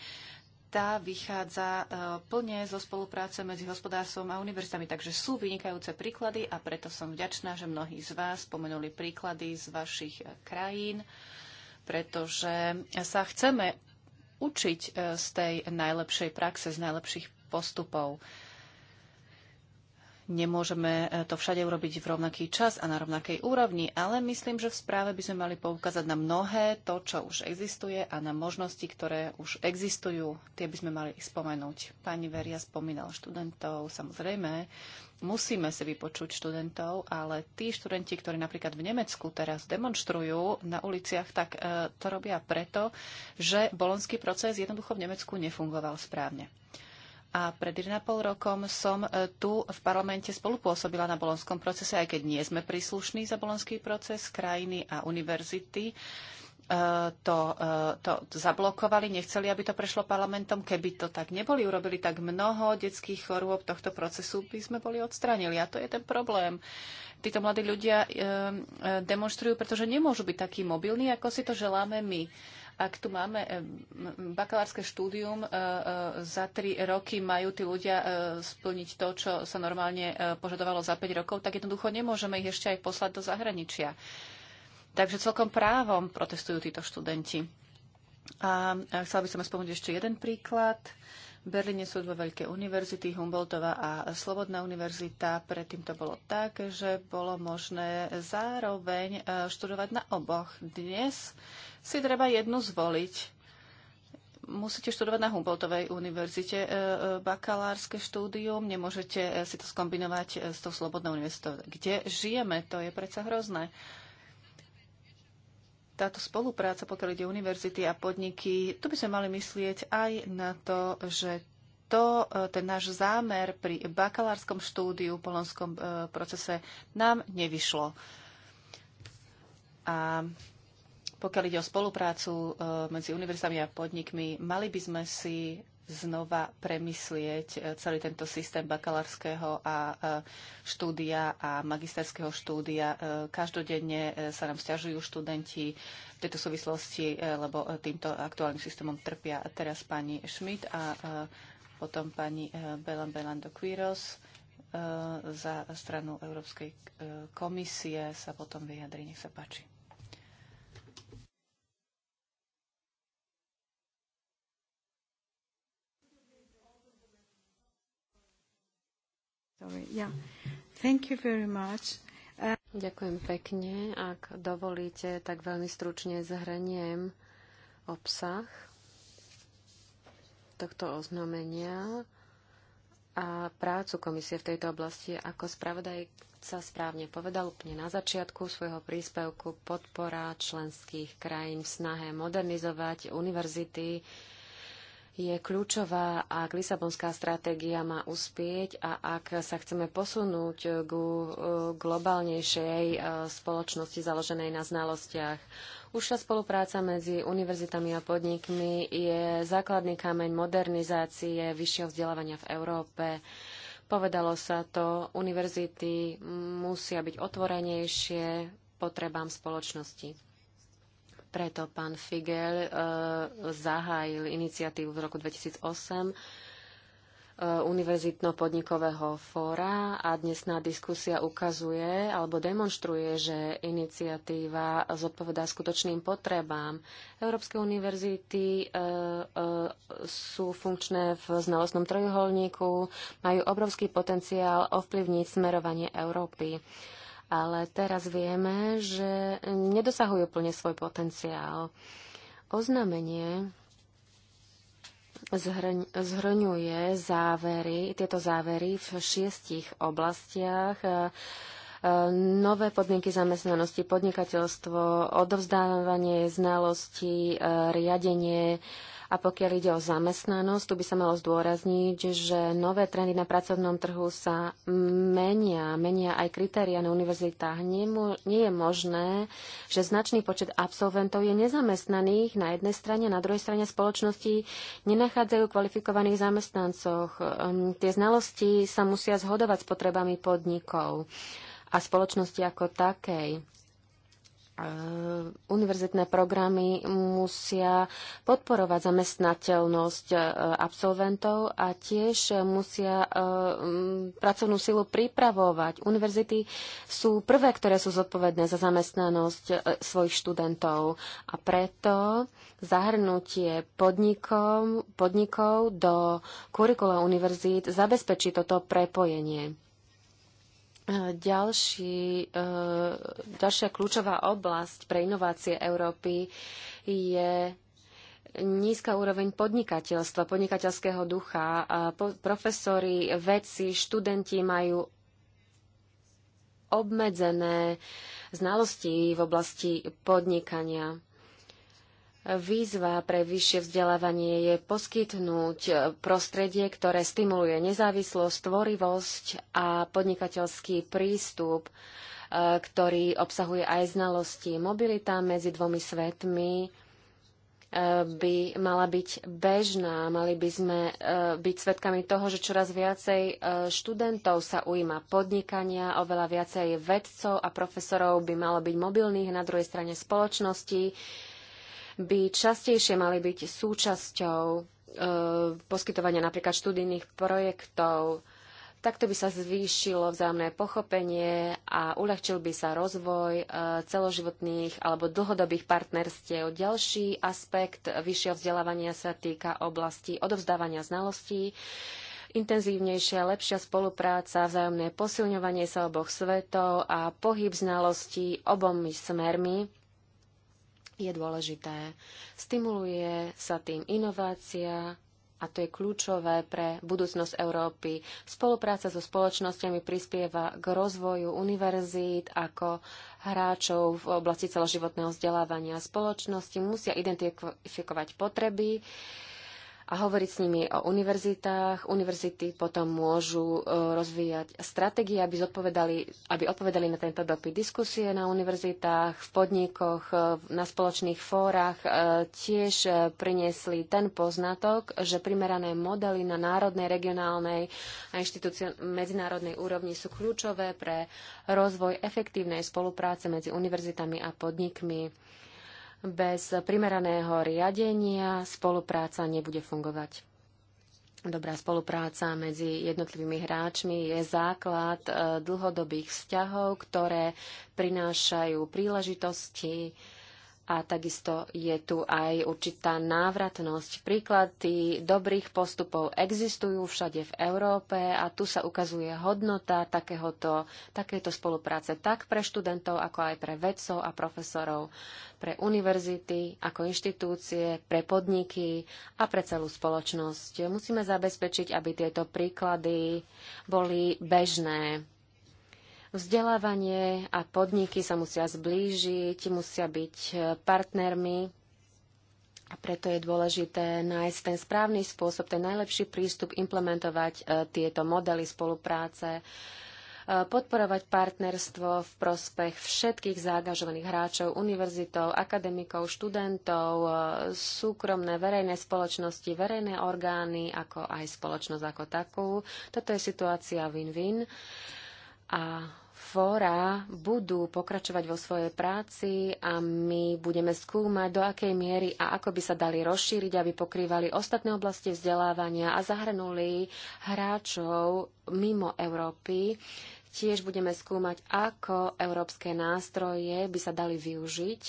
Tá vychádza plne zo spolupráce medzi hospodárstvom a univerzitami, takže sú vynikajúce príklady a preto som vďačná, že mnohí z vás spomenuli príklady z vašich krajín pretože sa chceme učiť e, z tej najlepšej praxe, z najlepších postupov. Nemôžeme e, to všade urobiť v rovnaký čas a na rovnakej úrovni, ale myslím, že v správe by sme mali poukázať na mnohé to, čo už existuje a na možnosti, ktoré už existujú. Tie by sme mali spomenúť. Pani Veria spomínala študentov. Samozrejme, musíme si vypočuť študentov, ale tí študenti, ktorí napríklad v Nemecku teraz demonstrujú na uliciach, tak e, to robia preto, že bolonský proces jednoducho v Nemecku nefungoval správne a pred 1,5 rokom som e, tu v parlamente spolupôsobila na bolonskom procese, aj keď nie sme príslušní za bolonský proces, krajiny a univerzity. E, to, e, to zablokovali, nechceli, aby to prešlo parlamentom. Keby to tak neboli urobili, tak mnoho detských chorôb tohto procesu by sme boli odstránili. A to je ten problém. Títo mladí ľudia demonstrujú, pretože nemôžu byť takí mobilní, ako si to želáme my ak tu máme eh, bakalárske štúdium, eh, eh, za tri roky majú tí ľudia splniť to, čo sa normálne požadovalo za 5 rokov, tak jednoducho nemôžeme ich ešte aj poslať do zahraničia. Takže celkom právom protestujú títo študenti. A chcela by som spomenúť ešte jeden príklad. Uh, v Berlíne sú dve veľké univerzity, Humboldtova a Slobodná univerzita. Predtým to bolo tak, že bolo možné zároveň e, študovať na oboch. Dnes si treba jednu zvoliť musíte študovať na Humboldtovej univerzite e, e, bakalárske štúdium, nemôžete si to skombinovať s tou slobodnou univerzitou. Kde žijeme, to je predsa hrozné táto spolupráca, pokiaľ ide univerzity a podniky, tu by sme mali myslieť aj na to, že to, e, ten náš zámer pri bakalárskom štúdiu, v polonskom e, procese nám nevyšlo. A pokiaľ ide o spoluprácu e, medzi univerzitami a podnikmi, mali by sme si znova premyslieť e, celý tento systém bakalárskeho a e, štúdia a magisterského štúdia. E, každodenne sa nám stiažujú študenti v tejto súvislosti, lebo týmto aktuálnym systémom trpia teraz pani Schmidt a potom pani Belan Belando Quiros za stranu Európskej komisie sa potom vyjadri. Nech sa páči. Uh, Ďakujem pekne. Ak dovolíte, tak veľmi stručne zhrniem obsah tohto oznámenia a prácu komisie v tejto oblasti. Ako spravodajca správne povedal úplne na začiatku svojho príspevku, podpora členských krajín v snahe modernizovať univerzity, je kľúčová, ak Lisabonská stratégia má uspieť a ak sa chceme posunúť k e, globálnejšej e, spoločnosti založenej na znalostiach. Užšia spolupráca medzi univerzitami a podnikmi je základný kameň modernizácie vyššieho vzdelávania v Európe. Povedalo sa to, univerzity musia byť otvorenejšie potrebám spoločnosti. Preto pán Figel e, zahájil iniciatívu v roku 2008 e, univerzitno-podnikového fóra a dnesná diskusia ukazuje alebo demonstruje, že iniciatíva zodpovedá skutočným potrebám. Európske univerzity e, e, sú funkčné v znalostnom trojuholníku, majú obrovský potenciál ovplyvniť smerovanie Európy ale teraz vieme, že nedosahujú plne svoj potenciál. Oznamenie zhrňuje závery, tieto závery v šiestich oblastiach e, e, nové podmienky zamestnanosti, podnikateľstvo, odovzdávanie znalostí, e, riadenie, a pokiaľ ide o zamestnanosť, tu by sa malo zdôrazniť, že nové trendy na pracovnom trhu sa menia, menia aj kritéria na univerzitách. Nie, nie je možné, že značný počet absolventov je nezamestnaných na jednej strane, na druhej strane spoločnosti nenachádzajú kvalifikovaných zamestnancoch. Ehm, tie znalosti sa musia zhodovať s potrebami podnikov a spoločnosti ako takej univerzitné programy musia podporovať zamestnateľnosť e, absolventov a tiež musia e, pracovnú silu pripravovať. Univerzity sú prvé, ktoré sú zodpovedné za zamestnanosť e, svojich študentov a preto zahrnutie podnikom, podnikov do kurikula univerzít zabezpečí toto prepojenie. Eh, ďalší, eh, ďalšia kľúčová oblasť pre inovácie Európy je nízka úroveň podnikateľstva, podnikateľského ducha. Profesori, vedci, študenti majú obmedzené znalosti v oblasti podnikania. Výzva pre vyššie vzdelávanie je poskytnúť prostredie, ktoré stimuluje nezávislosť, tvorivosť a podnikateľský prístup, e, ktorý obsahuje aj znalosti. Mobilita medzi dvomi svetmi e, by mala byť bežná. Mali by sme e, byť svetkami toho, že čoraz viacej študentov sa ujíma podnikania, oveľa viacej vedcov a profesorov by malo byť mobilných na druhej strane spoločnosti by častejšie mali byť súčasťou e, poskytovania napríklad študijných projektov. Takto by sa zvýšilo vzájomné pochopenie a uľahčil by sa rozvoj e, celoživotných alebo dlhodobých partnerstiev. Ďalší aspekt vyššieho vzdelávania sa týka oblasti odovzdávania znalostí intenzívnejšia, lepšia spolupráca, vzájomné posilňovanie sa oboch svetov a pohyb znalostí obomi smermi je dôležité. Stimuluje sa tým inovácia, a to je kľúčové pre budúcnosť Európy. Spolupráca so spoločnosťami prispieva k rozvoju univerzít ako hráčov v oblasti celoživotného vzdelávania. Spoločnosti musia identifikovať potreby, a hovoriť s nimi o univerzitách. Univerzity potom môžu e, rozvíjať stratégie, aby, zodpovedali, aby odpovedali na tento dopyt. Diskusie na univerzitách, v podnikoch, e, na spoločných fórach e, tiež priniesli ten poznatok, že primerané modely na národnej, regionálnej a medzinárodnej úrovni sú kľúčové pre rozvoj efektívnej spolupráce medzi univerzitami a podnikmi. Bez primeraného riadenia spolupráca nebude fungovať. Dobrá spolupráca medzi jednotlivými hráčmi je základ eh, dlhodobých vzťahov, ktoré prinášajú príležitosti, a takisto je tu aj určitá návratnosť. Príklady dobrých postupov existujú všade v Európe a tu sa ukazuje hodnota takéhoto, takéto spolupráce tak pre študentov, ako aj pre vedcov a profesorov, pre univerzity, ako inštitúcie, pre podniky a pre celú spoločnosť. Musíme zabezpečiť, aby tieto príklady boli bežné Vzdelávanie a podniky sa musia zblížiť, musia byť e, partnermi a preto je dôležité nájsť ten správny spôsob, ten najlepší prístup, implementovať e, tieto modely spolupráce, e, podporovať partnerstvo v prospech všetkých zaangažovaných hráčov, univerzitov, akademikov, študentov, súkromné verejné spoločnosti, verejné orgány, ako aj spoločnosť ako takú. Toto je situácia win-win. Uh, a fóra budú pokračovať vo svojej práci a my budeme skúmať, do akej miery a ako by sa dali rozšíriť, aby pokrývali ostatné oblasti vzdelávania a zahrnuli hráčov mimo Európy. Tiež budeme skúmať, ako európske nástroje by sa dali využiť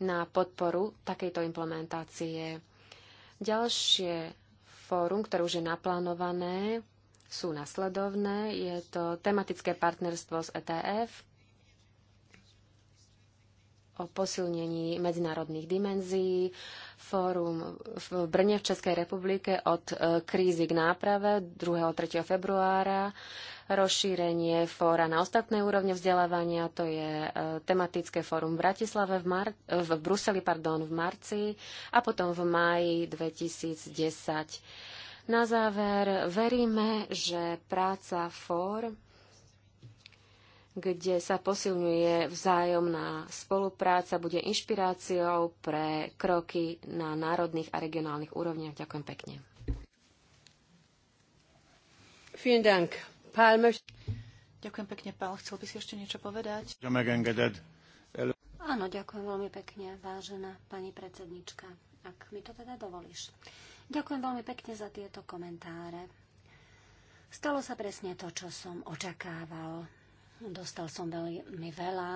na podporu takejto implementácie. Ďalšie fórum, ktoré už je naplánované, sú nasledovné. Je to tematické partnerstvo s ETF o posilnení medzinárodných dimenzií, fórum v Brne v Českej republike od e, krízy k náprave 2. 3. februára, rozšírenie fóra na ostatné úrovne vzdelávania, to je e, tematické fórum v Bratislave, v, Mar- v Bruseli pardon, v marci a potom v máji 2010 na záver veríme, že práca FOR, kde sa posilňuje vzájomná spolupráca, bude inšpiráciou pre kroky na národných a regionálnych úrovniach. Ďakujem pekne. Vielen Dank. Ďakujem pekne, Pál. Chcel by si ešte niečo povedať? Áno, ďakujem veľmi pekne, vážená pani predsednička, ak mi to teda dovolíš. Ďakujem veľmi pekne za tieto komentáre. Stalo sa presne to, čo som očakával. Dostal som veľmi veľa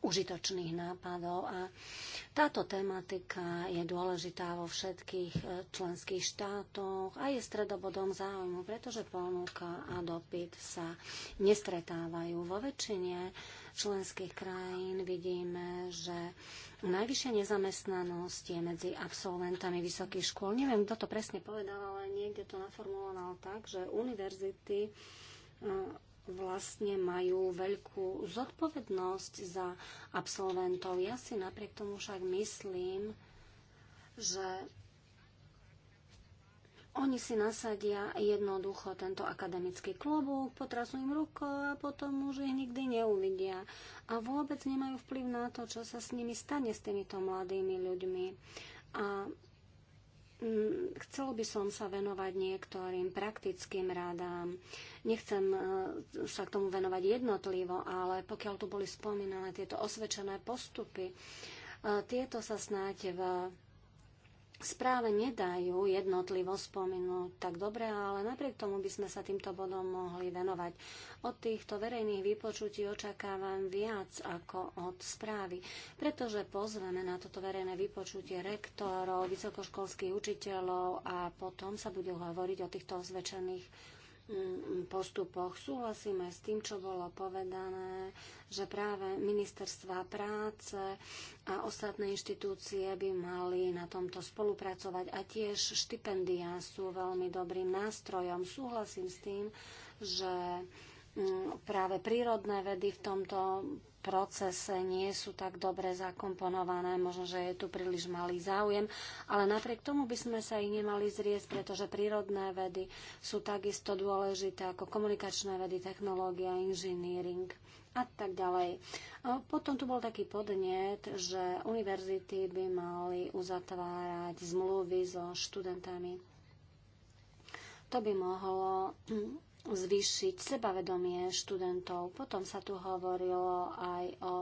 užitočných nápadov a táto tematika je dôležitá vo všetkých e, členských štátoch a je stredobodom záujmu, pretože ponuka a dopyt sa nestretávajú. Vo väčšine členských krajín vidíme, že najvyššia nezamestnanosť je medzi absolventami vysokých škôl. Neviem, kto to presne povedal, ale niekde to naformuloval tak, že univerzity e, vlastne majú veľkú zodpovednosť za absolventov. Ja si napriek tomu však myslím, že oni si nasadia jednoducho tento akademický klobúk, potrasú im ruko a potom už ich nikdy neuvidia. A vôbec nemajú vplyv na to, čo sa s nimi stane, s týmito mladými ľuďmi. A Mm, chcel by som sa venovať niektorým praktickým rádám. Nechcem e, sa k tomu venovať jednotlivo, ale pokiaľ tu boli spomínané tieto osvedčené postupy, e, tieto sa snáď v správe nedajú jednotlivo spomenúť tak dobre, ale napriek tomu by sme sa týmto bodom mohli venovať. Od týchto verejných vypočutí očakávam viac ako od správy, pretože pozveme na toto verejné vypočutie rektorov, vysokoškolských učiteľov a potom sa bude hovoriť o týchto osvedčených Mm, postupoch. Súhlasím aj s tým, čo bolo povedané, že práve ministerstva práce a ostatné inštitúcie by mali na tomto spolupracovať a tiež štipendia sú veľmi dobrým nástrojom. Súhlasím s tým, že mm, práve prírodné vedy v tomto procese nie sú tak dobre zakomponované, možno, že je tu príliš malý záujem, ale napriek tomu by sme sa ich nemali zriesť, pretože prírodné vedy sú takisto dôležité ako komunikačné vedy, technológia, inžiníring a tak ďalej. A potom tu bol taký podnet, že univerzity by mali uzatvárať zmluvy so študentami. To by mohlo zvýšiť sebavedomie študentov. Potom sa tu hovorilo aj o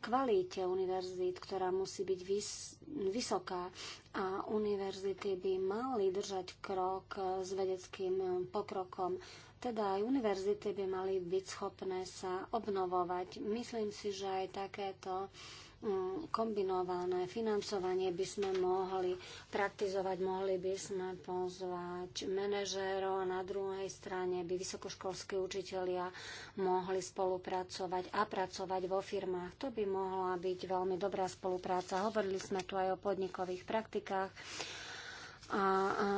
kvalite univerzít, ktorá musí byť vys- vysoká a univerzity by mali držať krok s vedeckým pokrokom. Teda aj univerzity by mali byť schopné sa obnovovať. Myslím si, že aj takéto uh, Mm, kombinované financovanie by sme mohli praktizovať, mohli by sme pozvať manažérov a na druhej strane by vysokoškolskí učitelia mohli spolupracovať a pracovať vo firmách. To by mohla byť veľmi dobrá spolupráca. Hovorili sme tu aj o podnikových praktikách a,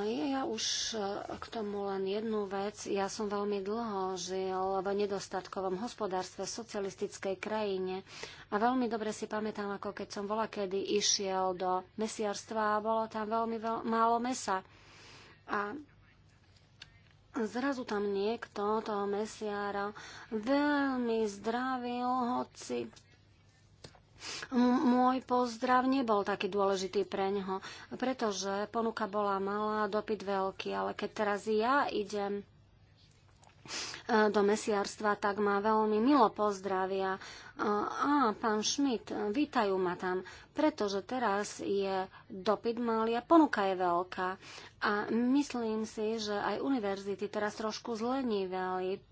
ja už e, k tomu len jednu vec. Ja som veľmi dlho žil v nedostatkovom hospodárstve socialistickej krajine a veľmi dobre si pamätám, ako keď som bola kedy išiel do mesiarstva a bolo tam veľmi veľ, málo mesa. A zrazu tam niekto toho mesiara veľmi zdravil, hoci môj pozdrav nebol taký dôležitý pre ňoho, pretože ponuka bola malá, dopyt veľký, ale keď teraz ja idem e, do mesiarstva, tak ma veľmi milo pozdravia. A e, pán Šmit, vítajú ma tam, pretože teraz je dopyt malý a ponuka je veľká. A myslím si, že aj univerzity teraz trošku zlenívali.